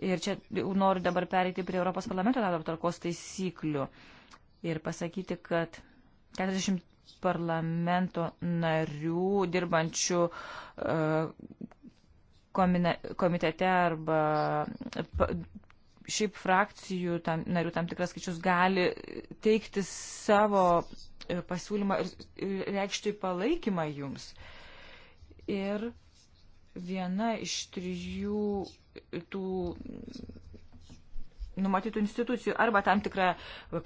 Ir čia noriu dabar pereiti prie Europos parlamento darbo tvarkos taisyklių ir pasakyti, kad 40 parlamento narių dirbančių e, komitete arba šiaip frakcijų tam, narių tam tikras skaičius gali teikti savo e, pasiūlymą ir reikšti palaikymą jums. Ir viena iš trijų tų numatytų institucijų arba tam tikrą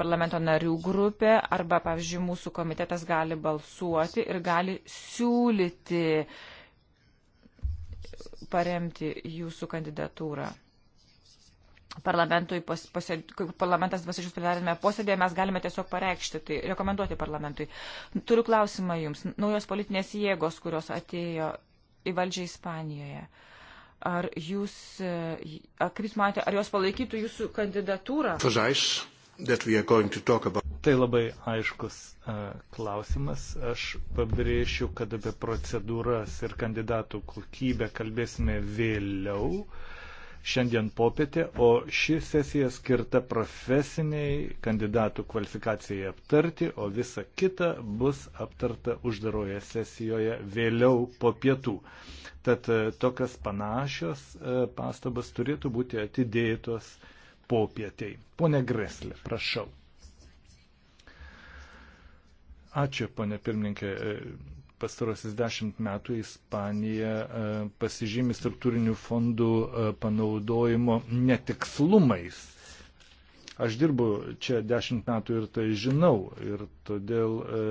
parlamento narių grupę, arba, pavyzdžiui, mūsų komitetas gali balsuoti ir gali siūlyti paremti jūsų kandidatūrą. Parlamentui, pas, posėd, kai parlamentas pasižiūrės plenarinėme posėdėje, mes galime tiesiog pareikšti, tai rekomenduoti parlamentui. Turiu klausimą jums. Naujos politinės jėgos, kurios atėjo į valdžią Ispanijoje. Uh, Ar jūs, e, ar, kaip jūs matėte, ar jos palaikytų jūsų kandidatūrą? Tai labai aiškus e, klausimas. Aš pabrėšiu, kad apie procedūras ir kandidatų kokybę kalbėsime vėliau. Uh, šiandien popietė, o ši sesija skirta profesiniai kandidatų kvalifikacijai aptarti, o visa kita bus aptarta uždaroje sesijoje vėliau po pietų. Tad e, tokios panašios e, pastabas turėtų būti atidėtos popietiai. Pone Greslė, prašau. Ačiū, ponė pirmininkė. E, pastarosius dešimt metų Ispanija e, pasižymi struktūrinių fondų e, panaudojimo netikslumais. Aš dirbu čia dešimt metų ir tai žinau ir todėl e,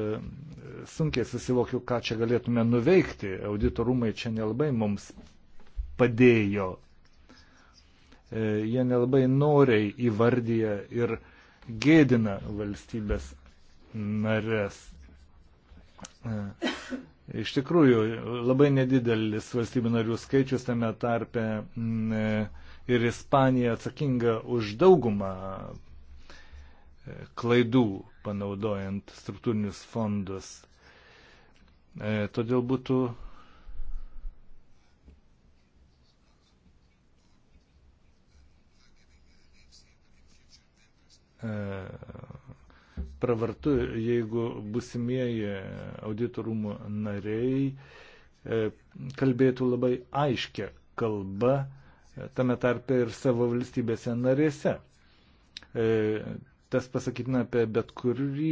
sunkiai susivokiu, ką čia galėtume nuveikti. Auditorumai čia nelabai mums padėjo. Jie nelabai noriai įvardyja ir gėdina valstybės narės. Iš tikrųjų, labai nedidelis valstybių narių skaičius tame tarpe mm, ir Ispanija atsakinga už daugumą e, klaidų panaudojant struktūrinius fondus. E, todėl būtų e, pravartu, jeigu busimieji auditorumų nariai e, kalbėtų labai aiškę kalbą, e, tame tarpe ir savo valstybėse narėse. E, tas pasakytina apie bet kurį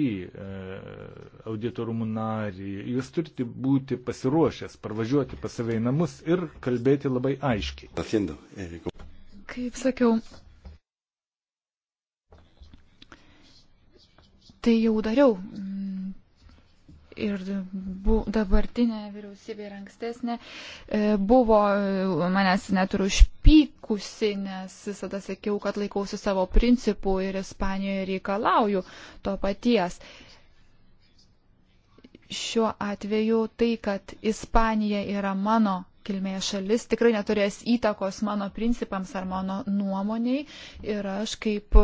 auditorumų narį. Jūs turite būti pasiruošęs parvažiuoti pas save į namus ir kalbėti labai aiškiai. Eh, Kaip sakiau, tai jau dariau. Ir dabartinė vyriausybė ir ankstesnė e, buvo e, manęs net ir užpykusi, nes visada sakiau, kad laikausi savo principų ir Ispanijoje reikalauju to paties šiuo atveju tai, kad Ispanija yra mano kilmės šalis, tikrai neturės įtakos mano principams ar mano nuomoniai ir aš kaip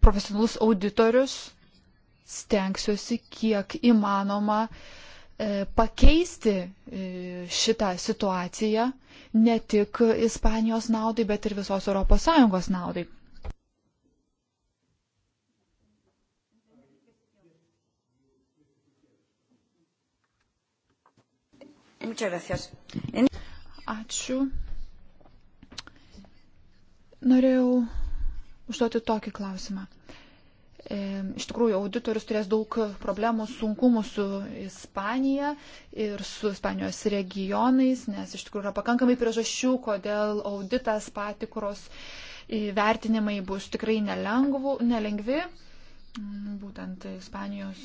profesionalus auditorius stengsiuosi kiek įmanoma e, pakeisti e, šitą situaciją ne tik Ispanijos naudai, bet ir visos ES naudai. Ačiū. Norėjau užduoti tokį klausimą. E, iš tikrųjų, auditorius turės daug problemų, sunkumų su Ispanija ir su Ispanijos regionais, nes iš tikrųjų yra pakankamai priežasčių, kodėl auditas, patikros, vertinimai bus tikrai nelengvų, nelengvi, mm, būtent Ispanijos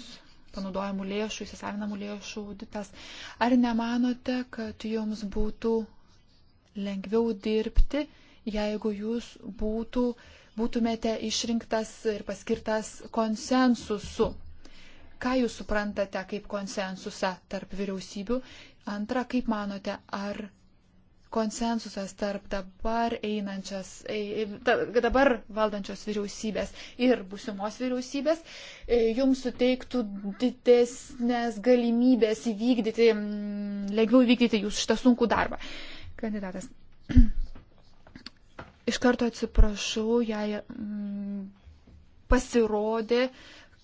panaudojamų lėšų, įsisavinamų lėšų auditas. Ar nemanote, kad jums būtų lengviau dirbti, jeigu jūs būtų uh, būtumėte išrinktas ir paskirtas konsensusu. Ką jūs suprantate kaip konsensusą tarp vyriausybių? Antra, kaip manote, ar konsensusas tarp dabar einančias, e, dabar valdančios vyriausybės ir busimos vyriausybės e, jums suteiktų didesnės galimybės įvykdyti, lengviau įvykdyti jūsų šitą sunkų darbą. Kandidatas. iš karto atsiprašau, jai mm, pasirodė,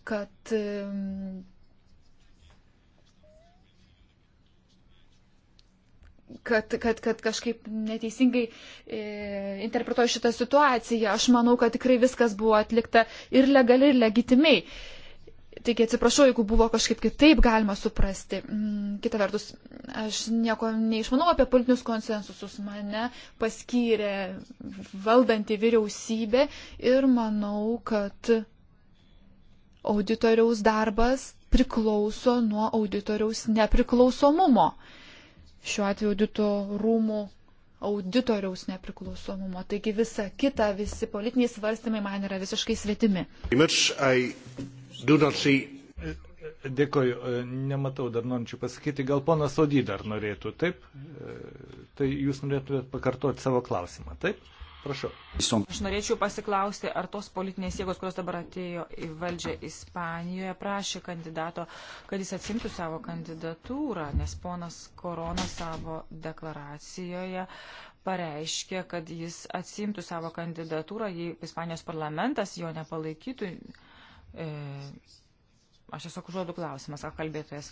kad mm, Kad, kad, kad kažkaip neteisingai e, interpretuoju šitą situaciją. Aš manau, kad tikrai viskas buvo atlikta ir legaliai, ir legitimiai. E, Taigi atsiprašau, jeigu buvo kažkaip kitaip galima suprasti. Mm, kita vertus, aš nieko neišmanau apie politinius konsensusus. Mane paskyrė valdanti vyriausybė ir manau, kad auditoriaus darbas priklauso nuo auditoriaus nepriklausomumo. Šiuo atveju audito rūmų auditoriaus nepriklausomumo. Taigi visa kita, visi politiniai svarstymai man yra visiškai svetimi. Image, I... Dėkoju, e, nematau dar norinčių pasakyti, gal ponas Sodį dar norėtų, taip? E, tai jūs norėtumėt pakartoti savo klausimą, taip? Prašau. Aš norėčiau pasiklausti, ar tos politinės jėgos, kurios dabar atėjo į valdžią Ispanijoje, prašė kandidato, kad jis atsimtų savo kandidatūrą, nes ponas Korona savo deklaracijoje pareiškė, kad jis atsimtų savo kandidatūrą, jei Ispanijos parlamentas jo nepalaikytų. E, aš tiesiog užduodu klausimas, ar kalbėtojas,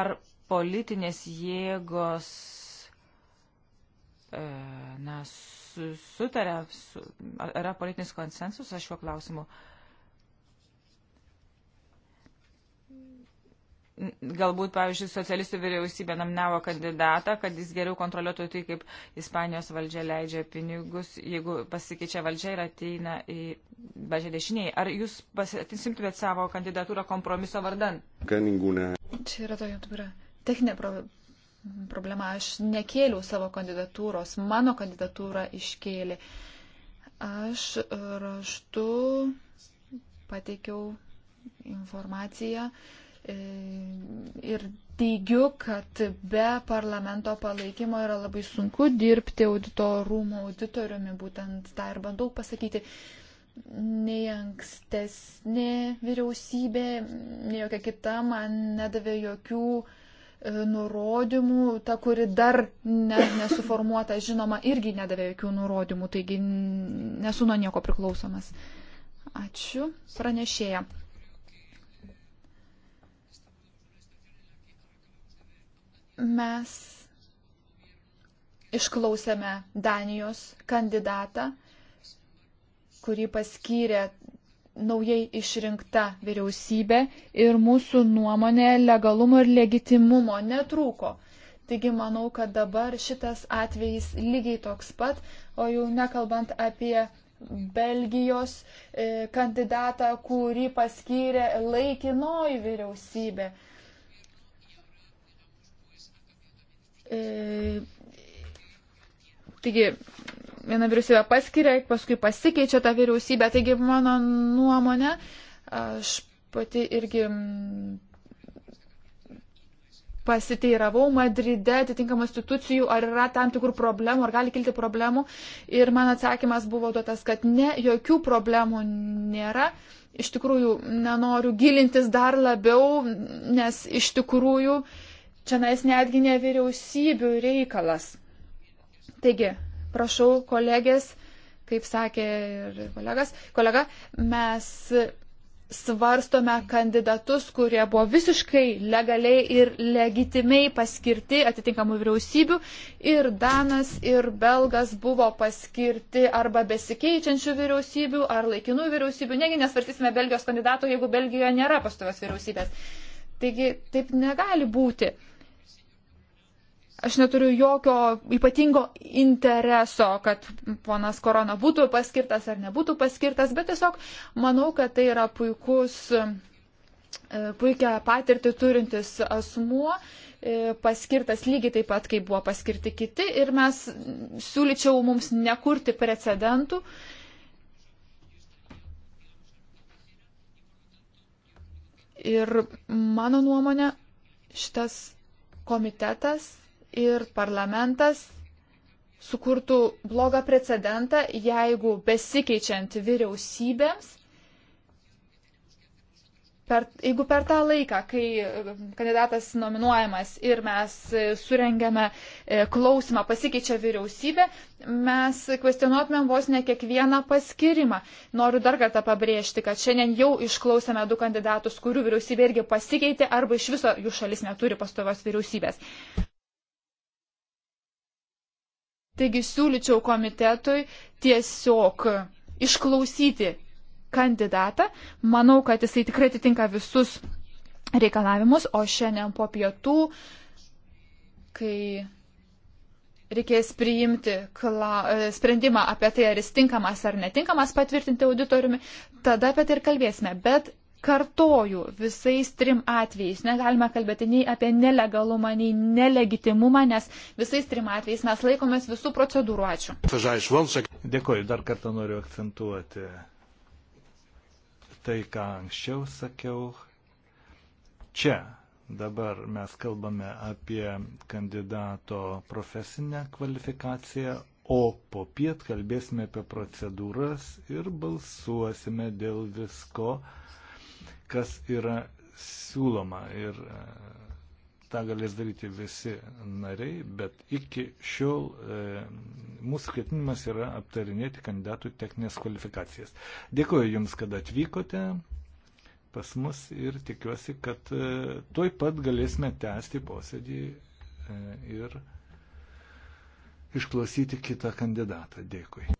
ar politinės jėgos e, na, sutarė, su, yra politinis konsensus šiuo klausimu? E, galbūt, pavyzdžiui, socialistų vyriausybė nominavo kandidatą, kad jis geriau kontroliuotų tai, kaip Ispanijos valdžia leidžia pinigus, jeigu pasikeičia valdžia ir ateina į bažę dešiniai. Ar jūs pasitinsimtumėt savo kandidatūrą kompromiso vardan? Kaningūne. Čia yra tokia tikra techninė pro problema. Aš nekėliau savo kandidatūros, mano kandidatūrą iškėlė. Aš raštu pateikiau informaciją ir teigiu, kad be parlamento palaikymo yra labai sunku dirbti auditorumo auditoriumi, būtent tą ir bandau pasakyti nei ankstesnė vyriausybė, nei jokia kita man nedavė jokių e, nurodymų, ta, kuri dar ne, nesuformuota, žinoma, irgi nedavė jokių nurodymų, taigi nesu nuo nieko priklausomas. Ačiū, pranešėja. mes išklausėme Danijos kandidatą, kurį paskyrė naujai išrinkta vyriausybė ir mūsų nuomonė legalumo ir legitimumo netrūko. Taigi manau, kad dabar šitas atvejis lygiai toks pat, o jau nekalbant apie Belgijos e, kandidatą, kurį paskyrė laikinoji vyriausybė. E, taigi, viena vyriausybė paskiria, paskui pasikeičia tą vyriausybę. Taigi, mano nuomonė, aš pati irgi mm, pasiteiravau Madride atitinkamų institucijų, ar yra tam tikrų problemų, ar gali kilti problemų. Ir man atsakymas buvo duotas, kad ne, jokių problemų nėra. Iš tikrųjų, nenoriu gilintis dar labiau, nes iš tikrųjų uh, Čia nais netgi ne vyriausybių reikalas. Taigi, prašau kolegės, kaip sakė ir kolegas, kolega, mes svarstome kandidatus, kurie buvo visiškai legaliai ir legitimiai paskirti atitinkamų vyriausybių ir Danas ir Belgas buvo paskirti arba besikeičiančių vyriausybių ar laikinų vyriausybių. Negi nesvartysime Belgijos kandidato, jeigu Belgijoje nėra pastovios vyriausybės. Taigi taip negali būti. Aš neturiu jokio ypatingo intereso, kad ponas Korona būtų paskirtas ar nebūtų paskirtas, bet tiesiog manau, kad tai yra puikus, e, puikia patirtį turintis asmuo, e, paskirtas lygiai taip pat, kaip buvo paskirti kiti ir mes siūlyčiau mums nekurti precedentų, Ir mano nuomonė, šitas komitetas ir parlamentas sukurtų blogą precedentą, jeigu besikeičiant vyriausybėms, per, jeigu per tą laiką, kai um, kandidatas nominuojamas ir mes e, surengiame e, klausimą, pasikeičia vyriausybė, mes kvestionuotumėm vos ne kiekvieną paskirimą. Noriu dar kartą pabrėžti, kad šiandien jau išklausėme du kandidatus, kurių vyriausybė irgi pasikeitė arba iš viso jų šalis neturi pastovios vyriausybės. Taigi siūlyčiau komitetui tiesiog išklausyti kandidatą. Manau, kad jisai tikrai atitinka visus reikalavimus, o šiandien po pietų, kai reikės priimti kla... sprendimą apie tai, ar jis tinkamas ar netinkamas patvirtinti auditoriumi, tada apie tai ir kalbėsime. Bet Kartoju, visais trim atvejais negalime kalbėti nei apie nelegalumą, nei nelegitimumą, nes visais trim atvejais mes laikomės visų procedūrų. Ačiū. Dėkuoju, dar kartą noriu akcentuoti tai, ką anksčiau sakiau. Čia dabar mes kalbame apie kandidato profesinę kvalifikaciją, O po piet kalbėsime apie procedūras ir balsuosime dėl visko kas yra siūloma. Ir e, tą galės daryti visi nariai, bet iki šiol e, mūsų ketinimas yra aptarinėti kandidatų techninės kvalifikacijas. Dėkuoju Jums, kad atvykote pas mus ir tikiuosi, kad e, tuoj pat galėsime tęsti posėdį e, ir išklausyti kitą kandidatą. Dėkui.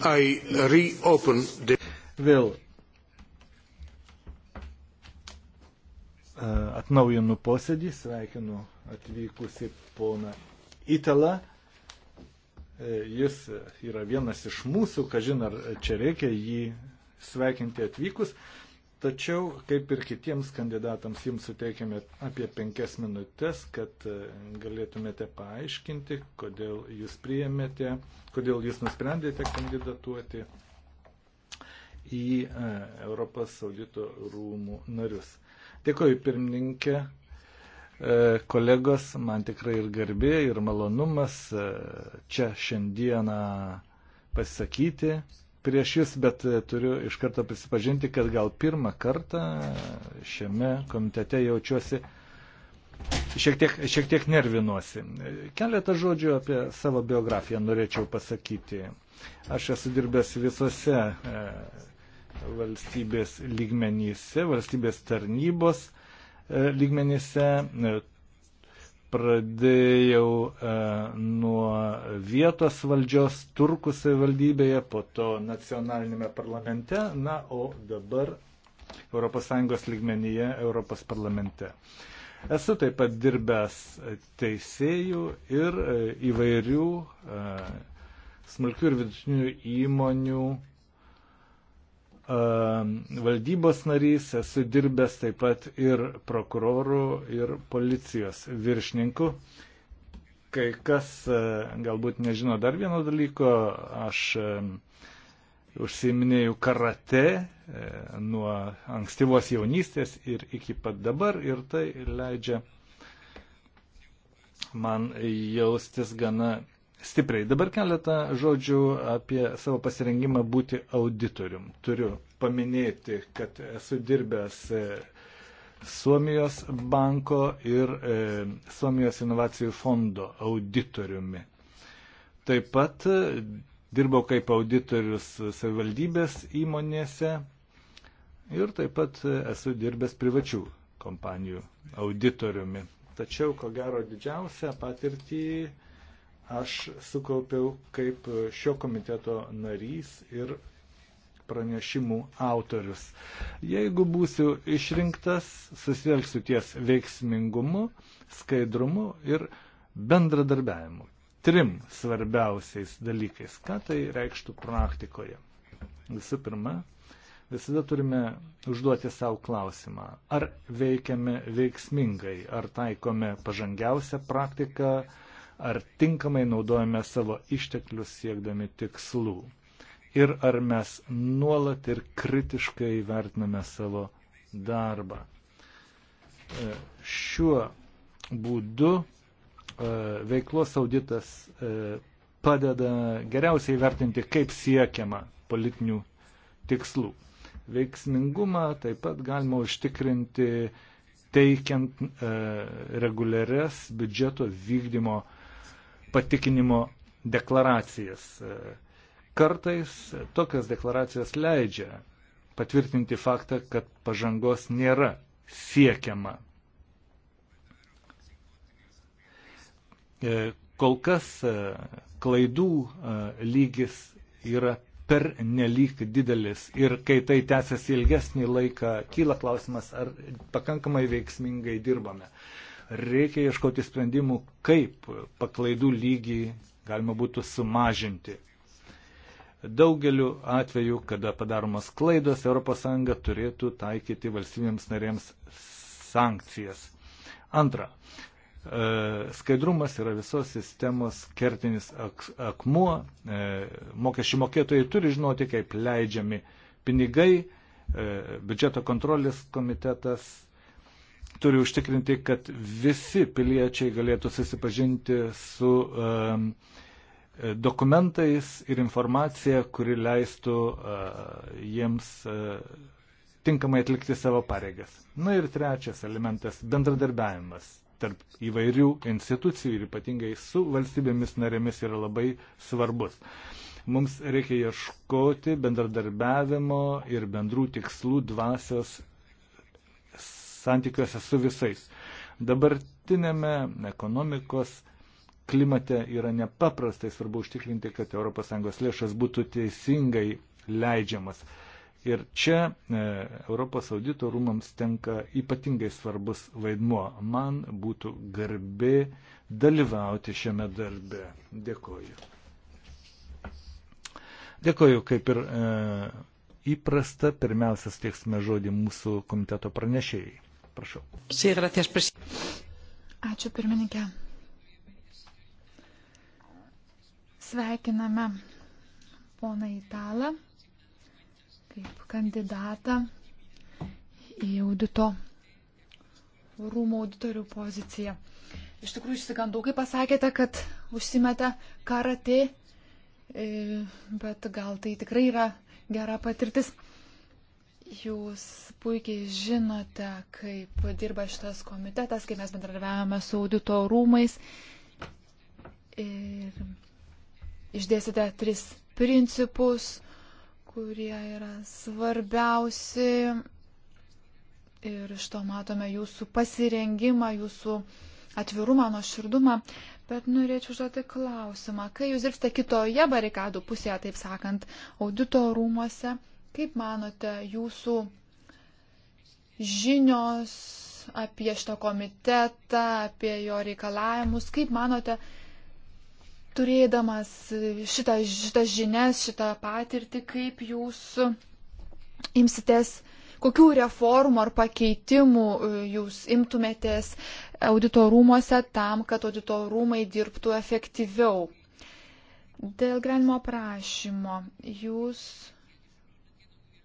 The... Vėl e, atnaujinu posėdį, sveikinu atvykusi poną Italą. E, jis yra vienas iš mūsų, kažin ar čia reikia jį sveikinti atvykus. Tačiau, kaip ir kitiems kandidatams, jums suteikėme apie penkias minutės, kad e, galėtumėte paaiškinti, kodėl jūs priėmėte, kodėl jūs nusprendėte kandidatuoti į e, Europos audito rūmų narius. Dėkoju pirmininkė, e, kolegos, man tikrai ir garbė, ir malonumas čia šiandieną pasakyti prieš jūs, bet e, turiu iš karto prisipažinti, kad gal pirmą kartą šiame komitete jaučiuosi šiek tiek, šiek tiek nervinuosi. Keletą žodžių apie savo biografiją norėčiau pasakyti. Aš esu dirbęs visose e, valstybės lygmenyse, valstybės tarnybos e, lygmenyse, Pradėjau e, nuo vietos valdžios Turkų savivaldybėje, po to nacionalinėme parlamente, na, o dabar ES lygmenyje Europos parlamente. Esu taip pat dirbęs teisėjų ir e, įvairių e, smulkių ir vidutinių įmonių valdybos narys, esu dirbęs taip pat ir prokurorų, ir policijos viršininku. Kai kas e, galbūt nežino dar vieno dalyko, aš e, užsiminėjau karate e, nuo ankstyvos jaunystės ir iki pat dabar ir tai leidžia man jaustis gana stipriai. Dabar keletą žodžių apie savo pasirengimą būti auditorium. Turiu paminėti, kad esu dirbęs e, Suomijos banko ir e, Suomijos inovacijų fondo auditoriumi. Taip pat e, dirbau kaip auditorius savivaldybės įmonėse ir taip pat esu dirbęs privačių kompanijų auditoriumi. Tačiau, ko gero, didžiausią patirtį aš sukaupiau kaip šio komiteto narys ir pranešimų autorius. Jeigu būsiu išrinktas, susitelksiu ties veiksmingumu, skaidrumu ir bendradarbiavimu. Trim svarbiausiais dalykais. Ką tai reikštų praktikoje? Visų pirma, visada turime užduoti savo klausimą, ar veikiame veiksmingai, ar taikome pažangiausią praktiką, ar tinkamai naudojame savo išteklius siekdami tikslų ir ar mes nuolat ir kritiškai vertiname savo darbą. E, šiuo būdu e, veiklos auditas e, padeda geriausiai vertinti, kaip siekiama politinių tikslų. Veiksmingumą taip pat galima užtikrinti teikiant reguliarias biudžeto vykdymo e, patikinimo deklaracijas. Kartais tokios deklaracijos leidžia patvirtinti faktą, kad pažangos nėra siekiama. Kol kas e, klaidų e, lygis yra per nelik didelis ir kai tai tęsiasi ilgesnį laiką, kyla klausimas, ar pakankamai veiksmingai dirbame. Uh, Reikia ieškoti sprendimų, kaip paklaidų lygį galima būtų sumažinti. Daugeliu atveju, kada padaromos klaidos, ES turėtų taikyti valstybėms narėms sankcijas. Antra, e, skaidrumas yra visos sistemos kertinis akmuo. E, mokesčių mokėtojai turi žinoti, kaip leidžiami pinigai. E, biudžeto kontrolės komitetas turi užtikrinti, kad visi piliečiai galėtų susipažinti su um, dokumentais ir informacija, kuri leistų uh, jiems uh, tinkamai atlikti savo pareigas. Na ir trečias elementas - bendradarbiavimas tarp įvairių institucijų ir ypatingai su valstybėmis narėmis yra labai svarbus. Mums reikia ieškoti bendradarbiavimo ir bendrų tikslų dvasios santykiuose su visais. Dabartinėme ekonomikos klimate yra nepaprastai svarbu užtikrinti, kad ES lėšas būtų teisingai leidžiamas. Ir čia e, Europos audito rūmams tenka ypatingai svarbus vaidmuo. Man būtų garbė dalyvauti šiame darbe. Dėkoju. Dėkoju, kaip ir e, įprasta, pirmiausia steiksime žodį mūsų komiteto pranešėjai. Prašau. Ačiū pirmininkė. Sveikiname poną Italą kaip kandidatą į audito rūmų auditorių poziciją. Iš tikrųjų išsigandau, kai pasakėte, kad užsimete karatė, e, bet gal tai tikrai yra gera patirtis. Jūs puikiai žinote, kaip dirba šitas komitetas, kaip mes bendradarbiavame su audito rūmais. Ir išdėsite tris principus, kurie yra svarbiausi. Ir iš to matome jūsų pasirengimą, jūsų atvirumą, nuoširdumą. Bet norėčiau užduoti klausimą, kai jūs dirbsite kitoje barikadų pusėje, taip sakant, audito rūmose, Kaip manote, jūsų žinios apie šitą komitetą, apie jo reikalavimus, kaip manote, turėdamas šitą, šitą žinias, šitą patirtį, kaip jūs imsitės, kokių reformų ar pakeitimų e, jūs imtumėtės auditorumuose tam, kad auditorumai dirbtų efektyviau. Dėl gyvenimo prašymo jūs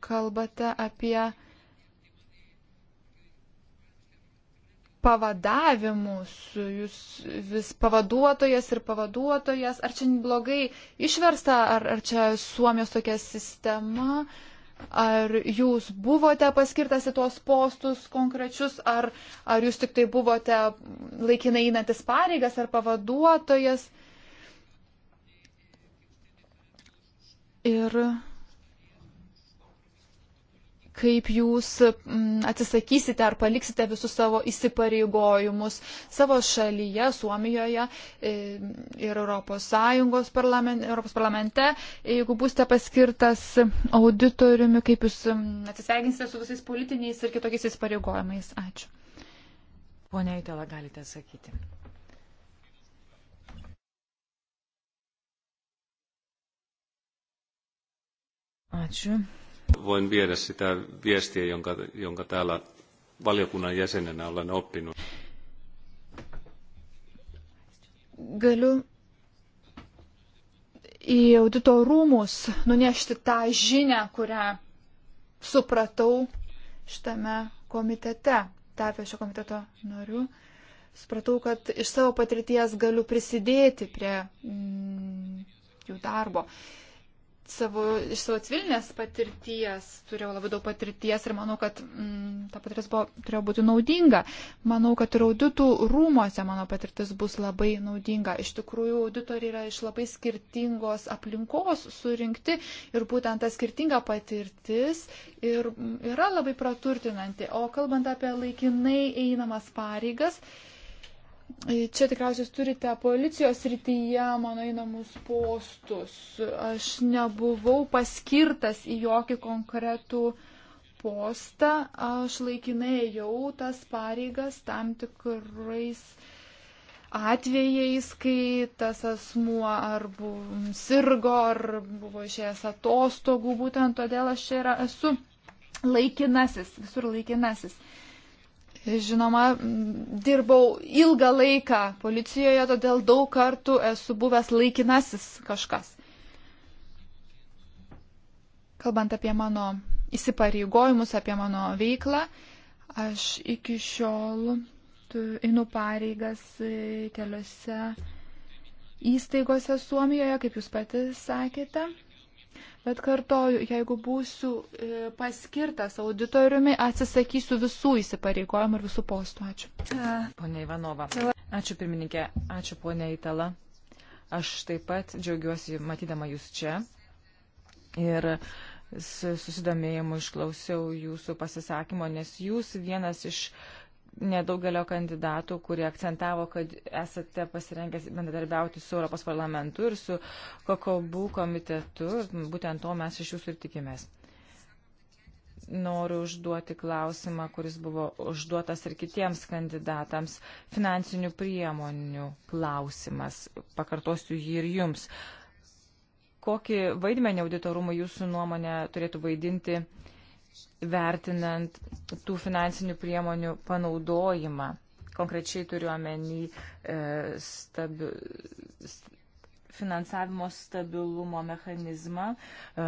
kalbate apie pavadavimus, jūs vis pavaduotojas ir pavaduotojas, ar čia blogai išversta, ar, ar čia Suomijos tokia sistema, ar jūs buvote paskirtas į tuos postus konkrečius, ar, ar jūs tik tai buvote laikinai einantis pareigas ar pavaduotojas. Ir kaip jūs mm, atsisakysite ar paliksite visus savo įsipareigojimus savo šalyje, Suomijoje e, ir Europos Sąjungos parlamente, Europos parlamente. Jeigu būsite paskirtas auditoriumi, kaip jūs mm, atsisveikinsite su visais politiniais ir kitokiais įsipareigojimais. Ačiū. Pone Itala, galite sakyti. Ačiū. Voin viedä sitä viestiä, jonka, jonka täällä valiokunnan jäsenenä olen oppinut. Galiu į audito rūmus nunešti tą žinę, kurią supratau šitame komitete, tapę šio komiteto noriu. Supratau, kad iš savo patirties galiu prisidėti prie mm, jų darbo. Uh, savo, iš savo civilinės patirties, turėjau labai daug patirties ir manau, kad mm, ta patirtis buvo, turėjo būti naudinga. Manau, kad ir auditų rūmose mano patirtis bus labai naudinga. Iš tikrųjų, auditoriai yra iš labai skirtingos aplinkos surinkti ir būtent ta skirtinga patirtis ir, yra labai praturtinanti. O kalbant apie laikinai einamas pareigas, mm, Čia tikriausiai turite policijos rytyje mano įnamus postus. Aš nebuvau paskirtas į jokį konkretų postą. Aš laikinai jau tas pareigas tam tikrais atvejais, kai tas asmuo ar buvo sirgo, ar buvo išėjęs atostogų. Būtent todėl aš čia yra, esu laikinasis, visur laikinasis. Uh, Žinoma, dirbau ilgą laiką policijoje, todėl daug kartų esu buvęs laikinasis kažkas. Kalbant apie mano įsipareigojimus, apie mano veiklą, aš iki šiol einu pareigas e, keliose įstaigose Suomijoje, kaip jūs pati sakėte. Bet kartoju, jeigu būsiu e, paskirtas auditoriumi, atsisakysiu visų įsipareigojimų ir visų postų. Ačiū. Pone Ivanova. Ačiū pirmininkė. Ačiū ponė Itala. Aš taip pat džiaugiuosi matydama jūs čia. Ir susidomėjimu išklausiau jūsų pasisakymo, nes jūs vienas iš nedaugelio kandidatų, kurie akcentavo, kad esate pasirengęs bendradarbiauti su Europos parlamentu ir su Kokobų komitetu. Būtent to mes iš jūsų ir tikimės. Noriu užduoti klausimą, kuris buvo užduotas ir kitiems kandidatams - finansinių priemonių klausimas. Pakartosiu jį ir jums. Kokį vaidmenį auditorumai jūsų nuomonė turėtų vaidinti uh, vertinant tų finansinių priemonių panaudojimą. Konkrečiai turiu omeny e, stabi, finansavimo stabilumo mechanizmą, e,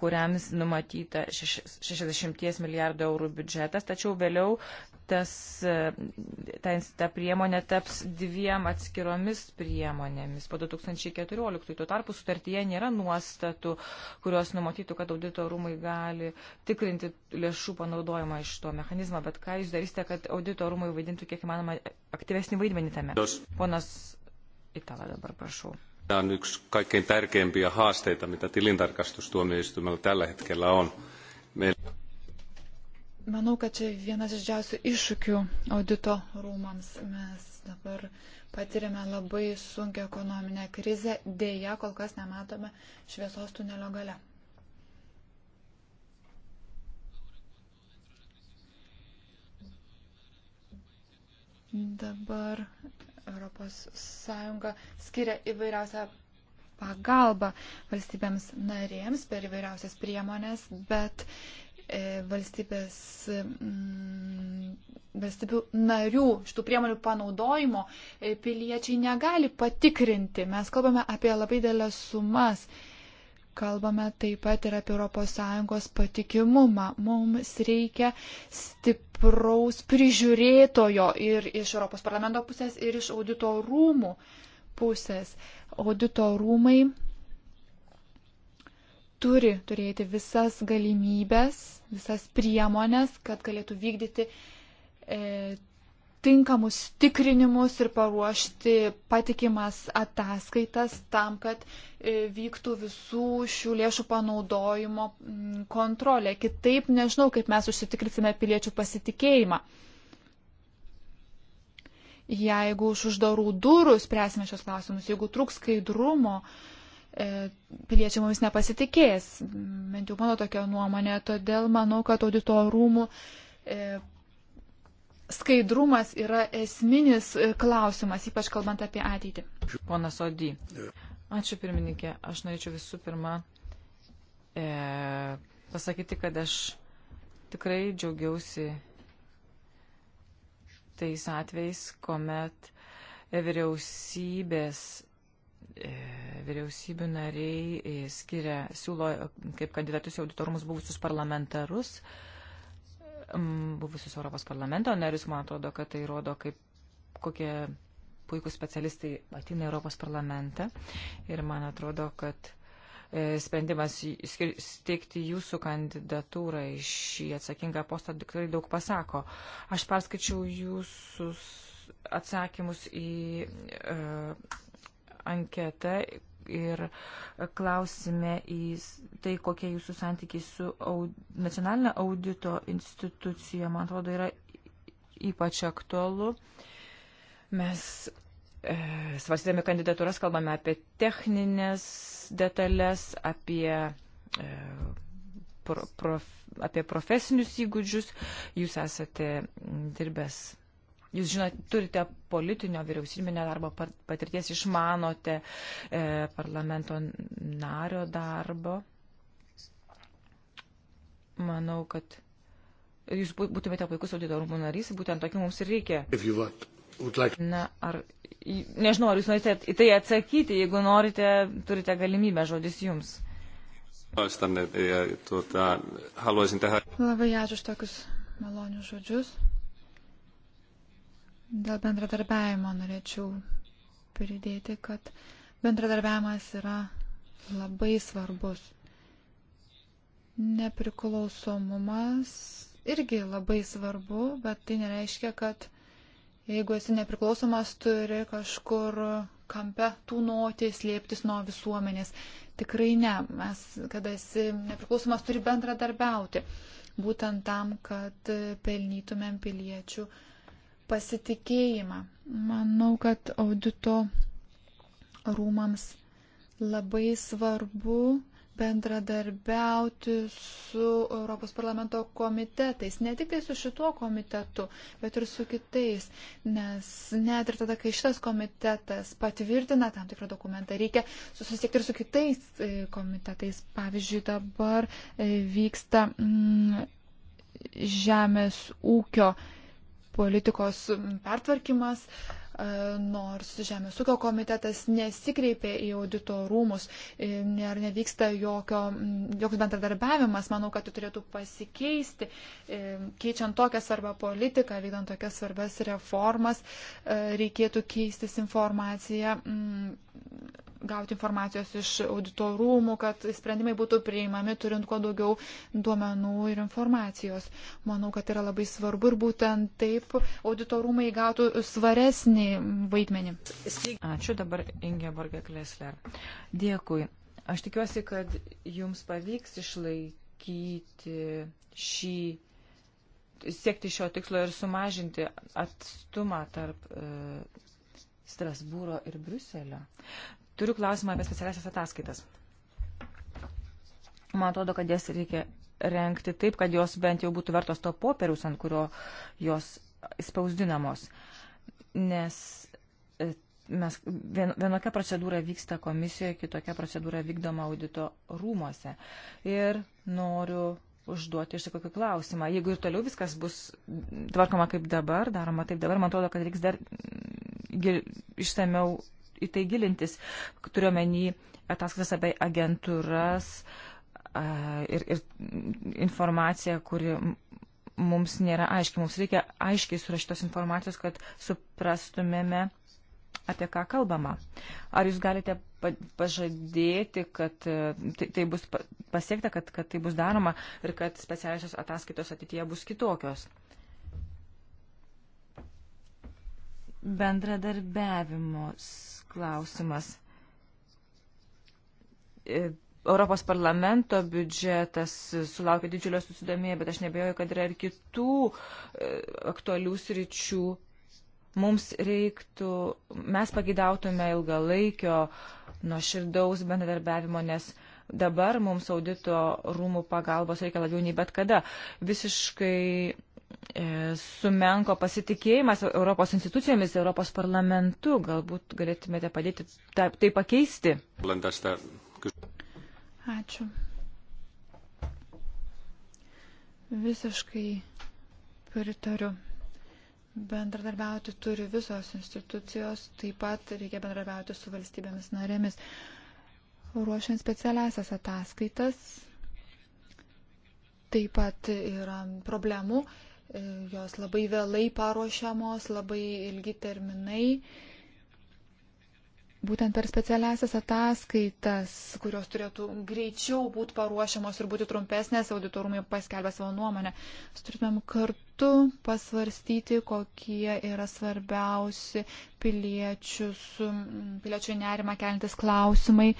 kuriams numatyta 60 milijardų eurų biudžetas, tačiau vėliau tas, e, ta, ta priemonė taps dviem atskiromis priemonėmis po 2014. Tuo tarpu sutartyje nėra nuostatų, kurios numatytų, kad audito rūmai gali tikrinti lėšų panaudojimą iš to mechanizmo, bet ką jūs darysite, kad audito rūmai vaidintų kiek įmanoma aktyvesnį vaidmenį tame? Ponas Itala dabar prašau. Tämä on yksi kaikkein tärkeimpiä haasteita, mitä tilintarkastustuomioistuimella tällä hetkellä on. Meillä... Manau, kad čia vienas iš didžiausių iššūkių audito rūmams. Mes dabar patiriame labai sunkia ekonominė krizė, dėja kol kas nematome šviesos tunelio gale. Dabar ES skiria įvairiausią pagalbą valstybėms narėms per įvairiausias priemonės, bet E, valstybės, mm, valstybių narių šitų priemonių panaudojimo e, piliečiai negali patikrinti. Mes kalbame apie labai dėlės sumas. Kalbame taip pat ir apie ES patikimumą. Mums reikia stipraus prižiūrėtojo ir iš ES pusės, ir iš audito rūmų pusės. Audito rūmai turi turėti visas galimybės, visas priemonės, kad galėtų vykdyti e, tinkamus tikrinimus ir paruošti patikimas ataskaitas tam, kad e, vyktų visų šių lėšų panaudojimo kontrolė. Kitaip nežinau, kaip mes užsitikrinsime piliečių pasitikėjimą. Jeigu už uždarų durų spręsime šios klausimus, jeigu trūks skaidrumo, e, E, piliečiai mumis nepasitikės. Bent jau mano tokia nuomonė. Todėl manau, kad auditorumų e, skaidrumas yra esminis e, klausimas, ypač kalbant apie ateitį. Pona Sodį. Ačiū pirmininkė. Aš norėčiau visų pirma e, pasakyti, kad aš tikrai džiaugiausi tais atvejais, kuomet vyriausybės e, vyriausybių nariai e, skiria, siūlo e, kaip kandidatus į auditorumus buvusius parlamentarus, buvusius Europos parlamento narius, man atrodo, kad tai rodo, kaip kokie puikūs specialistai atina Europos parlamentą. Ir man atrodo, kad e, sprendimas steigti jūsų kandidatūrą į šį atsakingą postą tikrai daug pasako. Aš perskaičiau jūsų atsakymus į uh, anketą, ir klausime į tai, kokie jūsų santykiai su aud nacionalinė audito institucija, man atrodo, yra ypač aktualu. Mes e, svarstydami kandidatūras kalbame apie techninės detalės, apie, e, pro, prof, apie profesinius įgūdžius. Jūs esate dirbęs Jūs žinot, turite politinio vyriausybinio darbo patirties, išmanote e, parlamento nario darbo. Manau, kad jūs būtumėte puikus auditorumų narys, būtent tokių mums ir reikia. Like... Na, ar, nežinau, ar jūs norite į tai atsakyti, jeigu norite, turite galimybę, žodis jums. E, e, Labai ačiū už tokius malonius žodžius. Dėl bendradarbiavimo norėčiau pridėti, kad bendradarbiavimas yra labai svarbus. Nepriklausomumas irgi labai svarbu, bet tai nereiškia, kad jeigu esi nepriklausomas, turi kažkur kampe tūnoti, slėptis nuo visuomenės. Tikrai ne. Mes, kada esi nepriklausomas, turi bendradarbiauti. Būtent tam, kad pelnytumėm piliečių pasitikėjimą. Manau, kad audito rūmams labai svarbu bendradarbiauti su Europos parlamento komitetais, ne tik tai su šituo komitetu, bet ir su kitais, nes net ir tada, kai šitas komitetas patvirtina tam tikrą dokumentą, reikia susisiekti ir su kitais e, komitetais. Pavyzdžiui, dabar e, vyksta mm, žemės ūkio politikos pertvarkymas, e, nors Žemės ūkio komitetas nesikreipė į audito rūmus ir e, nevyksta jokio, joks bendradarbiavimas, manau, kad tai turėtų pasikeisti, e, keičiant tokią svarbą politiką, vykdant tokias svarbas reformas, reikėtų keistis informaciją. Mm, gauti informacijos iš auditorumų, kad sprendimai būtų priimami turint kuo daugiau duomenų ir informacijos. Manau, kad yra labai svarbu ir būtent taip auditorumai gautų svaresnį vaidmenį. Ačiū dabar Ingeborgė Klesler. Dėkui. Aš tikiuosi, kad jums pavyks išlaikyti šį siekti šio tikslo ir sumažinti atstumą tarp e, Strasbūro ir Briuselio. Turiu klausimą apie specialiasias ataskaitas. Man atrodo, kad jas reikia renkti taip, kad jos bent jau būtų vertos to popieriaus, ant kurio jos spausdinamos. Nes e, mes vien, vienokia procedūra vyksta komisijoje, kitokia procedūra vykdoma audito rūmose. Ir noriu užduoti iš kokį klausimą. Jeigu ir toliau viskas bus tvarkoma kaip dabar, daroma taip dabar, man atrodo, kad reiks dar išsameu į tai gilintis. Turiuomenį ataskaitas apie agentūras ir, ir informaciją, kuri mums nėra aiški. Mums reikia aiškiai surašytos informacijos, kad suprastumėme, apie ką kalbama. Ar jūs galite pažadėti, kad e, tai, tai bus pasiekta, kad, kad tai bus daroma ir kad specialiosios ataskaitos ateityje bus kitokios? bendradarbiavimo klausimas. E, Europos parlamento biudžetas sulaukia didžiulio susidomėjimo, bet aš nebejoju, kad yra ir kitų e, aktualių sričių. Mums reiktų, mes pagidautume ilgalaikio nuoširdaus bendradarbiavimo, nes dabar mums audito rūmų pagalbos reikia labiau nei bet kada. Visiškai E, sumenko pasitikėjimas Europos institucijomis, Europos parlamentu. Galbūt galėtumėte padėti ta, tai pakeisti. Ačiū. Visiškai pritariu. Bendradarbiauti turi visos institucijos, taip pat reikia bendradarbiauti su valstybėmis narėmis. Ruošiant specialiasias ataskaitas, taip pat yra problemų jos labai vėlai paruošiamos, labai ilgi terminai. Būtent per specialiasias ataskaitas, kurios turėtų greičiau būti paruošiamos ir būti trumpesnės, auditorumai paskelbė savo nuomonę. Turėtumėm kartu pasvarstyti, kokie yra svarbiausi piliečių nerimą kelintis klausimai, uh,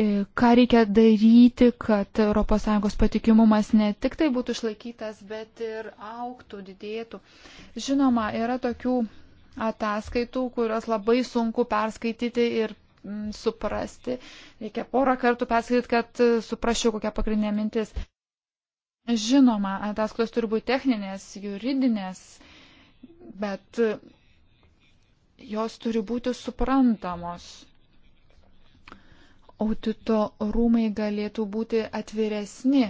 E, ką reikia daryti, kad ES patikimumas ne tik tai būtų išlaikytas, bet ir auktų, didėtų. Žinoma, yra tokių ataskaitų, kurios labai sunku perskaityti ir mm, suprasti. Reikia porą kartų perskaityti, kad e, suprasčiau, kokia pagrindinė mintis. Žinoma, ataskaitos turi būti techninės, juridinės, bet e, jos turi būti suprantamos audito rūmai galėtų būti atviresni.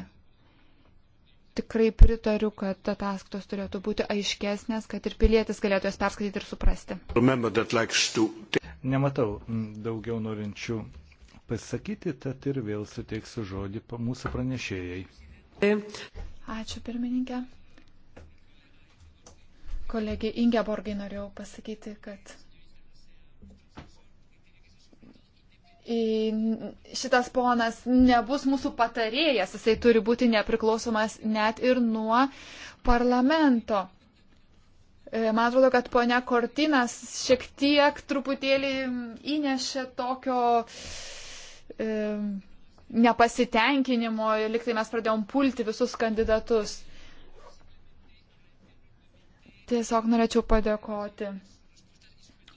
Tikrai pritariu, kad ataskaitos turėtų būti aiškesnės, kad ir pilietis galėtų jas perskaityti ir suprasti. Nematau mm, daugiau norinčių pasakyti, tad ir vėl suteiksiu žodį mūsų pranešėjai. Ačiū pirmininkė. Kolegė Ingeborgai norėjau pasakyti, kad šitas ponas nebus mūsų patarėjas, jisai turi būti nepriklausomas net ir nuo parlamento. E, man atrodo, kad ponia Kortinas šiek tiek truputėlį įnešė tokio e, nepasitenkinimo ir liktai mes pradėjom pulti visus kandidatus. Tiesiog norėčiau padėkoti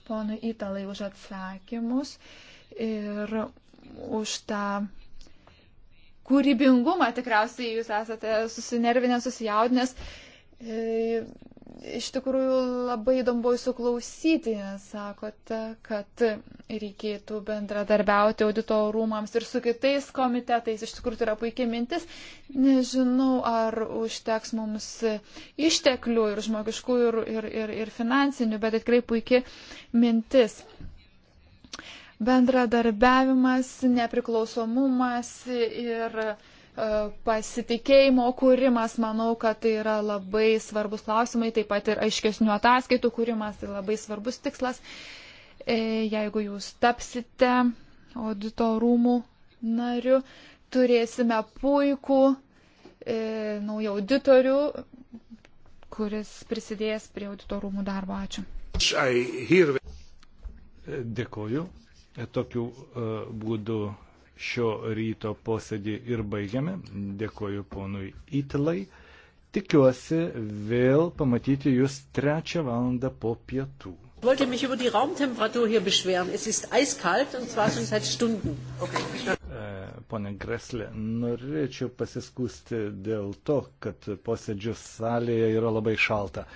ponui Italai už atsakymus. E, ir už tą kūrybingumą tikriausiai jūs esate susinervinę, susijaudinęs. E, iš tikrųjų labai įdomu buvo jūsų klausyti, nes sakote, kad reikėtų bendradarbiauti audito rūmams ir su kitais komitetais. Iš tikrųjų tai yra puikia mintis. Nežinau, ar užteks mums išteklių ir žmogiškų ir, ir, ir, ir finansinių, bet tikrai puikia mintis bendradarbiavimas, nepriklausomumas ir e, pasitikėjimo kūrimas, manau, kad tai yra labai svarbus klausimai, taip pat ir aiškesnių ataskaitų kūrimas, tai labai svarbus tikslas. E, jeigu jūs tapsite auditorumų nariu, turėsime puikų e, naują auditorių, kuris prisidės prie auditorumų darbo. Ačiū. Dėkoju. Tokiu e, būdu šio ryto posėdį ir baigiame. Dėkoju ponui Itilai. Tikiuosi vėl pamatyti jūs trečią valandą po pietų. Ich wollte mich über die Raumtemperatur hier beschweren. Es ist eiskalt und zwar schon seit Stunden. Okay. E, pone Greslė, norėčiau pasiskūsti dėl to, kad posėdžių salėje yra labai šalta.